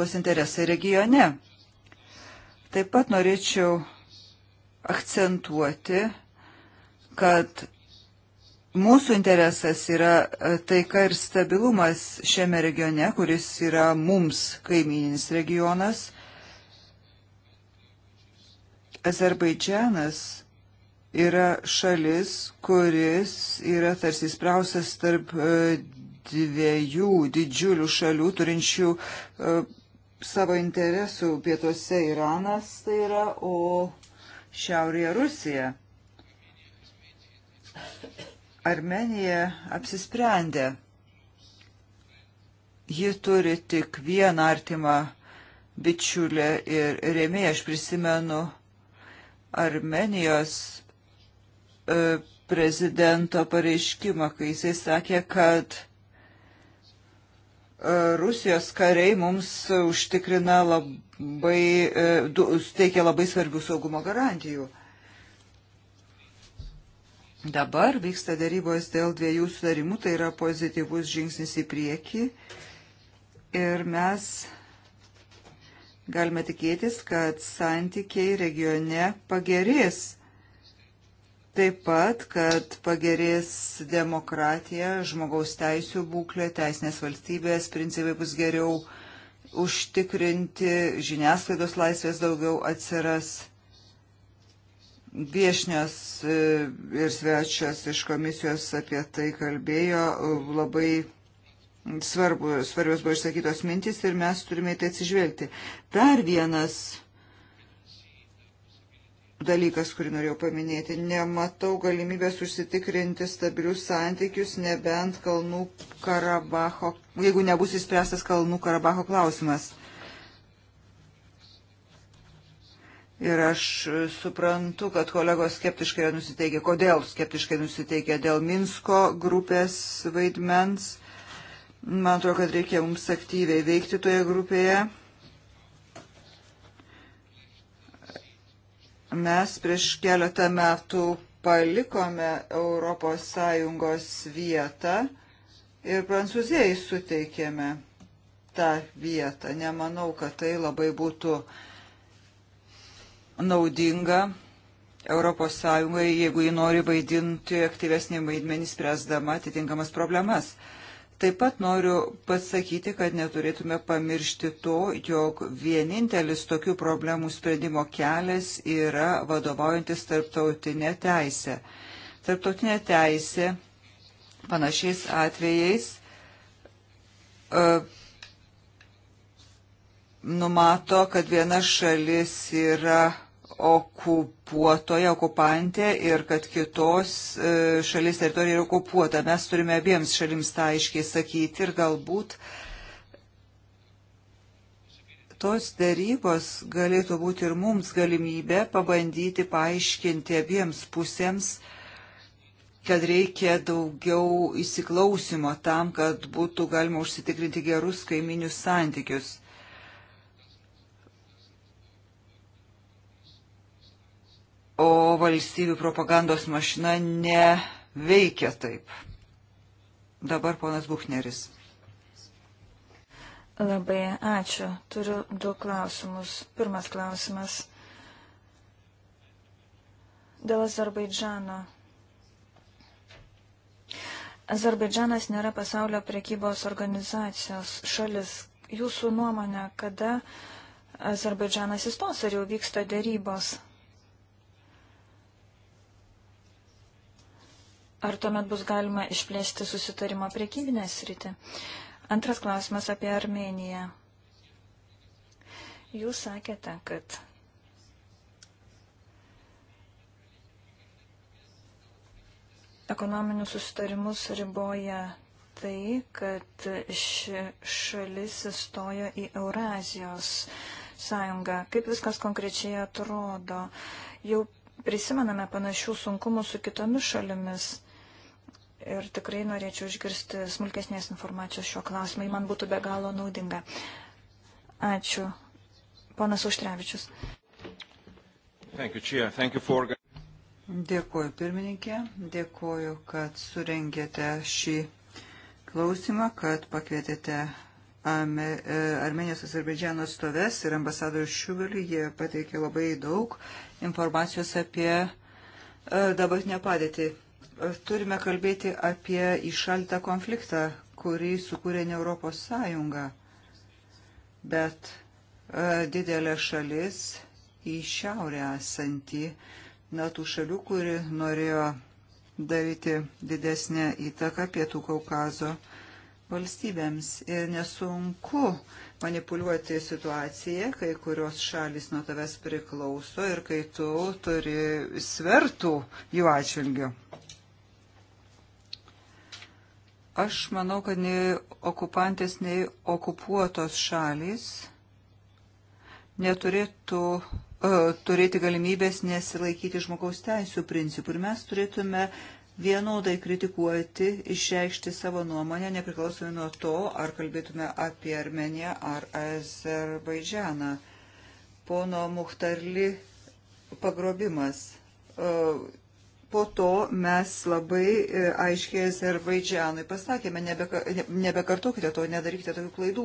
ES interesai regione. Taip pat norėčiau akcentuoti, kad mūsų interesas yra e, taika ir stabilumas šiame regione, kuris yra mums kaimininis regionas Azerbaidžianas yra šalis, kuris yra tarsi sprausas tarp e, dviejų didžiulių šalių turinčių e, savo interesų pietuose Iranas tai yra, o šiaurėje Rusija. Armenija apsisprendė. Ji turi tik vieną artimą bičiulę ir rėmėją. Aš prisimenu Armenijos e, prezidento pareiškimą, kai jisai sakė, kad e, Rusijos kariai mums užtikrina labai, e, suteikia labai svarbių saugumo garantijų. Dabar vyksta darybos dėl dviejų sudarimų, tai yra pozityvus žingsnis į priekį ir mes Galime tikėtis, kad santykiai regione pagerės. Taip pat, kad pagerės demokratija, žmogaus teisų būklė, teisinės valstybės principai bus geriau užtikrinti, žiniasklaidos laisvės daugiau atsiras. Viešnios e, ir svečias iš komisijos apie tai kalbėjo labai svarbu, svarbios buvo išsakytos mintis ir mes turime į tai atsižvelgti. Dar vienas dalykas, kurį norėjau paminėti. Nematau galimybės užsitikrinti stabilius santykius, nebent Kalnų Karabaho, jeigu nebus įspręstas Kalnų Karabaho klausimas. Ir aš suprantu, kad kolegos skeptiškai yra nusiteikę. Kodėl skeptiškai nusiteikę? Dėl Minsko grupės vaidmens Man atrodo, kad reikia mums aktyviai veikti toje grupėje. Mes prieš keletą metų palikome Europos Sąjungos vietą ir Prancūzijai suteikėme tą vietą. Nemanau, kad tai labai būtų naudinga Europos Sąjungai, jeigu ji nori vaidinti aktyvesnį vaidmenį, spręsdama atitinkamas problemas. Taip pat noriu pasakyti, kad neturėtume pamiršti to, jog vienintelis tokių problemų sprendimo kelias yra vadovaujantis tarptautinė teisė. Tarptautinė teisė panašiais atvejais uh, numato, kad viena šalis yra okupuotoje, okupantė ir kad kitos e, šalies teritorija yra okupuota. Mes turime abiems šalims tą aiškiai sakyti ir galbūt tos darybos galėtų būti ir mums galimybė pabandyti paaiškinti abiems pusėms, kad reikia daugiau įsiklausimo tam, kad būtų galima užsitikrinti gerus kaiminius santykius. o valstybių propagandos mašina neveikia taip. Dabar ponas Buchneris. Labai ačiū. Turiu du klausimus. Pirmas klausimas. Dėl Azerbaidžano. Azerbaidžanas nėra pasaulio prekybos organizacijos šalis. Jūsų nuomonė, kada Azerbaidžanas įstos, ar jau vyksta dėrybos Ar tuomet bus galima išplėsti susitarimo priekybinę sritį? Antras klausimas apie Armeniją. Jūs sakėte, kad ekonominius susitarimus riboja tai, kad ši šalis įstojo į Eurazijos sąjungą. Kaip viskas konkrečiai atrodo? Jau prisimename panašių sunkumų su kitomis šalimis ir tikrai norėčiau išgirsti smulkesnės informacijos šiuo klausimu. Jis man būtų be galo naudinga. Ačiū. Ponas Užtrevičius. For... Dėkuoju pirmininkė, dėkuoju, kad surengėte šį klausimą, kad pakvietėte e, Armenijos Azerbaidžiano stoves ir ambasadorių Šiuvelį, jie pateikė labai daug informacijos apie e, dabartinę padėtį turime kalbėti apie išaltą konfliktą, kurį sukūrė ne Europos Sąjunga, bet e, didelė šalis į šiaurę esantį natų šalių, kuri norėjo daryti didesnę įtaką Pietų Kaukazo valstybėms. Ir nesunku manipuliuoti situaciją, kai kurios šalis nuo tavęs priklauso ir kai tu turi svertų jų atžvilgių. Aš manau, kad nei okupantės, nei okupuotos šalys neturėtų uh, turėti galimybės nesilaikyti žmogaus teisų principų. Ir mes turėtume vienodai kritikuoti, išreikšti savo nuomonę, nepriklausomai nuo to, ar kalbėtume apie Armeniją ar Azerbaidžianą. Pono Muhtarli pagrobimas. Uh, po to mes labai e, aiškiai Azerbaidžianui pasakėme, nebeka, nebekartokite to, nedarykite tokių klaidų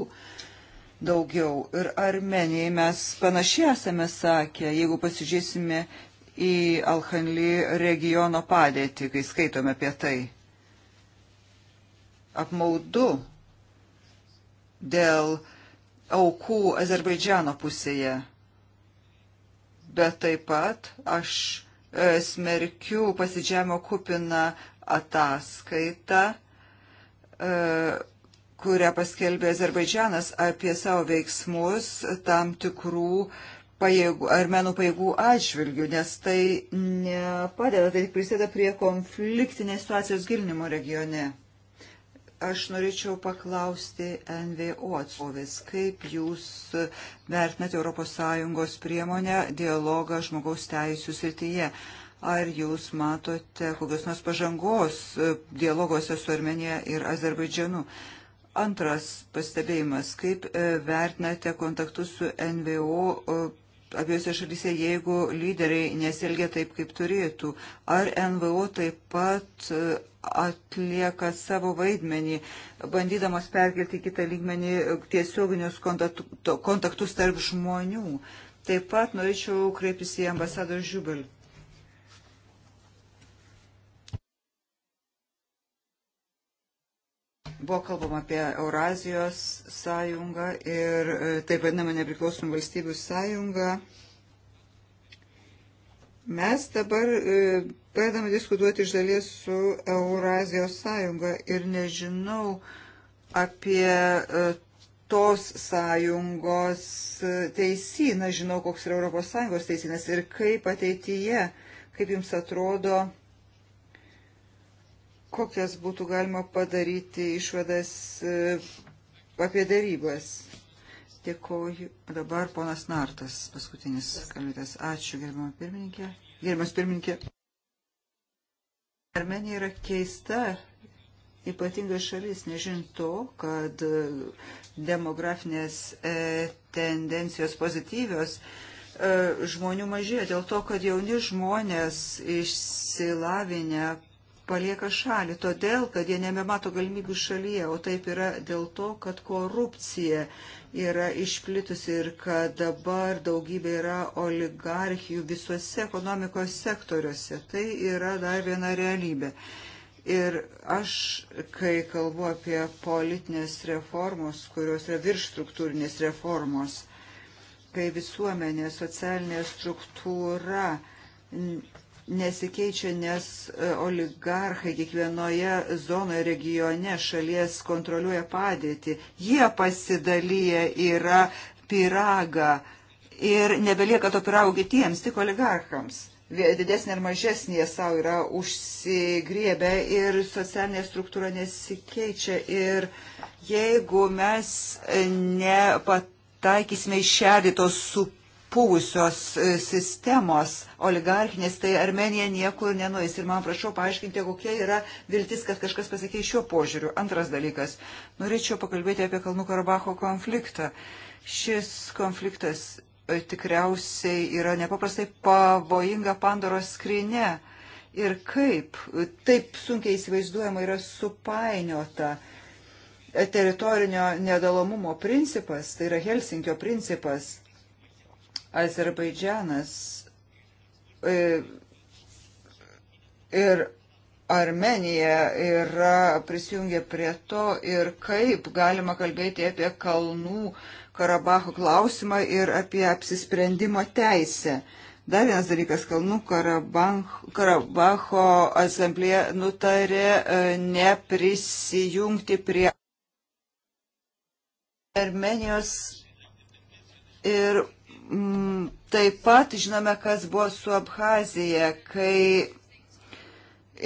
daugiau. Ir Armenijai mes panašiai esame sakę, jeigu pasižiūrėsime į Alhanly regiono padėtį, kai skaitome apie tai. Apmaudu dėl aukų Azerbaidžiano pusėje. Bet taip pat aš E, smerkiu pasidžiavimo kupiną ataskaitą, e, kurią paskelbė Azerbaidžianas apie savo veiksmus tam tikrų pajėgų, armenų pajėgų atžvilgių, nes tai nepadeda, tai tik prisėda prie konfliktinės situacijos gilinimo regione. Aš norėčiau paklausti NVO atstovės, kaip jūs vertinate ES priemonę dialogą žmogaus teisų srityje? Ar jūs matote kokios nors pažangos dialogose su Armenija ir Azerbaidžianu? Antras pastebėjimas, kaip e, vertinate kontaktus su NVO e, abiejose šalyse, jeigu lyderiai nesielgia taip, kaip turėtų? Ar NVO taip pat e, atlieka savo vaidmenį, bandydamos perkelti kitą lygmenį tiesioginius kontaktus tarp žmonių. Taip pat norėčiau kreiptis į ambasadorių Žiubelį. Buvo kalbama apie Eurazijos sąjungą ir e, taip vadinamą nepriklausomų valstybių sąjungą. Mes dabar e, pradame diskutuoti iš dalies su Eurazijos sąjunga ir nežinau apie e, tos sąjungos e, teisyną, žinau, koks yra Europos sąjungos teisynas ir kaip ateityje, kaip jums atrodo, kokias būtų galima padaryti išvadas apie darybas. Dėkoju. Dabar ponas Nartas, paskutinis kalbėtas. Ačiū, gerbiamas pirmininkė. Gerbiamas pirmininkė. Armenija yra keista, ypatinga šalis, nežinant to, kad demografinės e, tendencijos pozityvios e, žmonių mažėja dėl to, kad jauni žmonės išsilavinę palieka šalį, todėl, kad jie nebemato galimybių šalyje, o taip yra dėl to, kad korupcija yra išplitusi ir kad dabar daugybė yra oligarchijų visuose ekonomikos sektoriuose. Tai yra dar viena realybė. Ir aš, kai kalbu apie politinės reformos, kurios yra viršstruktūrinės reformos, kai visuomenė, socialinė struktūra nesikeičia, nes e, oligarchai kiekvienoje zonoje, regione šalies kontroliuoja padėtį. Jie pasidalyja yra piragą ir nebelieka to pirago kitiems, tik oligarchams. Didesnė ir mažesnė jie savo yra užsigriebę ir socialinė struktūra nesikeičia. Ir jeigu mes e, nepataikysime iššerdytos su išpuvusios e, sistemos oligarchinės, tai Armenija niekur nenuės. Ir man prašau paaiškinti, kokia yra viltis, kad kažkas pasikeis šiuo požiūriu. Antras dalykas. Norėčiau pakalbėti apie Kalnų Karabacho konfliktą. Šis konfliktas e, tikriausiai yra nepaprastai pavojinga Pandoros skrinė. Ir kaip e, taip sunkiai įsivaizduojama yra supainiota teritorinio nedalomumo principas, tai yra Helsinkio principas, Azerbaidžianas e, ir Armenija yra prisijungę prie to ir kaip galima kalbėti apie kalnų Karabacho klausimą ir apie apsisprendimo teisę. Dar vienas dalykas, Kalnų Karabacho asamblėje nutarė e, neprisijungti prie Armenijos ir Mm, taip pat žinome, kas buvo su Abhazija, kai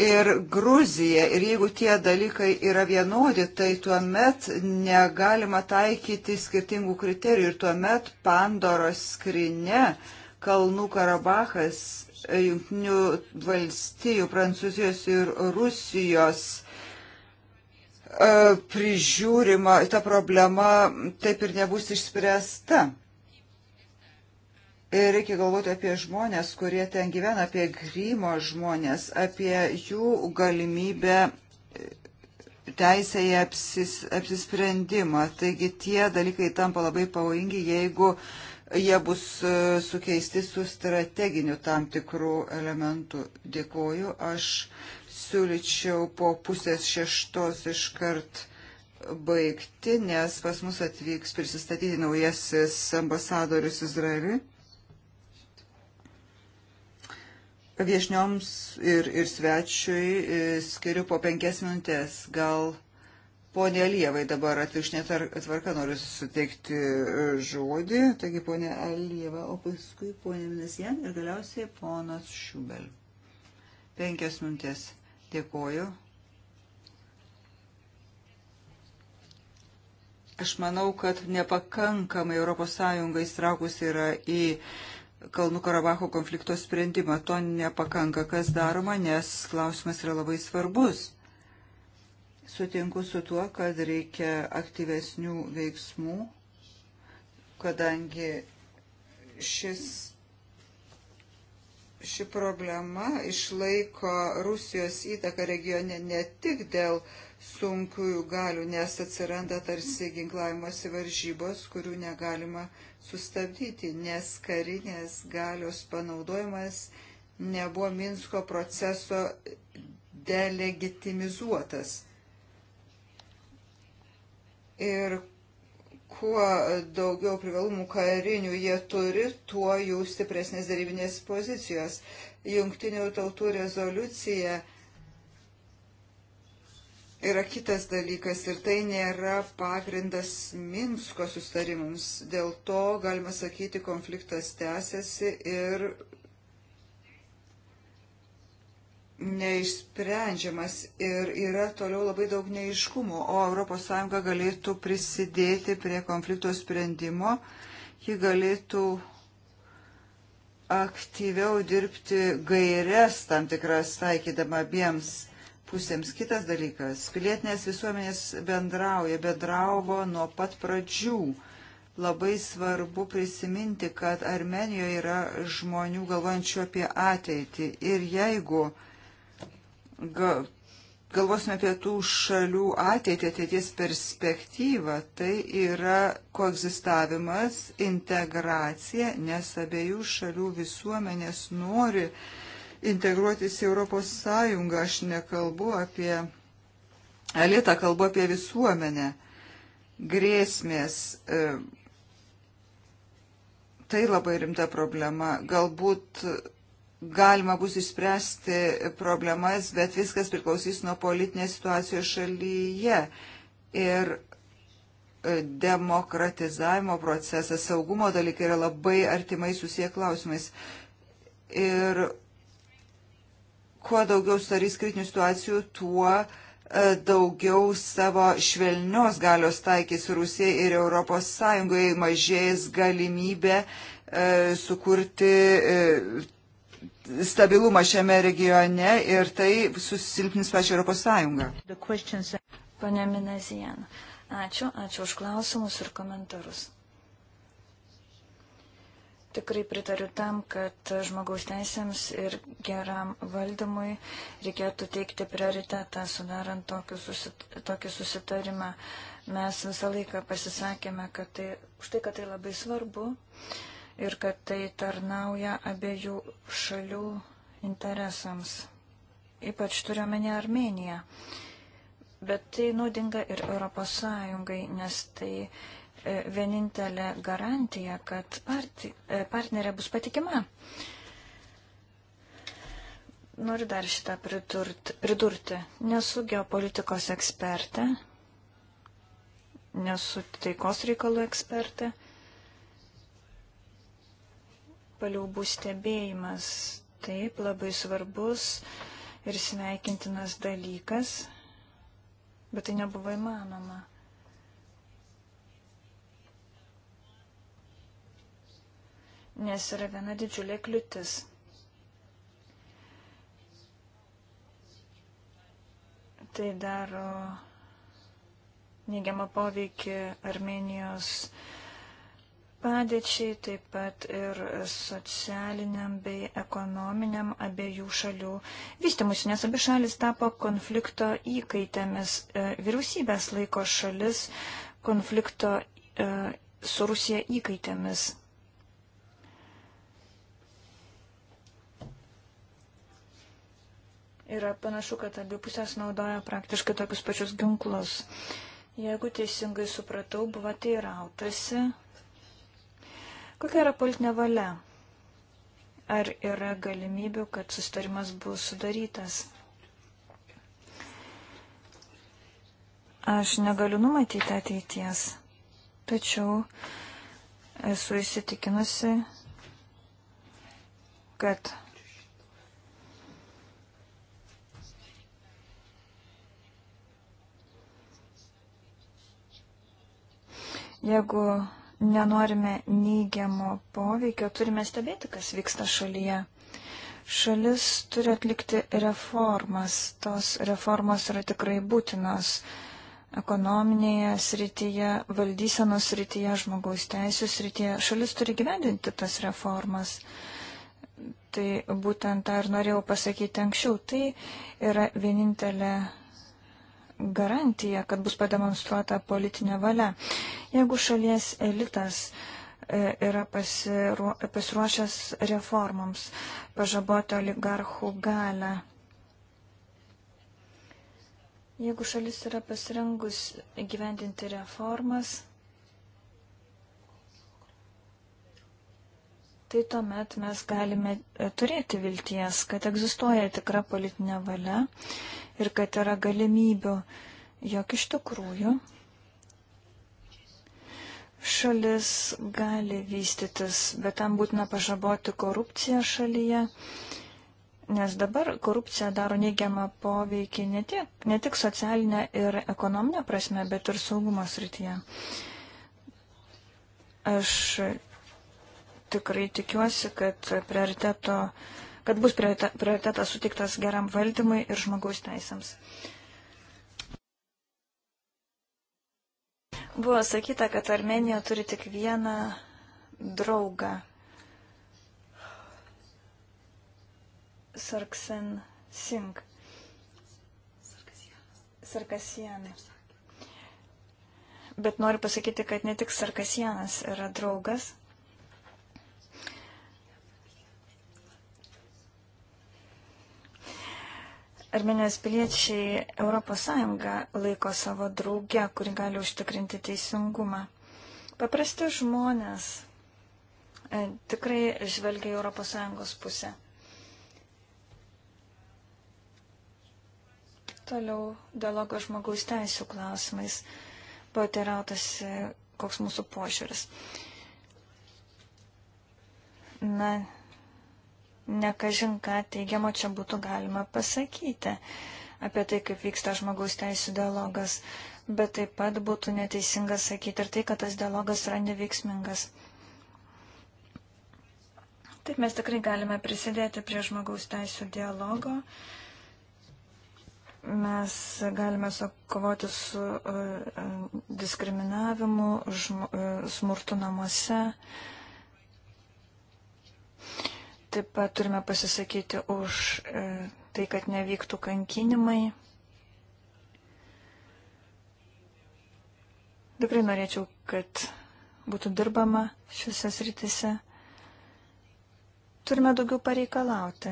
ir Gruzija, ir jeigu tie dalykai yra vienodi, tai tuomet negalima taikyti skirtingų kriterijų ir tuomet Pandoros skrinė Kalnų Karabachas, Junktinių valstijų, Prancūzijos ir Rusijos e, prižiūrima, ta problema taip ir nebus išspręsta. Reikia galvoti apie žmonės, kurie ten gyvena, apie Krymo žmonės, apie jų galimybę e, teisėje apsis, apsisprendimą. Taigi tie dalykai tampa labai pavojingi, jeigu jie bus e, sukeisti su strateginiu tam tikrų elementų. Dėkoju. Aš siūlyčiau po pusės šeštos iškart baigti, nes pas mus atvyks prisistatyti naujasis ambasadorius Izraeliui. viešnioms ir, ir svečiui e, skiriu po penkias minutės. Gal ponė Lievai dabar atvirkšnė tvarka noriu suteikti e, žodį. Taigi ponė Lieva, o paskui ponė Minasijan ir galiausiai ponas Šubel. Penkias minutės. Dėkoju. Aš manau, kad nepakankamai ES įstraukus yra į Kalnų Karabacho konflikto sprendimą. To nepakanka, kas daroma, nes klausimas yra labai svarbus. Sutinku su tuo, kad reikia aktyvesnių veiksmų, kadangi šis, ši problema išlaiko Rusijos įtaką regione ne tik dėl sunkiųjų galių, nes atsiranda tarsi ginklavimosi varžybos, kurių negalima sustabdyti, nes karinės galios panaudojimas nebuvo Minsko proceso delegitimizuotas. Ir kuo daugiau privalumų karinių jie turi, tuo jų stipresnės darybinės pozicijos. Jungtinių tautų rezoliucija – yra kitas dalykas ir tai nėra pagrindas Minsko sustarimams. Dėl to, galima sakyti, konfliktas tęsiasi ir neišsprendžiamas ir yra toliau labai daug neiškumų, o ES galėtų prisidėti prie konflikto sprendimo, ji galėtų aktyviau dirbti gairias tam tikras taikydama abiems pusėms. Kitas dalykas, pilietinės visuomenės bendrauja, bendrauvo nuo pat pradžių. Labai svarbu prisiminti, kad Armenijoje yra žmonių galvojančių apie ateitį. Ir jeigu galvosime apie tų šalių ateitį, ateities perspektyvą, tai yra koegzistavimas, integracija, nes abiejų šalių visuomenės nori uh, integruotis į Europos Sąjungą. Aš nekalbu apie elitą, kalbu apie visuomenę. Grėsmės. E, tai labai rimta problema. Galbūt galima bus išspręsti problemas, bet viskas priklausys nuo politinės situacijos šalyje. Ir e, demokratizavimo procesas, saugumo dalykai yra labai artimai susiję klausimais. Ir kuo daugiau sudarys kritinių situacijų, tuo e, daugiau savo švelnios galios taikys Rusijai ir Europos Sąjungai mažės galimybė e, sukurti e, stabilumą šiame regione ir tai susilpnins pačią Europos Sąjungą. Pane Minazijan, ačiū, ačiū už klausimus ir komentarus. Tikrai pritariu tam, kad žmogaus teisėms ir geram valdymui reikėtų teikti prioritetą, sudarant tokį, susit tokį susitarimą. Mes visą laiką pasisakėme, kad tai, už tai, kad tai labai svarbu ir kad tai tarnauja abiejų šalių interesams. Ypač turiuomenė Armeniją. Bet tai naudinga ir Europos Sąjungai, nes tai E, vienintelė garantija, kad parti, e, partnerė bus patikima. Noriu dar šitą pridurti. pridurti. Nesu geopolitikos ekspertė, nesu taikos reikalų ekspertė. Paliaubų stebėjimas taip labai svarbus ir sveikintinas dalykas, bet tai nebuvo įmanoma. nes yra viena didžiulė kliūtis. Tai daro neigiamą poveikį Armenijos padėčiai, taip pat ir socialiniam bei ekonominiam abiejų šalių vystimusi, nes abi šalis tapo konflikto įkaitėmis. E, vyriausybės laiko šalis konflikto e, su Rusija įkaitėmis. yra panašu, kad abi pusės naudoja praktiškai tokius pačius ginklus. Jeigu teisingai supratau, buvo teirautasi. Kokia yra politinė valia? Ar yra galimybių, kad sustarimas bus sudarytas? Aš negaliu numatyti ateities, tačiau esu įsitikinusi, kad Jeigu nenorime neigiamo poveikio, turime stebėti, kas vyksta šalyje. Šalis turi atlikti reformas. Tos reformos yra tikrai būtinos ekonominėje srityje, valdysenos srityje, žmogaus teisų srityje. Šalis turi gyvendinti tas reformas. Tai būtent tą ir norėjau pasakyti anksčiau. Tai yra vienintelė garantija, kad bus pademonstruota politinė valia. Jeigu šalies elitas e, yra pasiruošęs reformoms, pažaboti oligarchų galę. Jeigu šalis yra pasirengus gyvendinti reformas, tai tuomet mes galime e, turėti vilties, kad egzistuoja tikra politinė valia ir kad yra galimybių, jog iš tikrųjų šalis gali vystytis, bet tam būtina pažaboti korupciją šalyje, nes dabar korupcija daro neigiamą poveikį ne, tiek, ne tik socialinę ir ekonominę prasme, bet ir saugumo srityje. Aš tikrai tikiuosi, kad prioriteto uh, kad bus prioritetas sutiktas geram valdymui ir žmogaus teisėms. Buvo sakyta, kad Armenija turi tik vieną draugą. Sarksen Singh. Sarkasianas. Bet noriu pasakyti, kad ne tik Sarkasianas yra draugas. Armenijos piliečiai ES laiko savo draugę, kuri gali užtikrinti teisingumą. Paprasti žmonės e, tikrai žvelgia į ES pusę. Toliau dialogo žmogaus teisų klausimais buvo teirautasi, koks mūsų požiūris. Na, nekažin ką teigiamo čia būtų galima pasakyti apie tai, kaip vyksta žmogaus teisų dialogas, bet taip pat būtų neteisinga sakyti ir tai, kad tas dialogas yra neveiksmingas. Taip mes tikrai galime prisidėti prie žmogaus teisų dialogo. Mes galime kovoti su uh, diskriminavimu, žm, uh, e, smurtu namuose. Uh, Taip pat turime pasisakyti už e, tai, kad nevyktų kankinimai. Tikrai norėčiau, kad būtų dirbama šiuose sritise. Turime daugiau pareikalauti.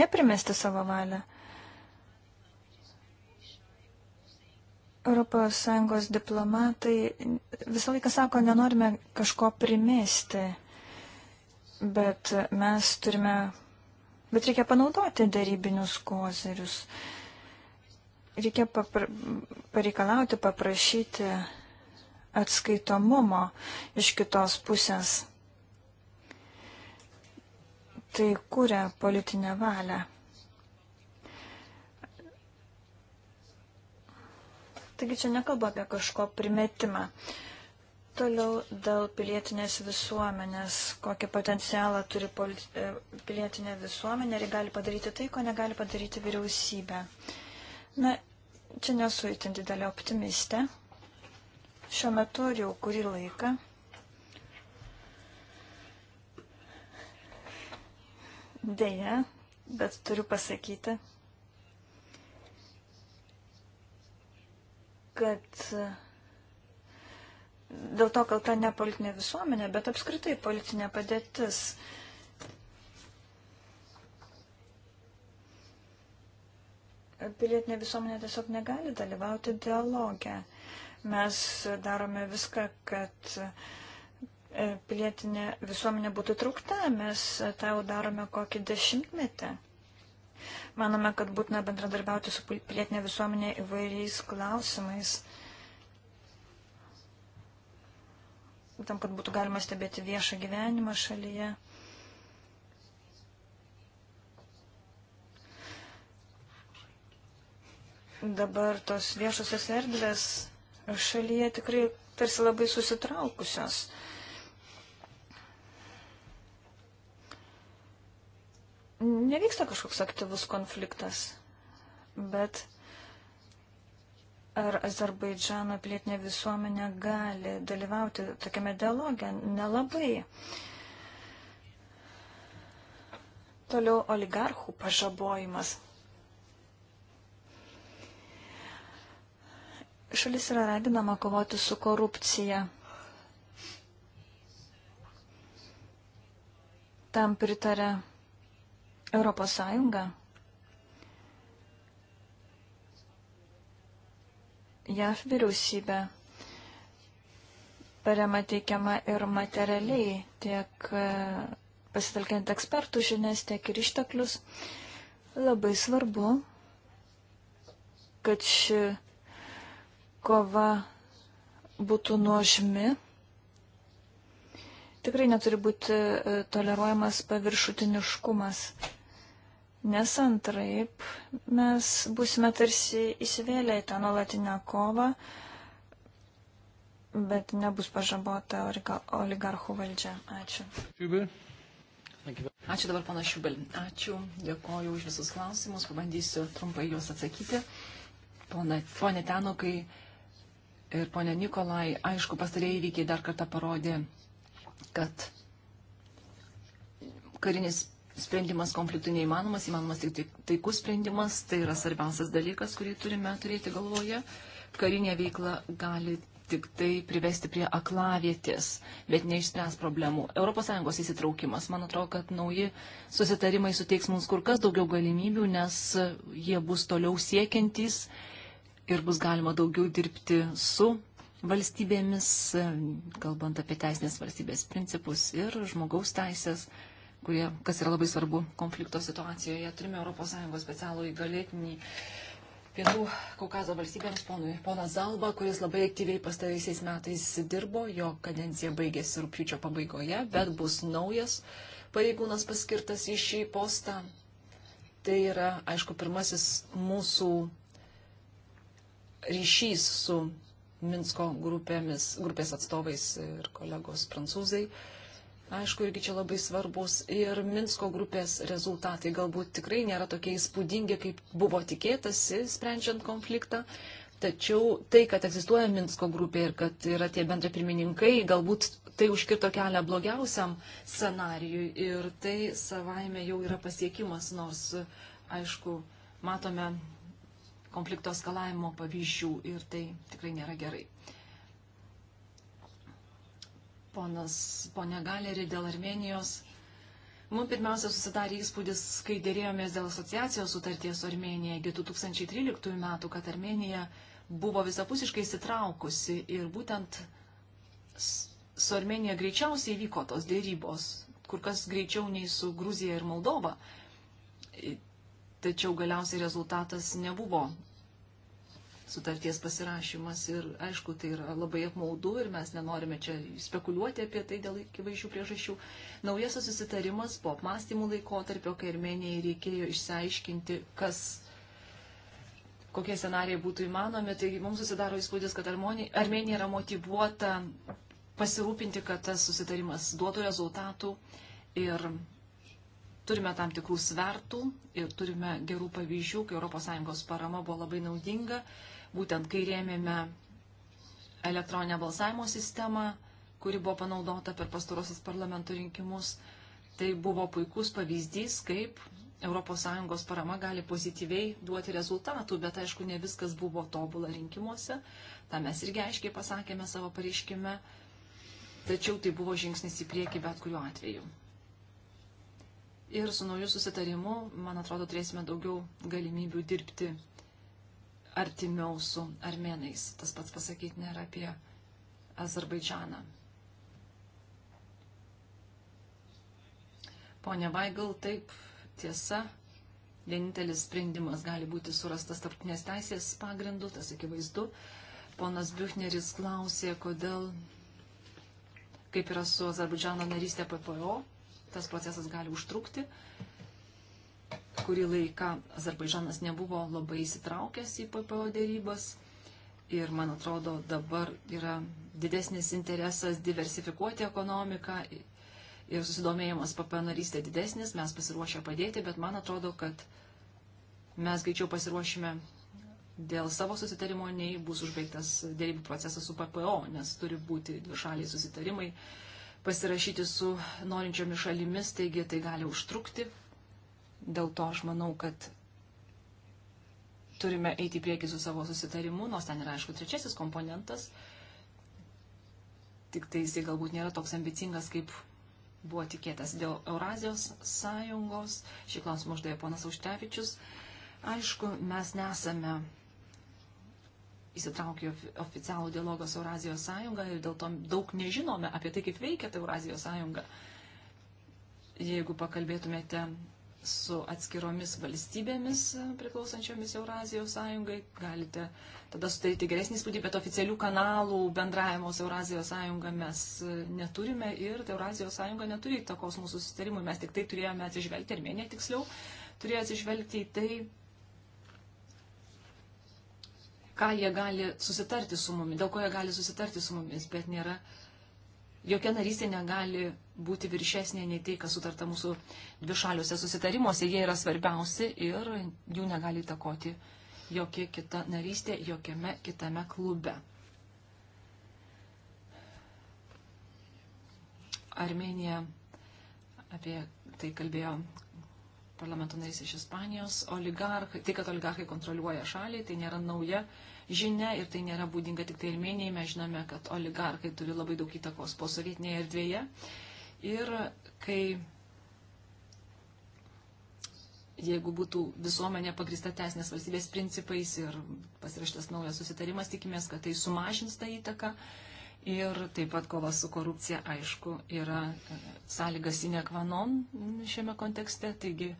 Neprimesti savo valią. ES diplomatai visą laiką sako, nenorime kažko primesti bet mes turime, bet reikia panaudoti darybinius kozerius. Reikia papra, pareikalauti, paprašyti atskaitomumo iš kitos pusės. Tai kūrė politinę valią. Taigi čia nekalba apie kažko primetimą. Uh, Toliau dėl pilietinės visuomenės, kokį potencialą turi e, pilietinė visuomenė ir gali padaryti tai, ko negali padaryti vyriausybė. Na, čia nesu itin didelė optimistė. Šiuo metu jau kurį laiką. Deja, bet turiu pasakyti, kad dėl to kalta ne politinė visuomenė, bet apskritai politinė padėtis. Pilietinė visuomenė tiesiog negali dalyvauti dialogę. Mes darome viską, kad e, pilietinė visuomenė būtų trukta, mes tą jau darome kokį dešimtmetį. Manome, kad būtina bendradarbiauti su pilietinė visuomenė įvairiais klausimais. tam, kad būtų galima stebėti viešą gyvenimą šalyje. Dabar tos viešosios erdvės šalyje tikrai tarsi labai susitraukusios. Nevyksta kažkoks aktyvus konfliktas, bet ar Azerbaidžano pilietinė visuomenė gali dalyvauti tokiame dialoge? Nelabai. Toliau oligarchų pažabojimas. Šalis yra raginama kovoti su korupcija. Tam pritarė Europos Sąjunga. JAF vyriausybė parema teikiama ir materialiai, tiek e, pasitelkiant ekspertų žinias, tiek ir išteklius. Labai svarbu, kad ši kova būtų nuožmi. Tikrai neturi būti e, toleruojamas paviršutiniškumas nes antraip mes būsime tarsi įsivėlę į tą nuolatinę kovą, bet nebus pažabota oligarchų valdžia. Ačiū. Jubel. Ačiū dabar pana Šiubel. Ačiū, dėkoju už visus klausimus, pabandysiu trumpai juos atsakyti. Pone Tenukai ir pone Nikolai, aišku, pastarėjai įvykiai dar kartą parodė, kad karinis sprendimas konfliktų neįmanomas, įmanomas tik tai taikus sprendimas, tai yra svarbiausias dalykas, kurį turime turėti galvoje. Karinė veikla gali tik tai privesti prie aklavietės, bet neišspręs problemų. ES įsitraukimas, man atrodo, kad nauji susitarimai suteiks mums kur kas daugiau galimybių, nes jie bus toliau siekiantys ir bus galima daugiau dirbti su valstybėmis, kalbant apie teisinės valstybės principus ir žmogaus teisės kurie, kas yra labai svarbu konflikto situacijoje. Turime ES specialų įgalėtinį Pietų Kaukazo valstybėms ponui, ponas Zalba, kuris labai aktyviai pastaraisiais metais dirbo, jo kadencija baigėsi rūpiučio pabaigoje, bet bus naujas pareigūnas paskirtas į šį postą. Tai yra, aišku, pirmasis mūsų ryšys su Minsko grupėmis, grupės atstovais ir kolegos prancūzai. Uh, Aišku, irgi čia labai svarbus ir Minsko grupės rezultatai galbūt tikrai nėra tokie įspūdingi, kaip buvo tikėtasi, sprendžiant konfliktą. Tačiau tai, kad egzistuoja Minsko grupė ir kad yra tie bendra pirmininkai, galbūt tai užkirto kelią blogiausiam scenarijui ir tai savaime jau yra pasiekimas, nors, aišku, matome konflikto skalavimo pavyzdžių ir tai tikrai nėra gerai ponas, ponė Galerį dėl Armenijos. Mums pirmiausia susidarė įspūdis, kai dėrėjomės dėl asociacijos sutarties su Armenija iki 2013 metų, kad Armenija buvo visapusiškai įsitraukusi ir būtent su Armenija greičiausiai vyko tos dėrybos, kur kas greičiau nei su Gruzija ir Moldova. Tačiau galiausiai rezultatas nebuvo sutarties pasirašymas ir aišku, tai yra labai apmaudu ir mes nenorime čia spekuliuoti apie tai dėl akivaizdžių priežasčių. Naujasis susitarimas po apmąstymų laikotarpio, kai Armenijai reikėjo išsiaiškinti, kas, kokie scenarijai būtų įmanomi, tai mums susidaro įspūdis, kad Armenija yra motivuota pasirūpinti, kad tas susitarimas duotų rezultatų ir turime tam tikrų svertų ir turime gerų pavyzdžių, kai ES parama buvo labai naudinga Būtent kai rėmėme elektroninę balsavimo sistemą, kuri buvo panaudota per pastarosius parlamento rinkimus, tai buvo puikus pavyzdys, kaip ES parama gali pozityviai duoti rezultatų, bet aišku, ne viskas buvo tobula rinkimuose. Ta mes irgi aiškiai pasakėme savo pareiškime, tačiau tai buvo žingsnis į priekį bet kuriuo atveju. Ir su nauju susitarimu, man atrodo, turėsime daugiau galimybių dirbti artimiau su armenais. Tas pats pasakyti nėra apie Azerbaidžaną. Pone Vaigal, taip, tiesa, vienintelis sprendimas gali būti surastas tarptinės teisės pagrindu, tas akivaizdu. Ponas Biuchneris klausė, kodėl, kaip yra su Azerbaidžano narystė PPO, tas procesas gali užtrukti. Uh, kurį laiką Azerbaidžanas nebuvo labai įsitraukęs į PPO dėrybas ir, man atrodo, dabar yra didesnis interesas diversifikuoti ekonomiką ir susidomėjimas PPO narystė didesnis, mes pasiruošę padėti, bet man atrodo, kad mes greičiau pasiruošime dėl savo susitarimo, nei bus užbaigtas dėrybų procesas su PPO, nes turi būti dvišaliai susitarimai pasirašyti su norinčiomis šalimis, taigi tai gali užtrukti Dėl to aš manau, kad turime eiti į priekį su savo susitarimu, nors ten yra, aišku, trečiasis komponentas. Tik tai jisai galbūt nėra toks ambicingas, kaip buvo tikėtas dėl Eurazijos sąjungos. Šį klausimą uždavė ponas Auštrevičius. Aišku, mes nesame įsitraukę oficialų dialogą su Eurazijos sąjunga ir dėl to daug nežinome apie tai, kaip veikia ta Eurazijos sąjunga. Jeigu pakalbėtumėte su atskiromis valstybėmis priklausančiomis Eurazijos sąjungai. Galite tada sudaryti geresnį įspūdį, bet oficialių kanalų bendravimo su Eurazijos sąjunga mes neturime ir tai Eurazijos sąjunga neturi įtakos mūsų sustarimui. Mes tik tai turėjome atsižvelgti, Armenija tiksliau, turėjo atsižvelgti į tai, ką jie gali susitarti su mumis, dėl ko jie gali susitarti su mumis, bet nėra, jokia narystė negali būti viršesnė nei tai, kas sutarta mūsų dvišaliuose susitarimuose. Jie yra svarbiausi ir jų negali įtakoti jokia kita narystė, jokiame kitame klube. Armenija apie tai kalbėjo parlamento narys iš Ispanijos. Oligarchai, tai, kad oligarchai kontroliuoja šalį, tai nėra nauja žinia ir tai nėra būdinga tik tai Armenijai. Mes žinome, kad oligarchai turi labai daug įtakos posovietinėje erdvėje. Ir kai, jeigu būtų visuomenė pagrįsta teisinės valstybės principais ir pasirašytas naujas susitarimas, tikimės, kad tai sumažins tą įtaką. Ir taip pat kova su korupcija, aišku, yra e, sąlygas inekvanon šiame kontekste. Taigi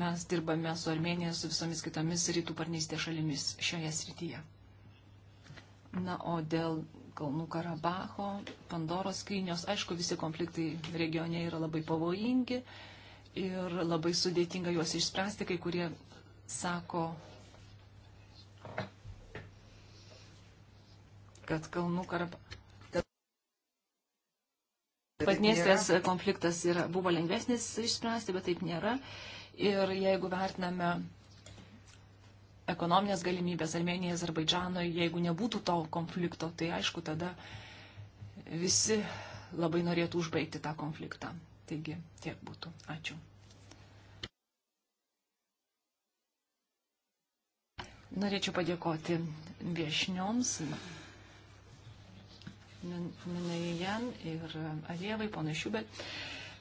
mes dirbame su Armenija, su visomis kitomis rytų partnerystės šalimis šioje srityje. Na, o dėl Kalnų Karabaho, Pandoros skrynios. Aišku, visi konfliktai regione yra labai pavojingi ir labai sudėtinga juos išspręsti, kai kurie sako, kad Kalnų Karabaho. Padniestrės konfliktas yra, buvo lengvesnis išspręsti, bet taip nėra. Ir jeigu vertiname ekonominės galimybės Armenijai, Azerbaidžanui, jeigu nebūtų to konflikto, tai aišku, tada visi labai norėtų užbaigti tą konfliktą. Taigi tiek būtų. Ačiū. Norėčiau padėkoti viešnioms, Minaijan ir Alievai, panašių, bet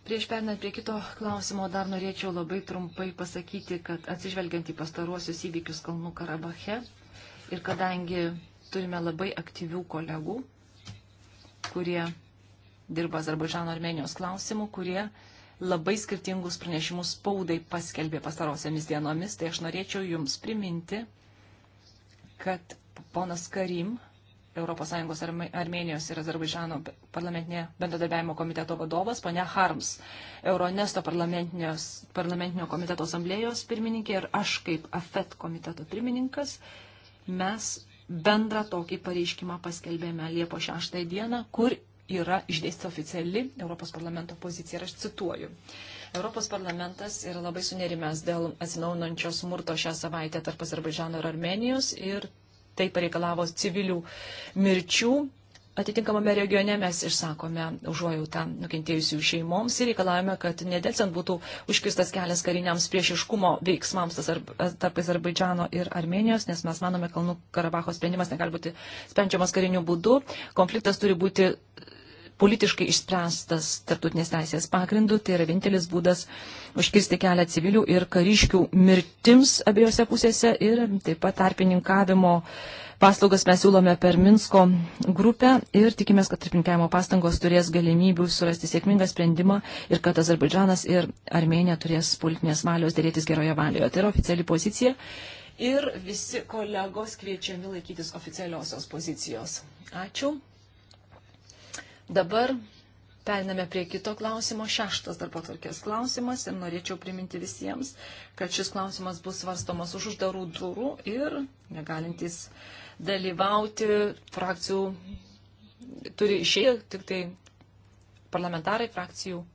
Prieš pernant prie kito klausimo dar norėčiau labai trumpai pasakyti, kad atsižvelgiant į pastaruosius įvykius Kalnų Karabache ir kadangi turime labai aktyvių kolegų, kurie dirba Azerbaidžano Armenijos klausimų, kurie labai skirtingus pranešimus spaudai paskelbė pastarosiamis dienomis, tai aš norėčiau Jums priminti, kad ponas Karim ES Armenijos ir Azerbaidžano parlamentinė bendradarbiavimo komiteto vadovas, ponia Harms, Euronesto parlamentinio komiteto asamblėjos pirmininkė ir aš kaip AFET komiteto pirmininkas, mes bendrą tokį pareiškimą paskelbėme Liepo 6 dieną, kur yra išdėstė oficiali Europos parlamento pozicija ir aš cituoju. Europos parlamentas yra labai sunerimęs dėl atsinaunančio smurto šią savaitę tarp Azerbaidžano ir Armenijos ir tai pareikalavo civilių mirčių. Atitinkamame regione mes išsakome užuojautą nukentėjusių šeimoms ir reikalavome, kad nedelsant būtų užkistas kelias kariniams priešiškumo veiksmams tarp Azerbaidžano ir Armenijos, nes mes manome, Kalnų Karabacho sprendimas negali būti sprendžiamas kariniu būdu. Konfliktas turi būti politiškai išspręstas tarptautinės teisės pagrindu, tai yra vienintelis būdas užkirsti kelią civilių ir kariškių mirtims abiejose pusėse ir taip pat tarpininkavimo paslaugas mes siūlome per Minsko grupę ir tikimės, kad tarpininkavimo pastangos turės galimybių surasti sėkmingą sprendimą ir kad Azerbaidžanas ir Armenija turės politinės valios dėrėtis geroje valioje. Tai yra oficiali pozicija ir visi kolegos kviečiami laikytis oficialiosios pozicijos. Ačiū. Dabar Periname prie kito klausimo, šeštas darbo tvarkės klausimas ir norėčiau priminti visiems, kad šis klausimas bus svarstomas už uždarų durų ir negalintys dalyvauti frakcijų turi išėję tik tai parlamentarai frakcijų